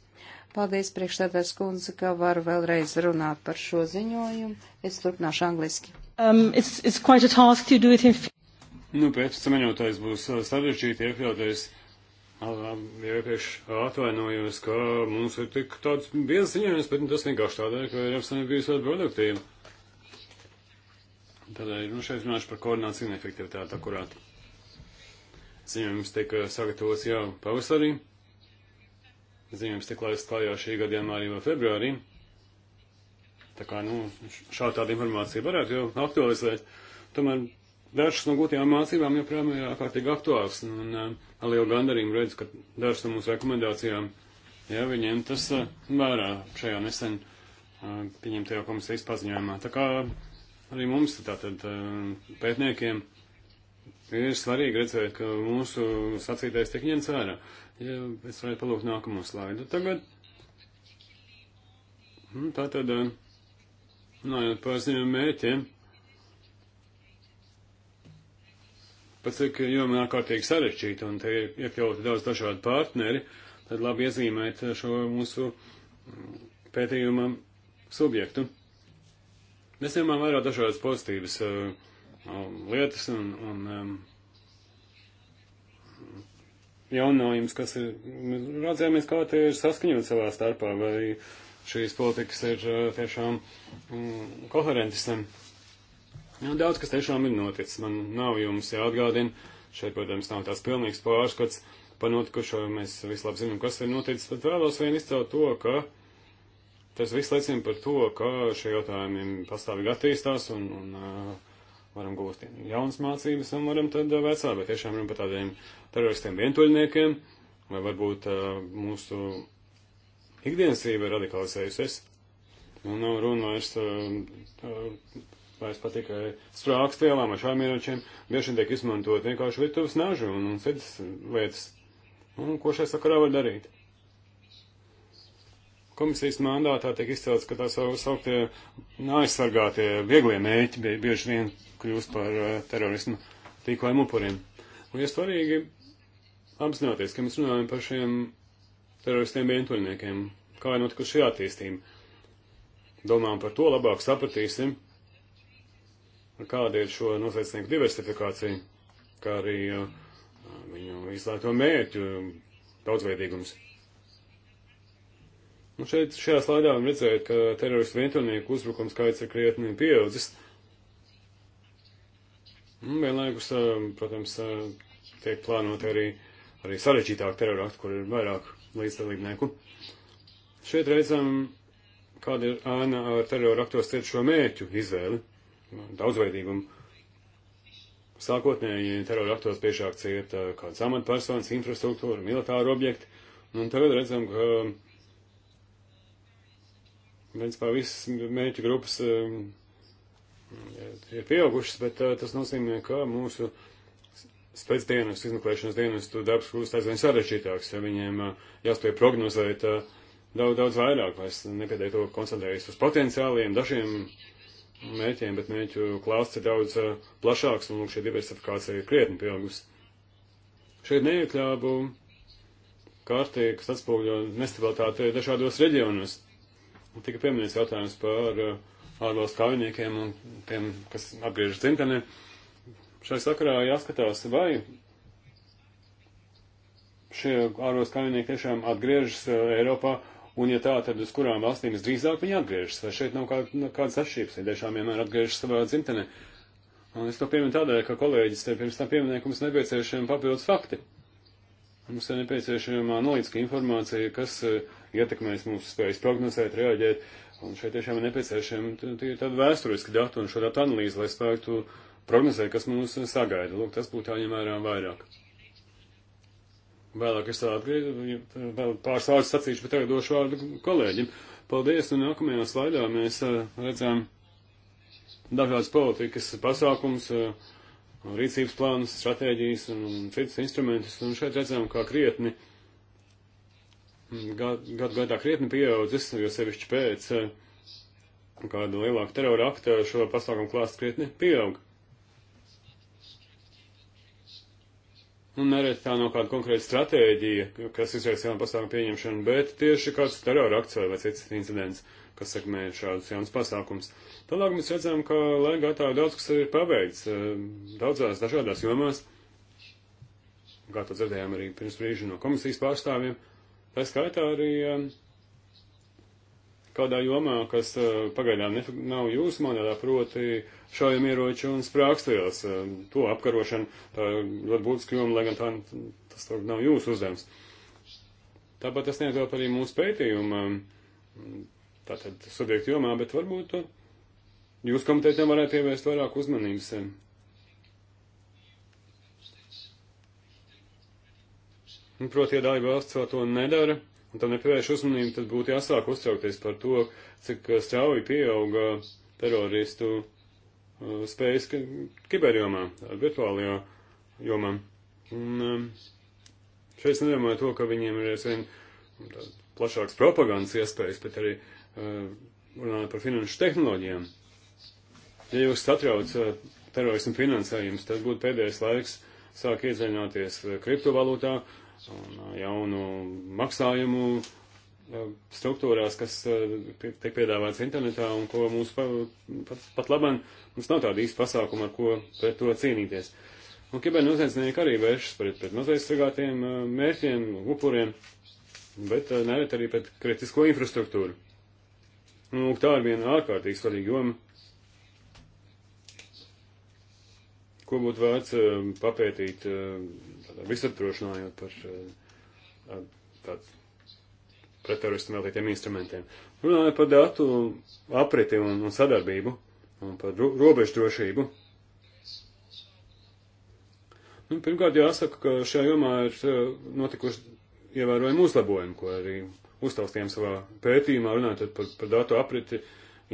Speaker 2: Paldies, priekšstādājs kundze, ka varu vēlreiz runāt par šo ziņojumu. Es turpināšu angliski. Um, it's, it's quite a task to do it in... Nu,
Speaker 3: 15 minūtēs būs uh, sarežģīti iekļauties. Jau iepriekš atvainojos, ka mums ir tik tāds viens ziņojums, bet tas vienkārši tādēļ, ka ir apsaņemts bijusi ļoti produktīva. Tādēļ eh, nu, šeit runāšu par koordināciju un efektivitāti akurāti. Ziņojums tika eh, sagatavots jau pavasarī. Ziņojums tika laists klājā šī gada janvārī vai februārī. Tā kā nu, šāda tāda informācija varētu jau aktualizēt. Tomēr dažas no gūtajām mācībām joprojām ir ārkārtīgi aktuāls. Un eh, ar lielu gandarījumu redzu, ka dažas no mūsu rekomendācijām, ja viņiem tas vērā šajā nesen pieņemtajā komisijas paziņojumā. Tā kā Arī mums, tātad eh, pētniekiem, ir svarīgi redzēt, ka mūsu sacītais tiek ņemts vērā. Ja es varētu palūkt nākamo slaidu tagad. Nu, tātad, eh, runājot par ziņām mērķiem, pats cik joma ārkārtīgi sarežģīta un te ir iekļauti daudz dažādu partneri, tad labi iezīmēt šo mūsu mm, pētījuma subjektu. Mēs ņemam vērā dažādas pozitīvas eh, um, lietas un, un um, jauninājums, kas ir, redzējāmies, kā tie ir saskaņot savā starpā, vai šīs politikas ir eh, tiešām mm, koherentas. Nu, daudz, kas tiešām ir noticis, man nav jums jāatgādina, šeit, protams, nav tās pilnīgs pārskats par notikušo, mēs vislabāk zinām, kas ir noticis, bet vēlos vien izcelt to, ka Tas viss liecina par to, ka šie jautājumi pastāvīgi attīstās un, un uh, varam gūst jaunas mācības un varam tad vecā, bet tiešām runam par tādiem teroristiem vientuļniekiem, vai varbūt uh, mūsu ikdienas dzīve ir radikalizējusies. Un nav runa vairs, uh, vairs pat tikai sprākstielām vai šādiem ieročiem, bieži vien tiek izmantot vienkārši virtuves naži un, un citas lietas. Un ko šai sakarā var darīt? Komisijas mandātā tiek izcelts, ka tā savu sauktie aizsargātie vieglie mēķi bieži vien kļūst par eh, terorismu tīkliem upuriem. Un ir svarīgi apzināties, ka mēs runājam par šiem teroristiem vientuļniekiem, kā ir notikuši šī attīstība. Domājam par to, labāk sapratīsim, kāda ir šo noziedznieku diversifikācija, kā arī uh, viņu izslēgto mērķu daudzveidīgums. Un nu, šeit, šajā slaidā var redzēt, ka teroristu vientuļnieku uzbrukums skaits ir krietni pieaudzis. Un nu, vienlaikus, protams, tiek plānoti arī, arī sarežģītāk terorāti, kur ir vairāk līdzdalībnieku. Šeit redzam, kāda ir ēna ar teroraktos cietušo mērķu izvēli, daudzveidīgumu. Sākotnēji teroraktos biežāk cieta kāds amatpersonas, infrastruktūra, militāra objekti, un tagad redzam, ka principā visas mērķu grupas um, ir pieaugušas, bet uh, tas nozīmē, ka mūsu spēc dienas, izmeklēšanas dienas, tu darbs kļūst aizvien sarežģītāks, jo viņiem uh, jāspēj prognozēt uh, daudz, daudz vairāk, lai es nepiedēju to koncentrējos uz potenciāliem, dažiem mērķiem, bet mērķu klāsts ir daudz uh, plašāks, un lūk, šī diversifikācija ir krietni pieaugusi. Šeit neiekļāvu kārtī, kas atspūgļo nestabilitāti dažādos reģionos. Tika pieminēts jautājums par eh, ārvalstu kaujiniekiem un tiem, kas atgriežas dzimtenē. Šai sakarā jāskatās, vai šie ārvalstu kaujinieki tiešām atgriežas eh, Eiropā, un ja tā, tad uz kurām valstīm visdrīzāk viņi atgriežas, vai šeit nav kā, nu, kādas atšķirības, ja tiešām vienmēr atgriežas savā dzimtenē. Un es to pieminu tādēļ, ka kolēģis te pirms tam pieminēja, ka mums nepieciešami papildus fakti. Mums ir nepieciešama analītiska informācija, kas eh, ietekmēs mūsu spējas prognozēt, reaģēt, un šeit tiešām ir nepieciešama tāda vēsturiska data un šo datu analīze, lai spētu prognozēt, kas mūs sagaida. Lūk, tas būtu jāņem vērā vairāk. Vēlāk es tādu atgriezu, vēl pāris vārdus sacīšu, bet tagad došu vārdu kolēģim. Paldies, un nākamajā slaidā mēs eh, redzam dažādas politikas pasākums, uh, rīcības plānus, stratēģijas un, un citas instrumentus, un šeit redzam, kā krietni, gadu gad, gadā krietni pieaudzis, jo sevišķi pēc eh, kāda lielāka terora akta šo pasākumu klāsts krietni pieaug. Un nereti tā nav kāda konkrēta stratēģija, kas izraisa jaunu pasākumu pieņemšanu, bet tieši kāds terora akts vai cits incidents. Uh, kas sekmē šādus jaunus pasākums. Tālāk mēs redzam, ka laika gaitā daudz kas ir paveikts eh, daudzās dažādās jomās, kā to dzirdējām arī pirms brīža no komisijas pārstāvjiem. Tā skaitā arī eh, kādā jomā, kas eh, pagaidām nav jūsu manādā, proti šaujamieroči un sprākstvielas, to apkarošana, tā ļoti būtiska joma, lai gan tā, tas nav jūsu uzdevums. Tāpat tas neatbilst arī mūsu pētījuma tātad subjektu jomā, bet varbūt jūs komitētiem varētu pievērst vairāk uzmanības. Eh. Un, nu, proti, ja daļa valsts vēl to nedara un tam nepievērš uzmanību, tad būtu jāsāk uztraukties par to, cik strauji pieauga teroristu eh, spējas kiberjomā, virtuālajā jomā. Un eh, šeit nedomāju to, ka viņiem ir aizvien nu, plašāks propagandas iespējas, bet arī uh, runājot par finanšu tehnoloģijām. Ja jūs satrauc eh, terorismu finansējums, tad būtu pēdējais laiks sāk iedziļināties eh, kriptovalūtā un eh, jaunu maksājumu struktūrās, kas tiek piedāvāts internetā un ko mums pa, pat, pat labam, mums nav tāda īsta pasākuma, ar ko pret to cīnīties. Un kibernoziedznieki arī vēršas pret, pret mazveizsargātiem mērķiem, upuriem, bet nevet arī pret kritisko infrastruktūru. Nu, tā ir viena ārkārtīgi svarīga joma, ko būtu vērts uh, papētīt, uh, um, visaptrošinājot par uh, um, tādu pretteroristam veltītiem instrumentiem. Runājot par datu apriti un, un sadarbību un par ro robežu drošību. Nu, pirmkārt, jāsaka, ka šajā jomā ir uh, notikuši ievērojami uzlabojumi, ko arī uztaustījām savā pētījumā, runājot par, par datu apriti,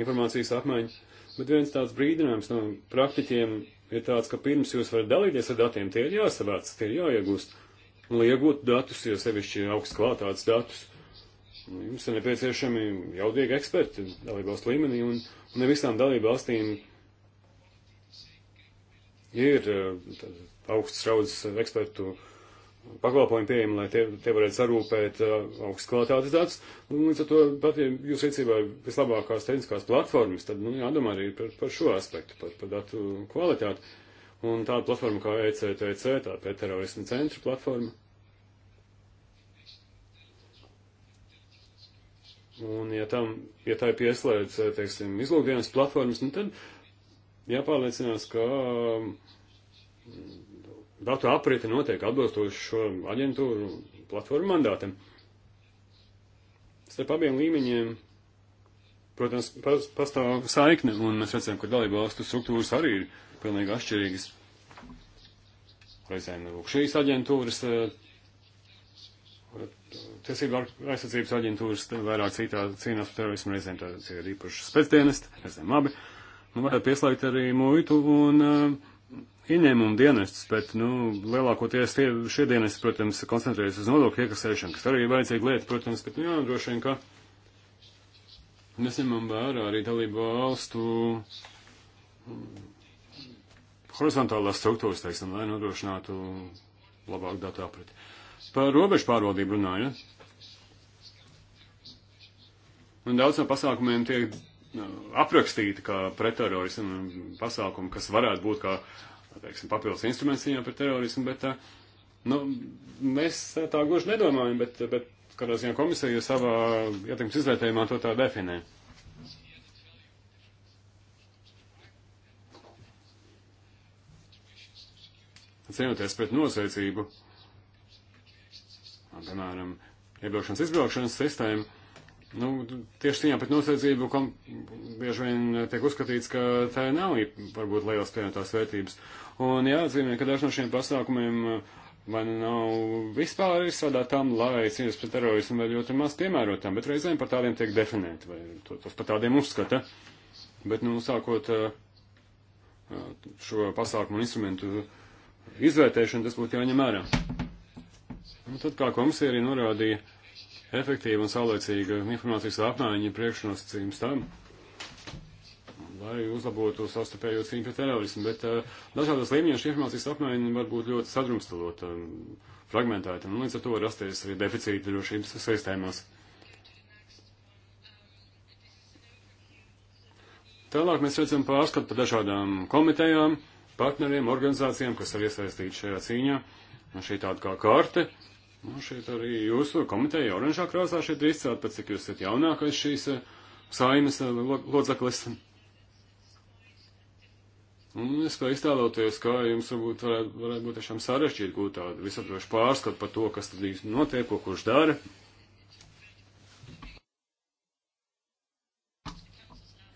Speaker 3: informācijas apmaiņu. Bet viens tāds brīdinājums no praktiķiem ir tāds, ka pirms jūs varat dalīties ar datiem, tie ir jāsavāc, tie ir jāiegūst. Un, lai iegūtu datus, jo sevišķi augsts kvalitātes datus, jums ir nepieciešami jaudīgi eksperti dalībvalstu līmenī, un, un ne visām dalībvalstīm ir eh, tā, augsts raudzes ekspertu uh, pakalpojumi pieejami, lai tie, tie varētu sarūpēt uh, augsts kvalitātes datus. Un līdz ar to pat, ja jūs rīcībā ir vislabākās tehniskās platformas, tad, nu, jādomā arī par, par šo aspektu, par, par datu kvalitāti. Un tāda platforma kā ECTC, tā pretterorisma centra platforma. Un, ja, tam, ja tā ir pieslēdz, eh, teiksim, izlūkdienas platformas, nu, tad jāpārliecinās, ka um, datu aprite notiek atbilstoši šo aģentūru platformu mandātam. Starp abiem līmeņiem, protams, pas, pastāv saikne, un mēs redzam, ka dalību valstu struktūras arī ir pilnīgi atšķirīgas. Reizēm šīs aģentūras, eh, tiesību aizsardzības aģentūras vairāk citā cīnās par terorismu, reizēm tāds ir īpašs spēcdienest, reizēm abi. Nu, varētu pieslēgt arī muitu un uh, ieņēmumu dienestus, bet, nu, lielākoties tie, šie dienesti, protams, koncentrējas uz nodokļu iekasēšanu, kas arī ir vajadzīga lieta, protams, bet, nu, jānodrošina, ka mēs ņemam vērā arī dalību valstu mm, horizontālās struktūras, teiksim, lai nodrošinātu labāku datu apriti. Par robežu pārvaldību runājot. Ja? Un daudz no pasākumiem tiek Nu, aprakstīti kā pretterorismu pasākumi, kas varētu būt kā, teiksim, papildus instruments cīņā pret terorismu, bet, eh, nu, mēs tā gluži nedomājam, bet, bet kādā ziņā komisija savā ietekmes izvērtējumā to tā definē. Cīnoties pret nosveicību, piemēram, iebraukšanas izbraukšanas sistēmu, Nu, tieši cīņā pret noslēdzību, kam bieži vien tiek uzskatīts, ka tā nav varbūt lielas pievienotās vērtības. Un jāatzīmē, ka daži no šiem pasākumiem uh, vai nu nav vispār izstrādā tam, lai cīņas pret terorismu vēl ļoti maz piemērotam, bet reizēm par tādiem tiek definēti, vai to, tos par tādiem uzskata. Bet, nu, sākot uh, uh, šo pasākumu un instrumentu izvērtēšanu, tas būtu jāņem vērā. Un tad, kā komisija arī norādīja, efektīva un saulēcīga informācijas apmaiņa ir priekšnosacījums tam, lai uzlabotu sastapējo cīņu pret terorismu, bet uh, dažādos līmeņos informācijas apmaiņa var būt ļoti sadrumstalota, um, fragmentēta, un nu, līdz ar to var rasties arī deficīti drošības sistēmās. Tālāk mēs redzam pārskatu par dažādām komitejām, partneriem, organizācijām, kas ir iesaistīti šajā cīņā. Un šī tāda kā karte, Nu, šeit arī jūsu komiteja oranžā krāsā šeit ir izcelt, pēc cik jūs esat jaunākais šīs eh, saimes eh, lodzaklis. Un es kā iztēloties, kā jums varbūt varētu, varētu būt tiešām sarežģīti gūt tādu visaptvarošu pārskatu par to, kas tad īsti notiek, ko kurš dara.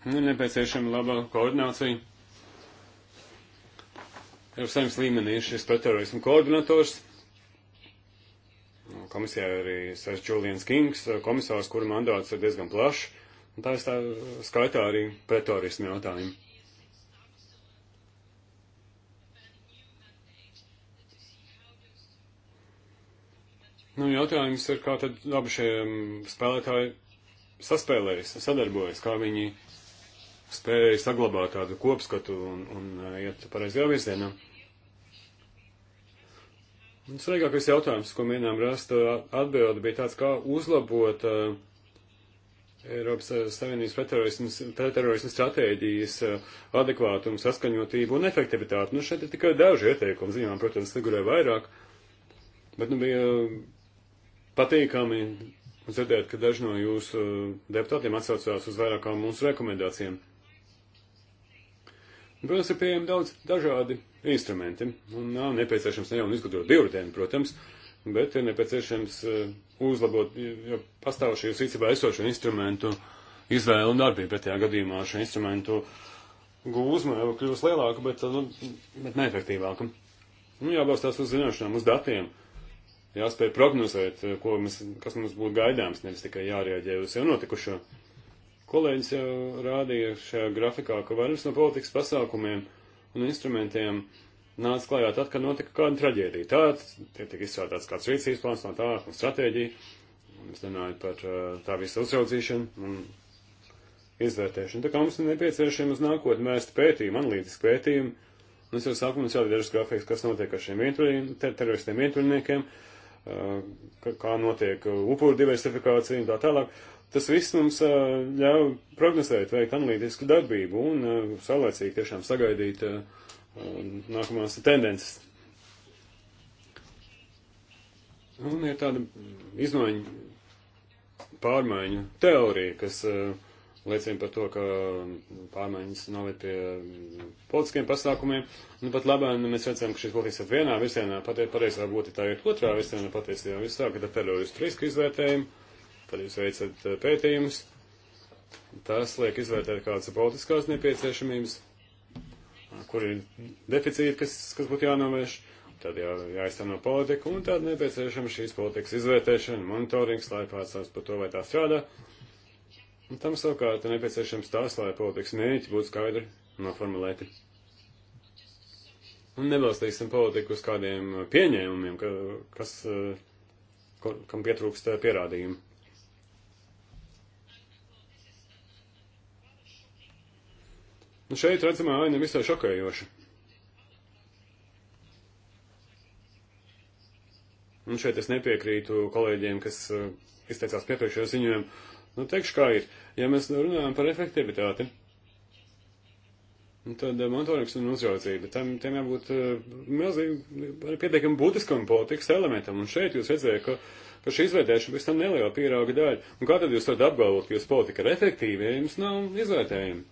Speaker 3: Nu, ir nepieciešama laba koordinācija. Eiropas saimnes līmenī ir šis pretterorismu koordinators. Komisijā arī sēž Julians Kings, eh, komisārs, kura mandāts ir diezgan plašs, un tā es tā skaitā arī pretorismu jautājumu. Nu, jautājums ir, kā tad abi šie mm, spēlētāji saspēlējas, sadarbojas, kā viņi spēja saglabāt tādu kopskatu un, un eh, iet pareizajā virzienā. Ja Un svarīgākais jautājums, ko mēģinām rast atbildi, bija tāds, kā uzlabot uh, Eiropas Savienības pretterorismu stratēģijas uh, adekvātumu, saskaņotību un efektivitāti. Nu, šeit ir tikai daži ieteikumi, ziņām, protams, figurē vairāk, bet nu, bija patīkami dzirdēt, ka daži no jūsu deputātiem atsaucās uz vairākām mūsu rekomendācijām. Protams, ir pieejami daudz dažādi instrumenti. Un nav nepieciešams ne jau nu izgudrot divrutēnu, protams, bet ir nepieciešams eh, uzlabot jau pastāvošajos rīcībā esošo instrumentu izvēlu un darbību. Pretējā gadījumā šo instrumentu gūzma jau kļūs lielāka, bet, eh, nu, bet neefektīvāka. Nu, jābalstās uz zināšanām, uz datiem. Jāspēj prognozēt, eh, ko mēs, kas mums būtu gaidāms, nevis tikai jārēģē uz jau notikušo. Kolēģis jau rādīja šajā grafikā, ka vairums no politikas pasākumiem un instrumentiem nāca klajā tad, kad notika kāda traģēdija. Tāds, tie tika izstrādāts kāds rīcības plāns no tā, un stratēģija, un es runāju par uh, tā visa uzraudzīšanu un izvērtēšanu. Tā kā mums ir nepieciešams uz nākotnē vērst pētījumu, analītisku pētījumu, un es jau sāku mums jau dažas grafikas, kas notiek ar šiem ter teroristiem ieturniekiem, uh, kā notiek upuru diversifikācija un tā tālāk. Tā Tas viss mums ļauj prognozēt, veikt analītisku darbību un saulēcīgi tiešām sagaidīt nākamās tendences. Un ir tāda izmaiņu pārmaiņu teorija, kas liecina par to, ka pārmaiņas noved pie politiskiem pasākumiem. Nu, pat labāk, nu, mēs redzam, ka šis politikas ir vienā virzienā, patiesībā būtu tā ir otrā virzienā, patiesībā viss tā, ka te pēļojas riska izvērtējumu tad jūs veicat eh, pētījumus. Tas liek izvērtēt kādas politiskās nepieciešamības, kur ir deficīti, kas, kas būtu jānovērš. Tad jā, jāizteno politika, un tad nepieciešama šīs politikas izvērtēšana, monitorings, lai pārstāvs par to, vai tā strādā. Un tam savukārt ir nepieciešams tās, lai politikas mērķi būtu skaidri noformulēti. Un nebalstīsim politiku uz kādiem pieņēmumiem, ka, kas, eh, kur, kam pietrūkst eh, pierādījumu. Un nu, šeit redzamā aina visai šokējoša. Un šeit es nepiekrītu kolēģiem, kas uh, izteicās piepriekšējā ziņojumā. Nu, teikšu, kā ir. Ja mēs runājam par efektivitāti, nu, tad uh, monitorings un uzraudzība, tam, tam jābūt uh, milzīgi, pietiekami būtiskam politikas elementam. Un šeit jūs redzējat, ka, ka šī izvērtēšana pēc tam neliela pierauga daļa. Un kā tad jūs varat apgalvot, ka jūs politika ir efektīva, ja jums nav izvērtējumi?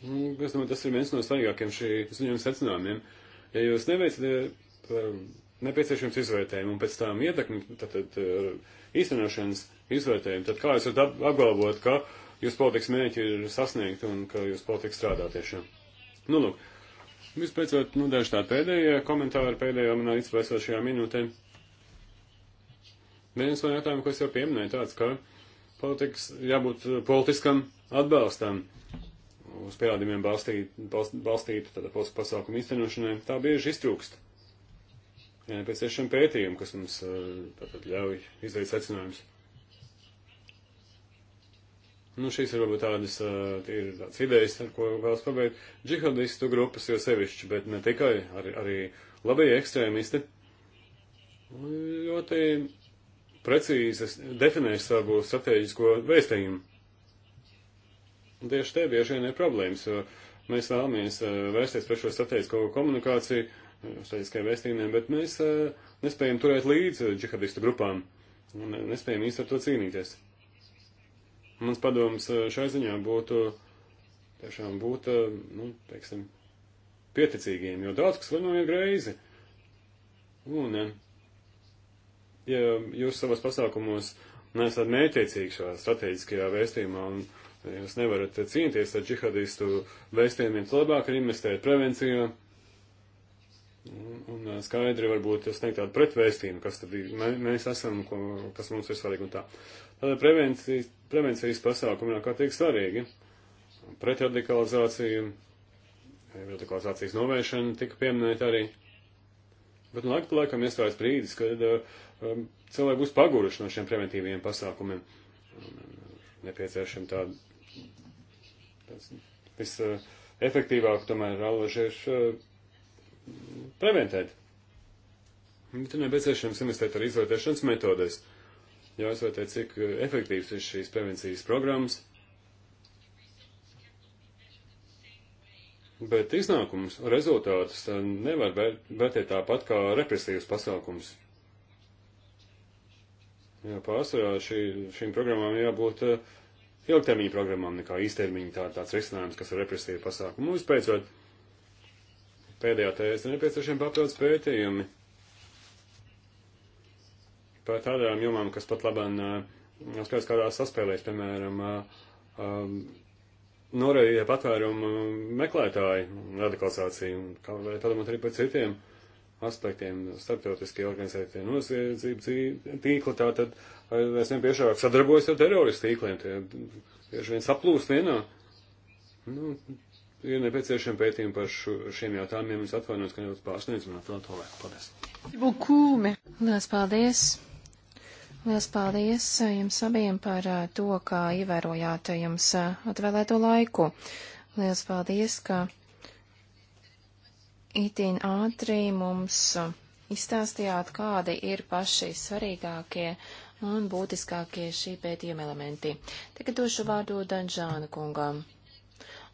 Speaker 3: Nu, es domāju, tas ir viens no svarīgākiem šī ziņojuma secinājumiem. Ja jūs neveicat eh, um, nepieciešams izvērtējumu un pēc tam ietekmi, tad, tad eh, īstenošanas izvērtējumu, tad kā jūs varat apgalvot, ka jūs politikas mērķi ir sasniegti un ka jūs politika strādā tiešām? Nu, lūk, vispēc vēl, nu, daži tādi pēdējie komentāri pēdējā manā izpēcošajā minūtē. Viens no jautājumiem, ko es jau pieminēju, tāds, ka politikas jābūt eh, politiskam atbalstam uz pierādījumiem balstītu, balstītu tāda posta pasākuma īstenošanai, tā bieži iztrūkst. Ja nepieciešam pētījumu, kas mums eh, tātad ļauj izdarīt secinājumus. Nu, šīs ir varbūt tādas, eh, ir tādas idejas, ar ko vēlas pabeigt džihadistu grupas jau sevišķi, bet ne tikai, arī, arī labie ekstrēmisti ļoti precīzi definē savu strateģisko vēstījumu. Un tieši te bieži vien ir problēmas, jo mēs vēlamies eh, vērsties par šo strateģisko komunikāciju, eh, strateģiskajiem vēstījumiem, bet mēs eh, nespējam turēt līdzi džihadistu grupām un nespējam īsti ar to cīnīties. Mans padoms šai ziņā būtu tiešām būt, nu, teiksim, pieticīgiem, jo daudz kas var noiet greizi. Un, ja jūs savos pasākumos neesat mētiecīgi šajā strateģiskajā vēstījumā un Jūs nevarat cīnīties ar džihadistu vēstījumiem, labāk ir investēt prevencijā. Un, un skaidri varbūt sniegt tādu pretvēstījumu, kas tad mē, mēs esam, ko, kas mums ir svarīgi un tā. Tātad prevencijas, prevencijas pasākumi ir kā tiek svarīgi. Pretradikalizācija, radikalizācijas novēršana tika pieminēta arī. Bet nu, laika pa laikam iestājas brīdis, kad um, cilvēki būs paguruši no šiem preventīviem pasākumiem. Um, nepieciešama tāda visefektīvāk uh, tomēr alaži ir uh, preventēt. Bet ir nepieciešams investēt arī izvērtēšanas metodēs. Jāizvērtē, cik uh, efektīvs ir šīs prevencijas programmas. Bet iznākums, rezultātus nevar vērtēt tāpat kā represīvas pasākums. Jā, pārsvarā šī, šīm programmām jābūt uh, ilgtermiņa programmām nekā īstermiņa kā tāds risinājums, kas ir represīva pasākuma. Mums nu, pēcot pēdējā tēze nepieciešami papildus pētījumi par tādām jomām, kas pat labāk nav skaidrs, kādā saspēlēs, piemēram, um, norēdīja patvērumu meklētāju radikalizāciju, kā varētu padomāt arī par citiem. Uh, aspektiem, starptautiskie organizētie noziedzība tīkli, tātad aizvien eh, biežāk sadarbojas ar teroristu tīkliem, tie bieži vien saplūst vienā. Nu, ir nepieciešami pētījumi par šo, šiem jautājumiem, es atvainojos, ka nedaudz pārsniedz man atvēlēt to laiku.
Speaker 1: Paldies. Lielas paldies. Lielas paldies eh, jums abiem par eh, to, kā ievērojāt jums atvēlēto laiku. Lielas paldies, ka itin ātri mums uh, izstāstījāt, kādi ir paši svarīgākie un būtiskākie šī pētījuma elementi. Tagad došu vārdu Danžāna kungam.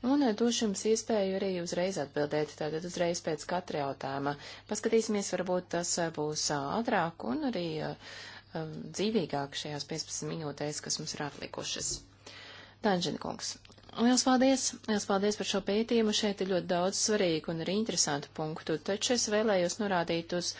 Speaker 1: Un uh, došu jums iespēju arī uzreiz atbildēt, tātad uzreiz pēc katra jautājuma. Paskatīsimies, varbūt tas uh, būs ātrāk un arī um, dzīvīgāk šajās 15 minūtēs, kas mums ir atlikušas. Danžina kungs, Liels paldies! Liels paldies par šo pētījumu. Šeit ir ļoti daudz svarīgu un arī interesantu punktu, taču es vēlējos norādīt uz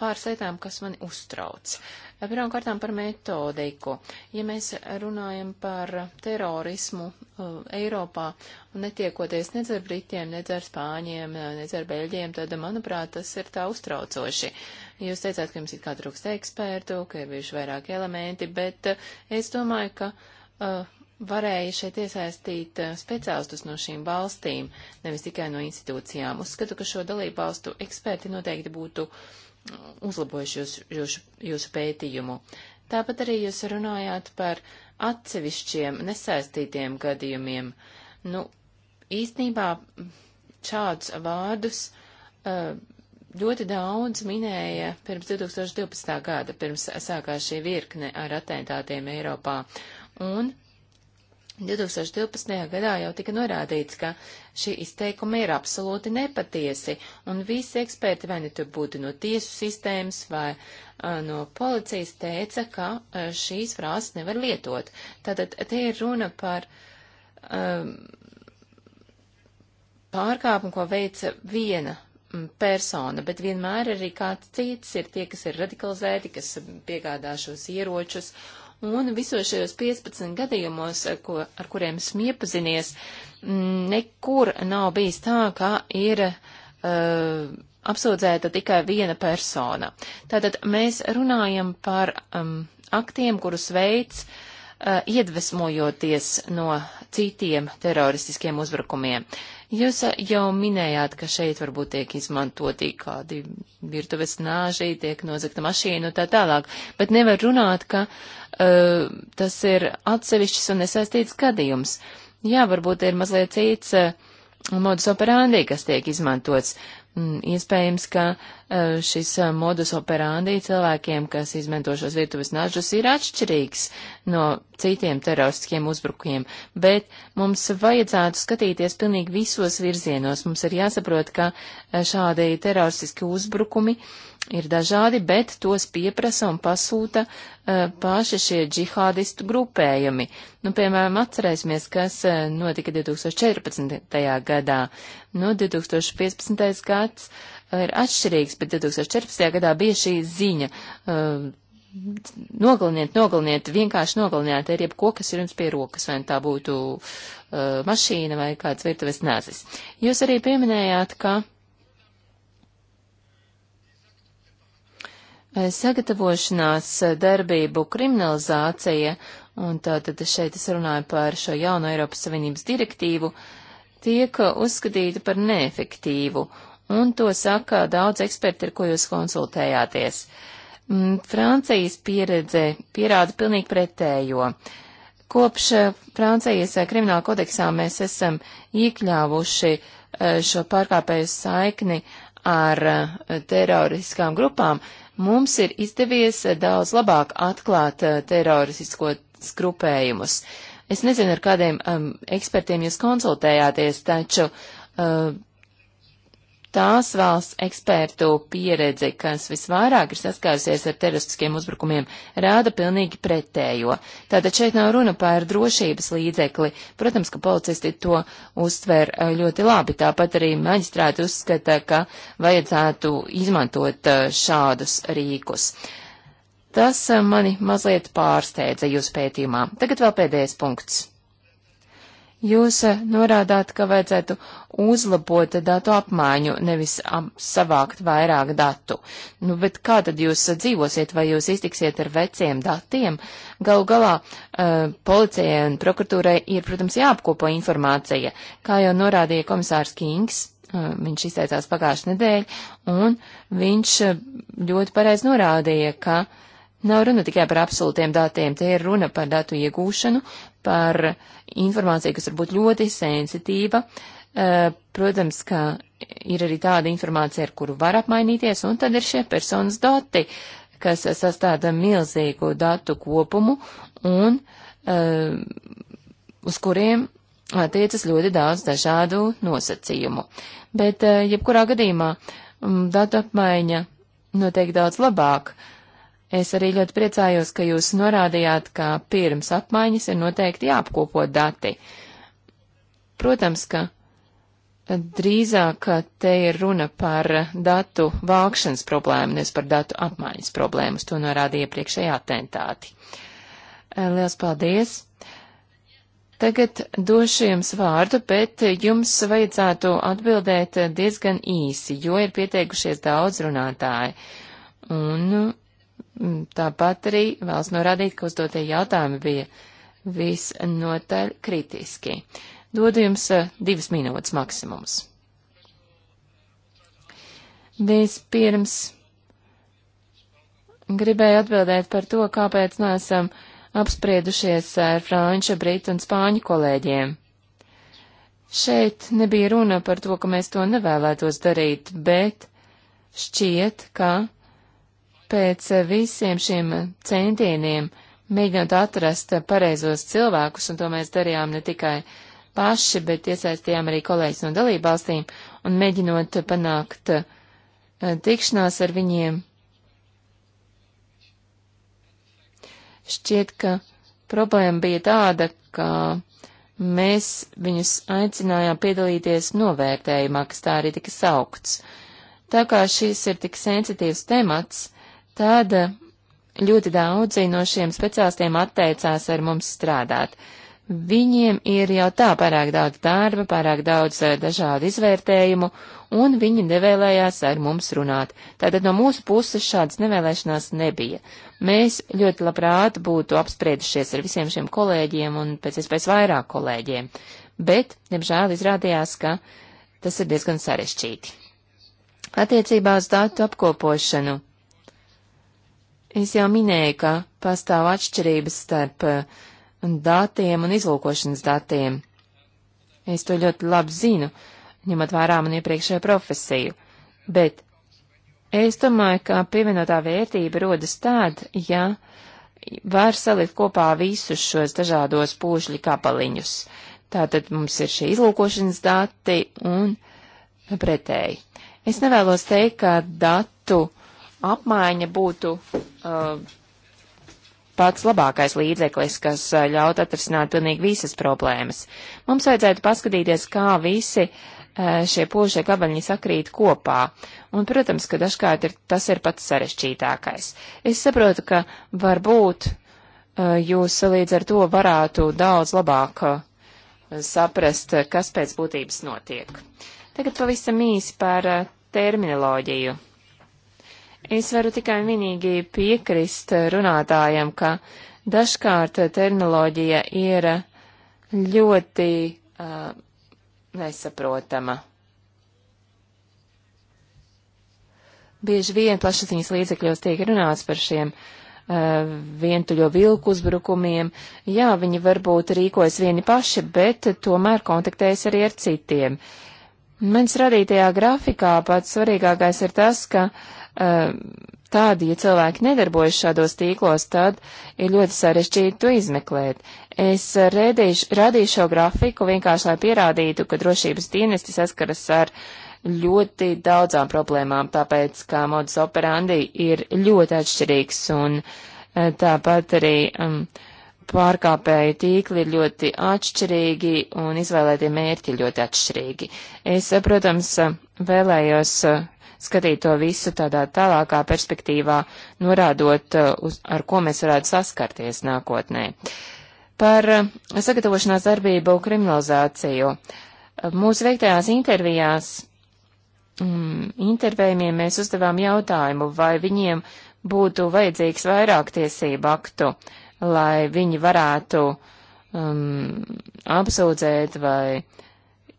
Speaker 1: pāris lietām, kas mani uztrauc. Pirmām kārtām par metodiku. Ja mēs runājam par terorismu uh, Eiropā un netiekoties nedz ar britiem, nedz ar spāņiem, uh, nedz ar beļģiem, tad, manuprāt, tas ir tā uztraucoši. Jūs teicāt, ka jums ir kā trūkst ekspertu, ka ir bijuši vairāki elementi, bet uh, es domāju, ka uh, varēja šeit iesaistīt eh, speciālistus no šīm valstīm, nevis tikai no institūcijām. Uzskatu, ka šo dalību valstu eksperti noteikti būtu mm, uzlabojuši jūs, jūsu, jūsu pētījumu. Tāpat arī jūs runājāt par atsevišķiem nesaistītiem gadījumiem. Nu, īstenībā šādus vārdus eh, ļoti daudz minēja pirms 2012. gada, pirms sākās šī virkne ar atentātiem Eiropā. Un 2012. gadā jau tika norādīts, ka šī izteikuma ir absolūti nepatiesi, un visi eksperti, vai ne nu tur būtu no tiesu sistēmas vai a, no policijas, teica, ka a, šīs frāzes nevar lietot. Tātad te ir runa par um, pārkāpumu, ko veica viena persona, bet vienmēr arī kāds cits ir tie, kas ir radikalizēti, kas piegādā šos ieročus un visos šajos 15 gadījumos, eh, ko, ar kuriem esmu iepazinies, mm, nekur nav bijis tā, ka ir uh, apsūdzēta tikai viena persona. Tātad mēs runājam par um, aktiem, kurus veids uh, iedvesmojoties no citiem teroristiskiem uzbrukumiem. Uh, Jūs jau minējāt, ka šeit varbūt tiek izmantoti kādi virtuves nāži, tiek nozagta mašīna un tā tālāk, bet nevar runāt, ka uh, tas ir atsevišķs un nesaistīts gadījums. Jā, varbūt ir mazliet cits uh, modus operandi, kas tiek izmantots, Mm, iespējams, ka e, šis e, modus operandi cilvēkiem, kas izmanto šos virtuves nažus, ir atšķirīgs no citiem teroristiskiem uzbrukumiem, bet mums vajadzētu skatīties pilnīgi visos virzienos. Mums ir jāsaprot, ka e, šādi teroristiski uzbrukumi uh, ir dažādi, bet tos pieprasa un pasūta uh, paši šie džihādistu grupējumi. Nu, piemēram, atcerēsimies, kas uh, notika 2014. gadā. Nu, 2015. gads uh, ir atšķirīgs, bet 2014. gadā bija šī ziņa. Nogaliniet, nogaliniet, vienkārši nogaliniet ar jebko, kas ir jums pie rokas, vai tā būtu uh, mašīna vai kāds virtuves nāzis. Jūs arī pieminējāt, ka uh, Eh, sagatavošanās eh, darbību kriminalizācija, un tātad šeit es runāju par šo jauno Eiropas Savienības direktīvu, tiek eh, uzskatīta par neefektīvu, un to saka daudz eksperti, ar ko jūs konsultējāties. Mm, Francijas pieredze pierāda pilnīgi pretējo. Kopš Francijas krimināla kodeksā mēs esam iekļāvuši šo pārkāpēju saikni ar teroriskām grupām, mums ir izdevies eh, daudz labāk atklāt eh, teroristisko skrupējumus. Es nezinu, ar kādiem um, ekspertiem jūs konsultējāties, taču uh, tās valsts ekspertu pieredze, kas visvairāk ir saskārusies ar teroristiskiem uzbrukumiem, rāda pilnīgi pretējo. Tātad šeit nav runa par drošības līdzekli. Protams, ka policisti to uztver eh, ļoti labi. Tāpat arī maģistrāti uzskata, ka vajadzētu izmantot eh, šādus rīkus. Tas eh, mani mazliet pārsteidza jūsu pētījumā. Tagad vēl pēdējais punkts. Jūs eh, norādāt, ka vajadzētu uzlabot datu apmaiņu, nevis ap savākt vairāk datu. Nu, bet kā tad jūs eh, dzīvosiet, vai jūs iztiksiet ar veciem datiem? Galu galā uh, policijai un prokuratūrai ir, protams, jāapkopo informācija, kā jau norādīja komisārs Kings. Uh, viņš izteicās pagājušajā nedēļā, un viņš ļoti pareizi norādīja, ka uh, Nav runa tikai par absolūtiem datiem, te ir runa par datu iegūšanu, par informāciju, kas var būt ļoti sensitīva. Eh, protams, ka ir arī tāda informācija, ar kuru var apmainīties, un tad ir šie personas dati, kas sastāda milzīgu datu kopumu un eh, uz kuriem attiecas ļoti daudz dažādu nosacījumu. Bet eh, jebkurā gadījumā mm, datu apmaiņa noteikti daudz labāk uh, Es arī ļoti priecājos, ka jūs norādījāt, ka pirms apmaiņas ir noteikti jāapkopo dati. Protams, ka drīzāk te ir runa par datu vākšanas problēmu, nevis par datu apmaiņas problēmu, to norādīja iepriekšējā atentāti. Liels paldies! Tagad došu jums vārdu, bet jums vajadzētu atbildēt diezgan īsi, jo ir pieteikušies daudz runātāji. Un Mm, tāpat arī vēlas norādīt, ka uzdotie jautājumi bija visnotaļ kritiski. Dodu jums eh, divas minūtes maksimums. Vispirms gribēju atbildēt par to, kāpēc neesam apspriedušies ar franču, britu un spāņu kolēģiem. Šeit nebija runa par to, ka mēs to nevēlētos darīt, bet šķiet, ka Pēc eh, visiem šiem centieniem mēģinot atrast eh, pareizos cilvēkus, un to mēs darījām ne tikai paši, bet iesaistījām arī kolēģis no dalībvalstīm, un mēģinot panākt eh, tikšanās ar viņiem. Šķiet, ka problēma bija tāda, ka mēs viņus aicinājām piedalīties novērtējumā, kas tā arī tika saukts. Tā kā šis ir tik sensitīvs temats, tad eh, ļoti daudzi no šiem speciālistiem atteicās ar mums strādāt. Viņiem ir jau tā pārāk daudz darba, pārāk daudz eh, dažādu izvērtējumu, un viņi nevēlējās ar mums runāt. Tātad no mūsu puses šādas nevēlēšanās nebija. Mēs ļoti labprāt būtu apspriedušies ar visiem šiem kolēģiem un pēc iespējas vairāk kolēģiem, bet, diemžēl, izrādījās, ka tas ir diezgan sarežģīti. Attiecībā uz datu apkopošanu Es jau minēju, ka pastāv atšķirības starp eh, datiem un izlūkošanas datiem. Es to ļoti labi zinu, ņemot vērā man iepriekšējo profesiju, bet es domāju, ka pievienotā vērtība rodas tāda, ja var salikt kopā visus šos dažādos pūžļu kapaliņus. Tātad mums ir šie izlūkošanas dati un pretēji. Es nevēlos teikt, ka datu apmaiņa būtu uh, pats labākais līdzeklis, kas uh, ļaut atrisināt pilnīgi visas problēmas. Mums vajadzētu paskatīties, kā visi uh, šie pušie gabaļņi sakrīt kopā. Un, protams, ka dažkārt ir, tas ir pats sarežģītākais. Es saprotu, ka varbūt uh, jūs līdz ar to varētu daudz labāk saprast, kas pēc būtības notiek. Tagad pavisam īsi par terminoloģiju. Es varu tikai vienīgi piekrist runātājiem, ka dažkārt terminoloģija ir ļoti uh, nesaprotama. Bieži vien plašsaziņas līdzekļos tiek runāts par šiem uh, vientuļo vilku uzbrukumiem. Jā, viņi varbūt rīkojas vieni paši, bet tomēr kontaktējas arī ar citiem. Mans radītajā grafikā pats svarīgākais ir tas, ka uh, Ehm, tādi, ja cilvēki nedarbojas šādos tīklos, tad ir ļoti sarežģīti to izmeklēt. Es eh, redīšu, radīšu šo grafiku vienkārši, lai pierādītu, ka drošības dienesti saskaras ar ļoti daudzām problēmām, tāpēc, kā modus operandi ir ļoti atšķirīgs un eh, tāpat arī um, pārkāpēju tīkli ir ļoti atšķirīgi un izvēlētie mērķi ļoti atšķirīgi. Es, eh, protams, vēlējos skatīt to visu tādā tālākā perspektīvā, norādot, uh, uz, ar ko mēs varētu saskarties nākotnē. Par uh, sagatavošanās darbību kriminalizāciju. Uh, mūsu veiktajās intervijās mm, intervējumiem mēs uzdevām jautājumu, vai viņiem būtu vajadzīgs vairāk tiesību aktu, lai viņi varētu um, apsūdzēt vai uh,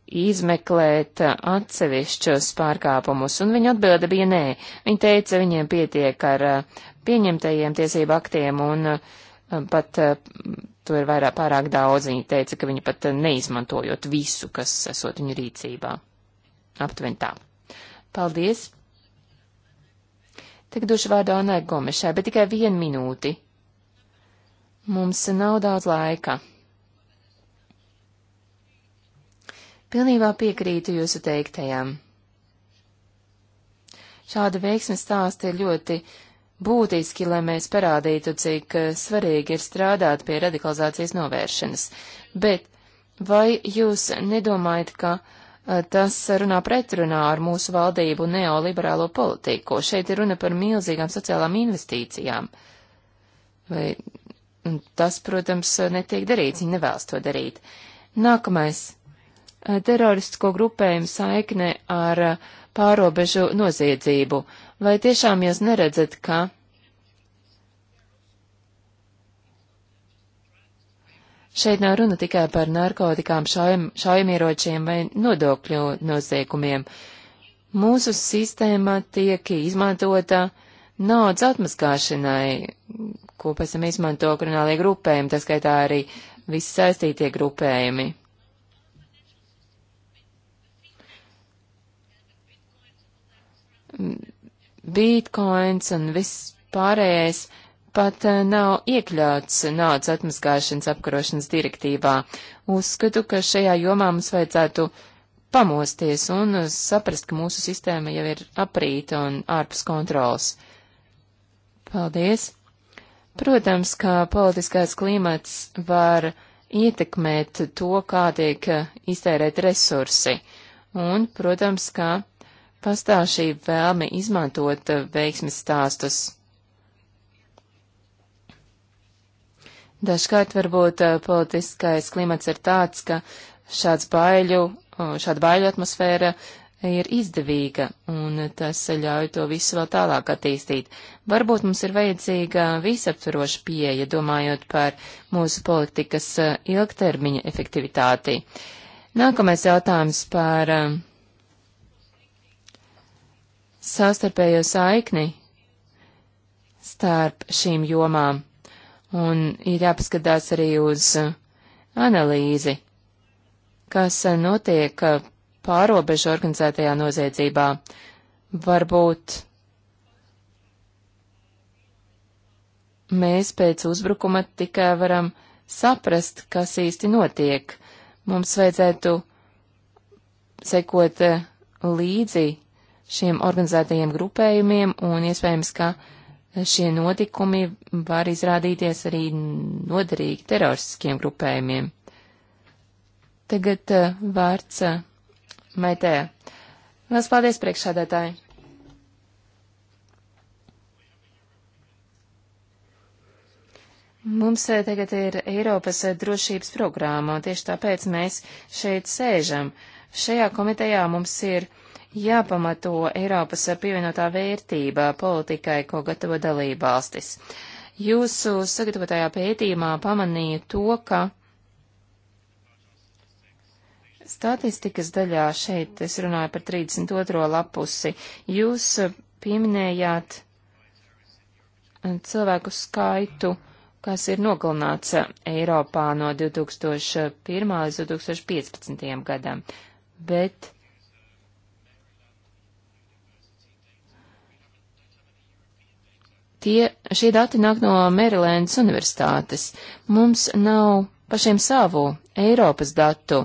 Speaker 1: izmeklēt atsevišķos pārkāpumus, un viņa atbilde bija nē. Viņa teica, viņiem pietiek ar uh, pieņemtajiem tiesību aktiem, un uh, pat uh, to ir vairāk pārāk daudz. Viņa teica, ka viņa pat neizmantojot visu, kas esot viņa rīcībā. Aptuveni tā. Paldies! Tagad došu vārdu Anai Gomešai, bet tikai vienu minūti. Mums nav daudz laika. Pilnībā piekrītu jūsu teiktajam. Šāda veiksmes stāsta ir ļoti būtiski, lai mēs parādītu, cik eh, svarīgi ir strādāt pie radikalizācijas novēršanas. Bet vai jūs nedomājat, ka a, eh, tas runā pretrunā ar mūsu valdību neoliberālo politiku? Šeit ir runa par milzīgām sociālām investīcijām. Vai tas, protams, netiek darīts, viņi nevēlas to darīt. Nākamais Eh, teroristisko grupējumu saikne ar eh, pārobežu noziedzību. Vai tiešām jūs neredzat, ka šeit nav runa tikai par narkotikām, šaujam, šaujamieročiem vai nodokļu noziegumiem? Mūsu sistēma tiek izmantota naudas atmaskāšanai, ko pēc tam izmanto kriminālie grupējumi, tā skaitā arī visi saistītie grupējumi. bitkoins un viss pārējais pat eh, nav iekļauts naudas atmaskāšanas apkarošanas direktīvā. Uzskatu, ka šajā jomā mums vajadzētu pamosties un saprast, ka mūsu sistēma jau ir aprīta un ārpus kontrols. Paldies! Protams, ka politiskais klimats var ietekmēt to, kā tiek iztērēt resursi. Un, protams, ka pastāv šī vēlme izmantot eh, veiksmes stāstus. Dažkārt varbūt eh, politiskais klimats ir tāds, ka šāds baiļu, šāda baiļu atmosfēra ir izdevīga, un tas ļauj to visu vēl tālāk attīstīt. Varbūt mums ir vajadzīga visaptvaroša pieeja, domājot par mūsu politikas eh, ilgtermiņa efektivitāti. Nākamais jautājums par uh, savstarpējo saikni starp šīm jomām, un ir jāpaskatās arī uz uh, analīzi, kas uh, notiek uh, pārobežu organizētajā noziedzībā. Varbūt mēs pēc uzbrukuma tikai varam saprast, kas īsti notiek. Mums vajadzētu sekot līdzi šiem organizētajiem grupējumiem, un iespējams, ka šie notikumi var izrādīties arī noderīgi teroristiskiem grupējumiem. Tagad uh, vārds uh, Maitē. Lielas paldies priekšādētāji! Mums uh, tagad ir Eiropas drošības programma, un tieši tāpēc mēs šeit sēžam. Šajā komitejā mums ir uh, jāpamato Eiropas pievienotā vērtība politikai, ko gatavo dalībvalstis. Jūsu sagatavotajā pētījumā pamanīju to, ka statistikas daļā šeit es runāju par 32. lapusi. Jūs pieminējāt cilvēku skaitu, kas ir nogalināts Eiropā no 2001. līdz 2015. gadam, bet Tie, šie dati nāk no Marylandas universitātes. Mums nav pašiem savu Eiropas datu.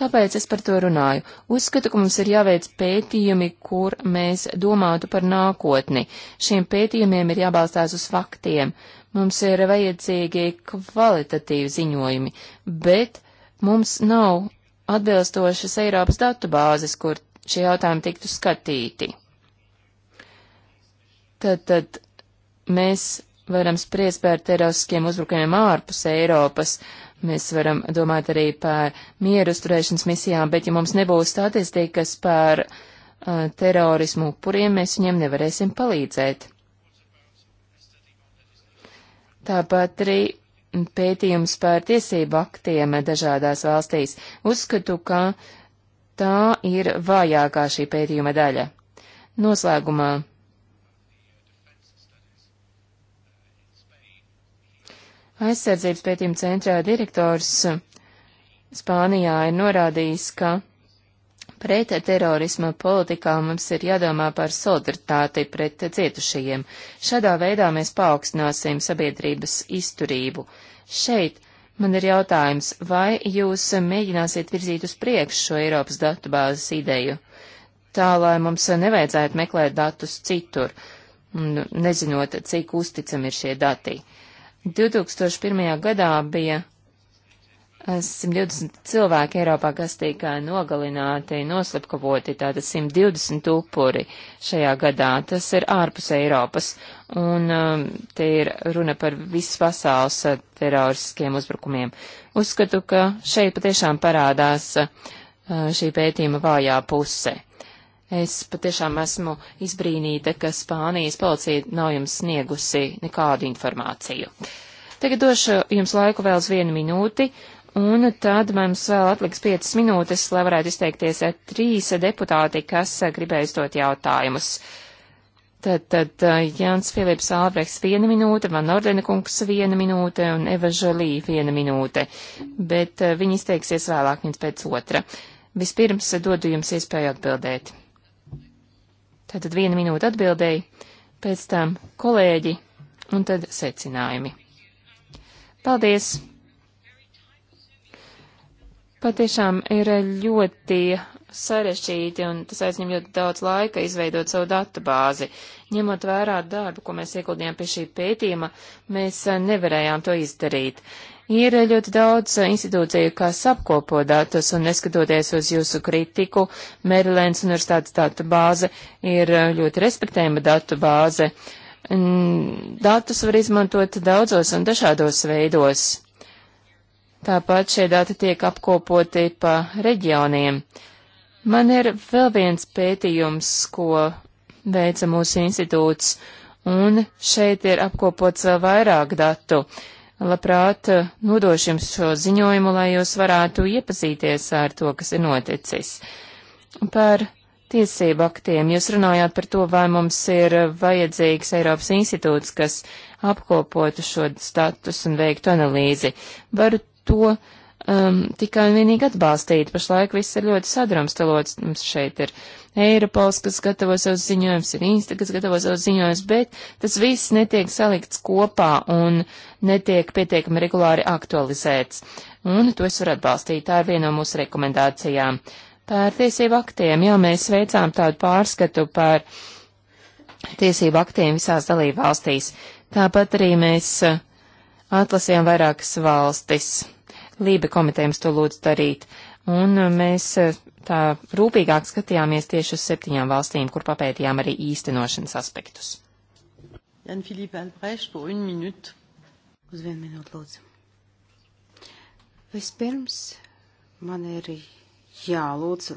Speaker 1: Kāpēc es par to runāju? Uzskatu, ka mums ir jāveic pētījumi, kur mēs domātu par nākotni. Šiem pētījumiem ir jābalstās uz faktiem. Mums ir vajadzīgi kvalitatīvi ziņojumi, bet mums nav atbilstošas Eiropas datu bāzes, kur šie jautājumi tiktu skatīti. Tad, tad Mēs varam spriest par teroriskiem uzbrukumiem ārpus Eiropas, mēs varam domāt arī par mieru uzturēšanas misijām, bet ja mums nebūs statistikas par uh, terorismu upuriem, mēs viņiem nevarēsim palīdzēt. Tāpat arī pētījums par tiesību aktiem dažādās valstīs. Uzskatu, ka tā ir vājākā šī pētījuma daļa. Noslēgumā Aizsardzības pētījuma centrā direktors Spānijā ir norādījis, ka pret terorisma politikā mums ir jādomā par solidaritāti pret cietušajiem. Šādā veidā mēs paaugstināsim sabiedrības izturību. Šeit man ir jautājums, vai jūs mēģināsiet virzīt uz priekšu šo Eiropas datubāzes ideju, tā lai mums nevajadzētu meklēt datus citur, nezinot, cik uzticami ir šie dati. 2001. gadā bija 120 eh, cilvēki Eiropā, kas tika nogalināti, noslapkavoti, tātad 120 upuri šajā gadā. Tas ir ārpus Eiropas, un um, te ir runa par visas pasaules uh, teroristiskiem uzbrukumiem. Uzskatu, ka šeit patiešām parādās uh, šī pētījuma vājā puse. Es patiešām esmu izbrīnīta, ka Spānijas policija nav jums sniegusi nekādu informāciju. Tagad došu jums laiku vēl uz vienu minūti, un tad mums vēl atliks piecas minūtes, lai varētu izteikties trīs deputāti, kas gribēja uzdot jautājumus. Tad, tad Jānis Filips Ābreks viena minūte, Van Ordena kungs viena minūte un Eva Žolī viena minūte, bet viņi izteiksies vēlāk viens pēc otra. Vispirms dodu jums iespēju atbildēt. Tātad viena minūte atbildēji, pēc tam kolēģi un tad secinājumi. Paldies! Patiešām ir ļoti sarežģīti un tas aizņem ļoti daudz laika izveidot savu datubāzi. Ņemot vērā darbu, ko mēs ieguldījām pie šī pētījuma, mēs nevarējām to izdarīt. Ir ļoti daudz institūciju, kas apkopo datus, un neskatoties uz jūsu kritiku, Merilēns universitātes datu bāze ir ļoti respektējama datu bāze. Datus var izmantot daudzos un dažādos veidos. Tāpat šie dati tiek apkopoti pa reģioniem. Man ir vēl viens pētījums, ko veica mūsu institūts, un šeit ir apkopots vēl vairāk datu labprāt eh, nodošu jums šo ziņojumu, lai jūs varētu iepazīties ar to, kas ir noticis. Par tiesību aktiem jūs runājāt par to, vai mums ir vajadzīgs Eiropas institūts, kas apkopotu šo status un veiktu analīzi. Varu to um, tikai un vienīgi atbalstīt. Pašlaik viss ir ļoti sadrumstalots. Mums šeit ir Eiropols, kas gatavo savus ziņojumus, ir Insta, kas gatavo savus ziņojumus, bet tas viss netiek salikts kopā un netiek pietiekami regulāri aktualizēts. Un to es varu atbalstīt. Tā ir viena no mūsu rekomendācijām. Par tiesību aktiem, jā, mēs veicām tādu pārskatu par tiesību aktiem visās dalību valstīs. Tāpat arī mēs uh, atlasījām vairākas valstis Lība komitējums to lūdz darīt. Un uh, mēs uh, tā rūpīgāk skatījāmies tieši uz septiņām valstīm, kur papētījām arī īstenošanas aspektus.
Speaker 2: Jan Filipa Albrecht, po un minūte. Uz vienu minūtu lūdzu. Vispirms man ir jālūdz,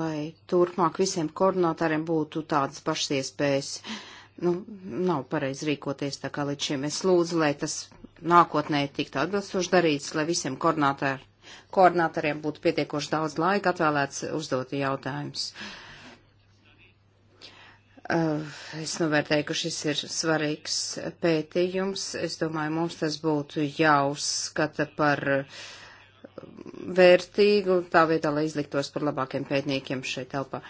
Speaker 2: lai turpmāk visiem koordinātāriem būtu tādas pašas iespējas. Nu, nav pareizi rīkoties tā kā līdz šim. Es lūdzu, lai tas nākotnē tiktu atbilstoši darīts, lai visiem koordinātori, koordinātoriem būtu pietiekoši daudz laika atvēlēts uzdot jautājumus. Eh, es novērtēju, ka šis ir svarīgs pētījums. Es domāju, mums tas būtu jāuzskata par eh, vērtīgu, tā vietā, lai izliktos par labākiem pētniekiem šeit telpā.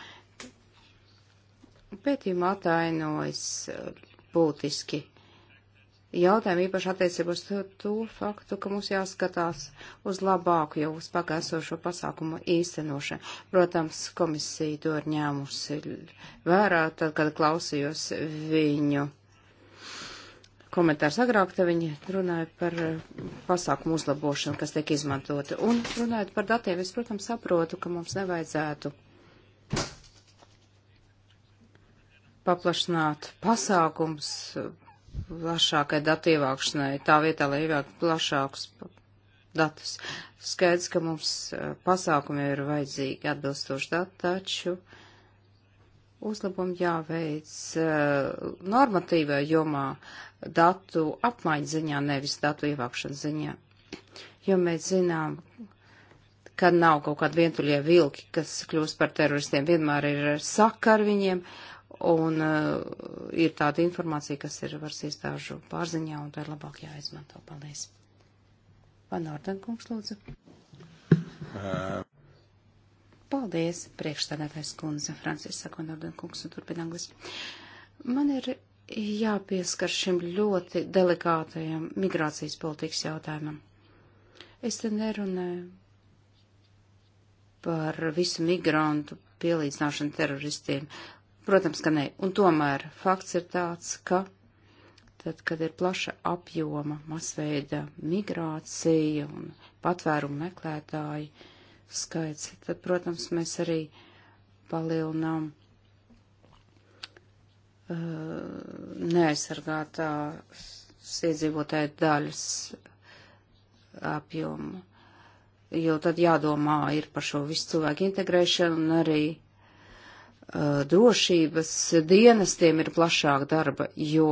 Speaker 2: Pētījumā atainojas eh, būtiski jautājumu īpaši attiecībā uz to, to faktu, ka mums jāskatās uz labāku jau uz pagājušo pasākumu īstenošanu. Protams, komisija to ir ņēmusi vērā, tad, kad klausījos viņu komentārs agrāk, tad viņi runāja par eh, pasākumu uzlabošanu, kas tiek izmantota. Un runājot par datiem, es, protams, saprotu, ka mums nevajadzētu paplašināt pasākums, plašākai datu ievākšanai, tā vietā, lai ievāktu plašākus datus. Skaidrs, ka mums pasākumi ir vajadzīgi atbilstoši dati, taču uzlabumi jāveic normatīvā jomā datu apmaiņas ziņā, nevis datu ievākšanas ziņā. Jo mēs zinām, ka nav kaut kādi vientuļie vilki, kas kļūst par teroristiem, vienmēr ir sakar viņiem, un uh, ir tāda informācija, kas ir varas iestāžu pārziņā, un tā ir labāk jāizmanto. Paldies. Van Ordenkungs, lūdzu. Uh. Paldies, priekšstādātais kundze, Francis Sakon Ordenkungs, un turpin angliski. Man ir jāpieskar šim ļoti delikātajam migrācijas politikas jautājumam. Es te nerunāju par visu migrantu pielīdzināšanu teroristiem. Protams, ka nē. Un tomēr fakts ir tāds, ka tad, kad ir plaša apjoma, masveida migrācija un patvērumu meklētāji skaits, tad, protams, mēs arī palielinām uh, neaizsargātās iedzīvotāju daļas apjomu. Jo tad jādomā ir par šo visu cilvēku integrēšanu un arī Uh, drošības dienestiem ir plašāk darba, jo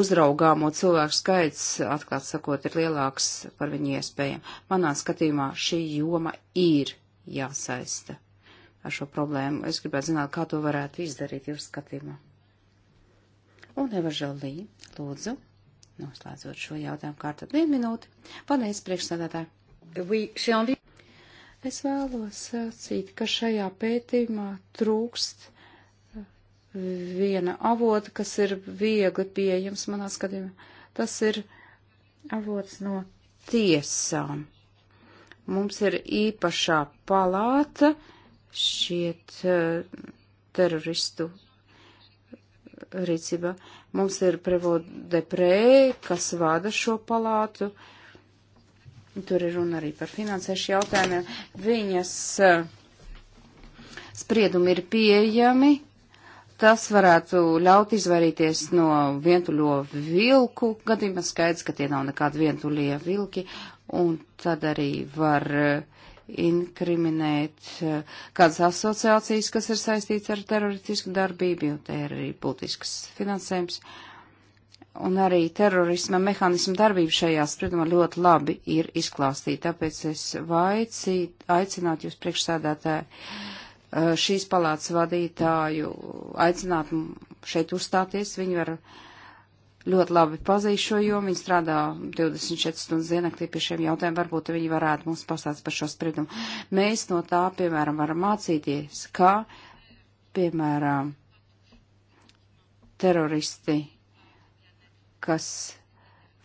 Speaker 2: uzraugāmo cilvēku skaits, atklāt sakot, ir lielāks par viņu iespējām. Manā skatījumā šī joma ir jāsaista ar šo problēmu. Es gribētu zināt, kā to varētu izdarīt jūsu skatījumā. Un Eva Žalī, lūdzu, noslēdzot šo jautājumu kārtu vienu minūti. Paldies, priekšsādātāji! Oui, Es vēlos sacīt, ka šajā pētījumā trūkst eh, viena avota, kas ir viegli pieejams manā skatījumā. Tas ir avots no tiesām. Mums ir īpašā palāta šiet uh, eh, teroristu rīcība. Mums ir Prevo Deprē, kas vada šo palātu. Uh, Tur ir runa arī par finansēšu jautājumiem. Viņas e, spriedumi ir pieejami. Tas varētu ļaut izvairīties no vientuļo vilku gadījumā. Skaidrs, ka tie nav nekādi vientuļie vilki. Un tad arī var e, inkriminēt e, kādas asociācijas, kas ir saistīts ar teroristisku darbību, jo te ir arī būtisks finansējums. Uh, un arī terorisma mehānismu darbību šajās, protams, ļoti labi ir izklāstīta. Tāpēc es vaici, aicinātu jūs priekšsēdētāji uh, šīs palātas vadītāju, aicināt šeit uzstāties. Viņi var ļoti labi pazīst šo jomu, viņi strādā 24 stundas diennaktī pie šiem jautājumiem, varbūt viņi varētu mums pastāstīt par šo spriedumu. Mēs no tā, piemēram, varam mācīties, kā, piemēram, teroristi kas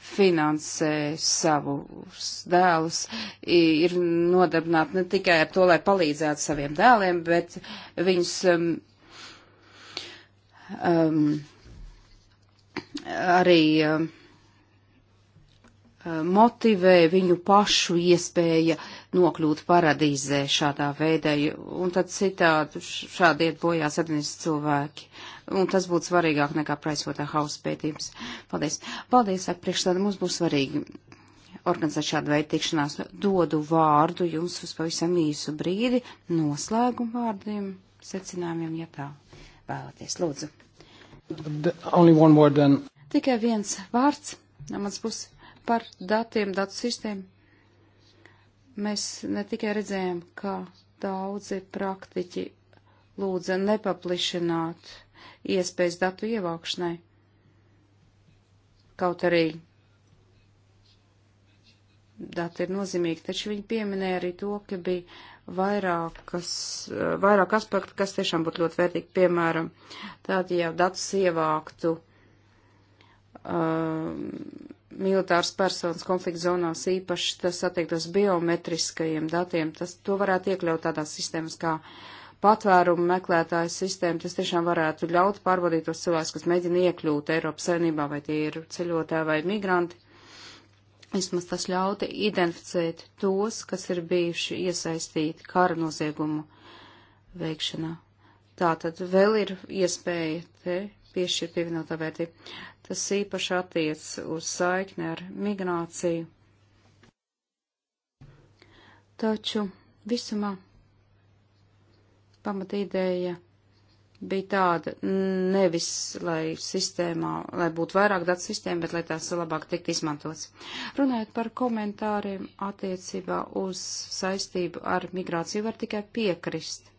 Speaker 2: finansē savus dēlus, ir nodarbināti ne tikai ar to, lai palīdzētu saviem dēliem, bet viņus um, um, arī um, uh, motivē viņu pašu iespēja nokļūt paradīzē šādā veidā, un tad citādi šādi iet bojā 70 cilvēki. Uh, un tas būtu svarīgāk nekā Pricewaterhouse pētījums. Paldies. Paldies, ak, priekšstādā mums būs svarīgi organizēt šādu veidu tikšanās. Dodu vārdu jums uz pavisam īsu brīdi noslēgumu vārdiem, secinājumiem, ja tā vēlaties. Lūdzu. Word, Tikai viens vārds no mans puses par datiem, datu sistēmu. Mēs ne tikai redzējām, ka daudzi praktiķi lūdza nepaplišināt iespējas datu ievākšanai. Kaut arī dati ir nozīmīgi, taču viņi pieminēja arī to, ka bija vairākas, eh, vairāk aspektu, kas tiešām būtu ļoti vērtīgi, piemēram, tādi, ja datus ievāktu uh, militārs personas konflikta zonās īpaši, tas attiektos biometriskajiem datiem, tas to varētu iekļaut tādās sistēmas kā uh, patvērumu meklētāju sistēmu, tas tiešām varētu ļaut pārvadīt tos cilvēkus, kas mēģina iekļūt Eiropas saimnībā, vai tie ir ceļotāji vai migranti. Vismaz tas ļauti identificēt tos, kas ir bijuši iesaistīti kara noziegumu veikšanā. Tā tad vēl ir iespēja te piešķirt pievienotā vērtība. Tas īpaši attiec uz saikni ar migrāciju. Taču visumā pamatīdēja bija tāda, nevis, lai sistēmā, lai būtu vairāk datu sistēma, bet lai tās labāk tiktu izmantots. Runājot par komentāriem attiecībā uz saistību ar migrāciju, var tikai piekrist.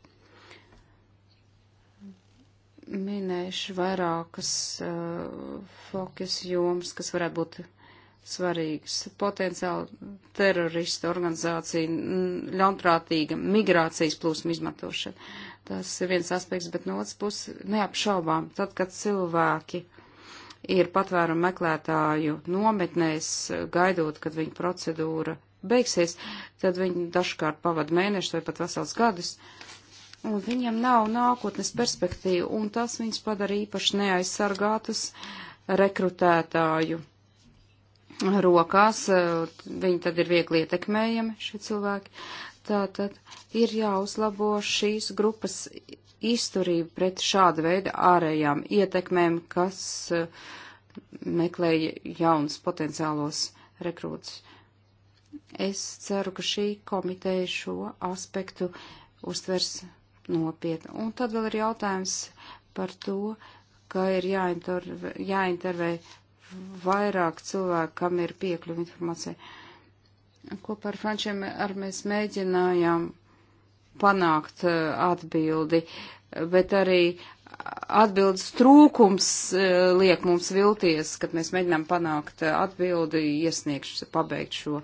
Speaker 2: Minēšu vairākas uh, fokus jomas, kas varētu būt svarīgs potenciāli teroristu organizāciju ļaunprātīga migrācijas plūsma izmantošana. Tas ir viens aspekts, bet no otras puses neapšaubām, tad, kad cilvēki ir patvērumu meklētāju nometnēs, gaidot, kad viņa procedūra beigsies, tad viņi dažkārt pavada mēnešus vai pat vesels gadus, un viņiem nav nākotnes perspektīva, un tas viņus padara īpaši neaizsargātus rekrutētāju rokās, eh, viņi tad ir viegli ietekmējami, šie cilvēki. Tātad ir jāuzlabo šīs grupas izturība pret šāda veida ārējām ietekmēm, kas eh, meklēja jaunas potenciālos rekrūtus. Es ceru, ka šī komiteja šo aspektu uztvers nopietni. Un tad vēl ir jautājums par to, ka ir jāintervē, jāintervē vairāk cilvēku, kam ir piekļuva informācija. Kopā ar frančiem ar mēs mēģinājām panākt eh, atbildi, bet arī atbildes trūkums eh, liek mums vilties, kad mēs mēģinām panākt eh, atbildi, iesniegšu, pabeigt šo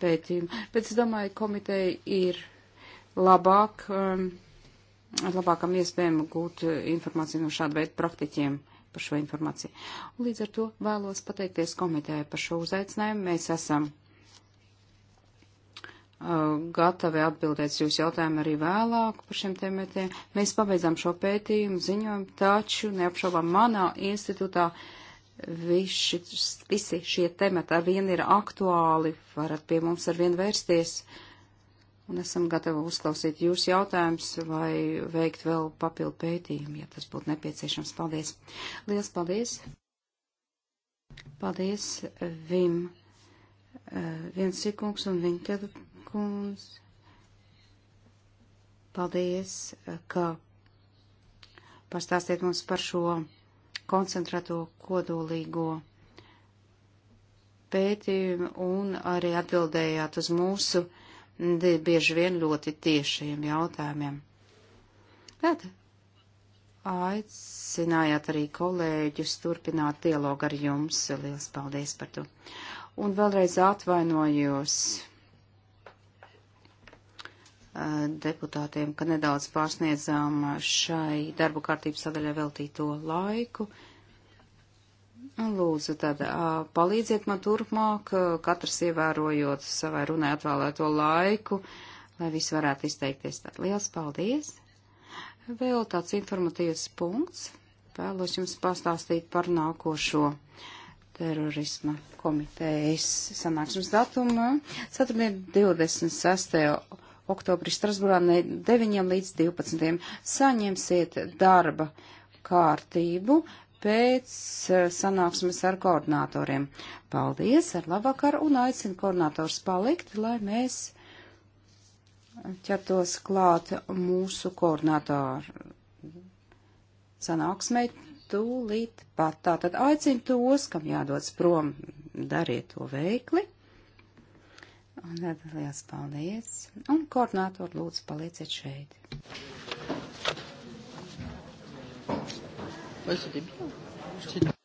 Speaker 2: pētījumu. Bet es domāju, komiteja ir labāk, um, labākam iespējam gūt informāciju no šāda veida praktiķiem par šo informāciju. Līdz ar to vēlos pateikties komitēju par šo uzaicinājumu. Mēs esam uh, gatavi atbildēt jūsu jautājumu arī vēlāk par šiem tematiem. Mēs pabeidzām šo pētījumu, ziņojumu, taču neapšaubām manā institūtā visi, visi šie temati ar vienu ir aktuāli, varat pie mums ar vienu vērsties. Uh, un esam gatavi uzklausīt jūsu jautājumus vai veikt vēl papildu pētījumu, ja tas būtu nepieciešams. Paldies! Lielas paldies! Paldies eh, Vim! Eh, Viens sikungs un Vinkela kungs. Paldies, eh, ka pastāstiet mums par šo koncentrēto kodolīgo pētījumu un arī atbildējāt uz mūsu bieži vien ļoti tiešiem jautājumiem. Tad aicinājāt arī kolēģus turpināt dialogu ar jums. Lielas paldies par to. Un vēlreiz atvainojos deputātiem, ka nedaudz pārsniedzām šai darbu kārtības sadaļai veltīto laiku. Lūdzu, tad palīdziet man turpmāk, katrs ievērojot savai runai atvēlēto laiku, lai visi varētu izteikties. Tad liels paldies! Vēl tāds informatīvs punkts. Vēlos jums pastāstīt par nākošo terorisma komitejas sanāksmes datumu. Ceturtdien 26. oktobrī Strasburā no 9 līdz 12. saņemsiet darba kārtību pēc eh, sanāksmes ar koordinatoriem. Paldies, ar labvakar un aicinu koordinators palikt, lai mēs ķertos klāt mūsu koordinatoru sanāksmei tūlīt pat. Tātad aicinu tos, kam jādodas prom, dariet to veikli. Un tad liels paldies. Un koordinātori lūdzu palieciet šeit. Thank you. Ouais, C'était bien.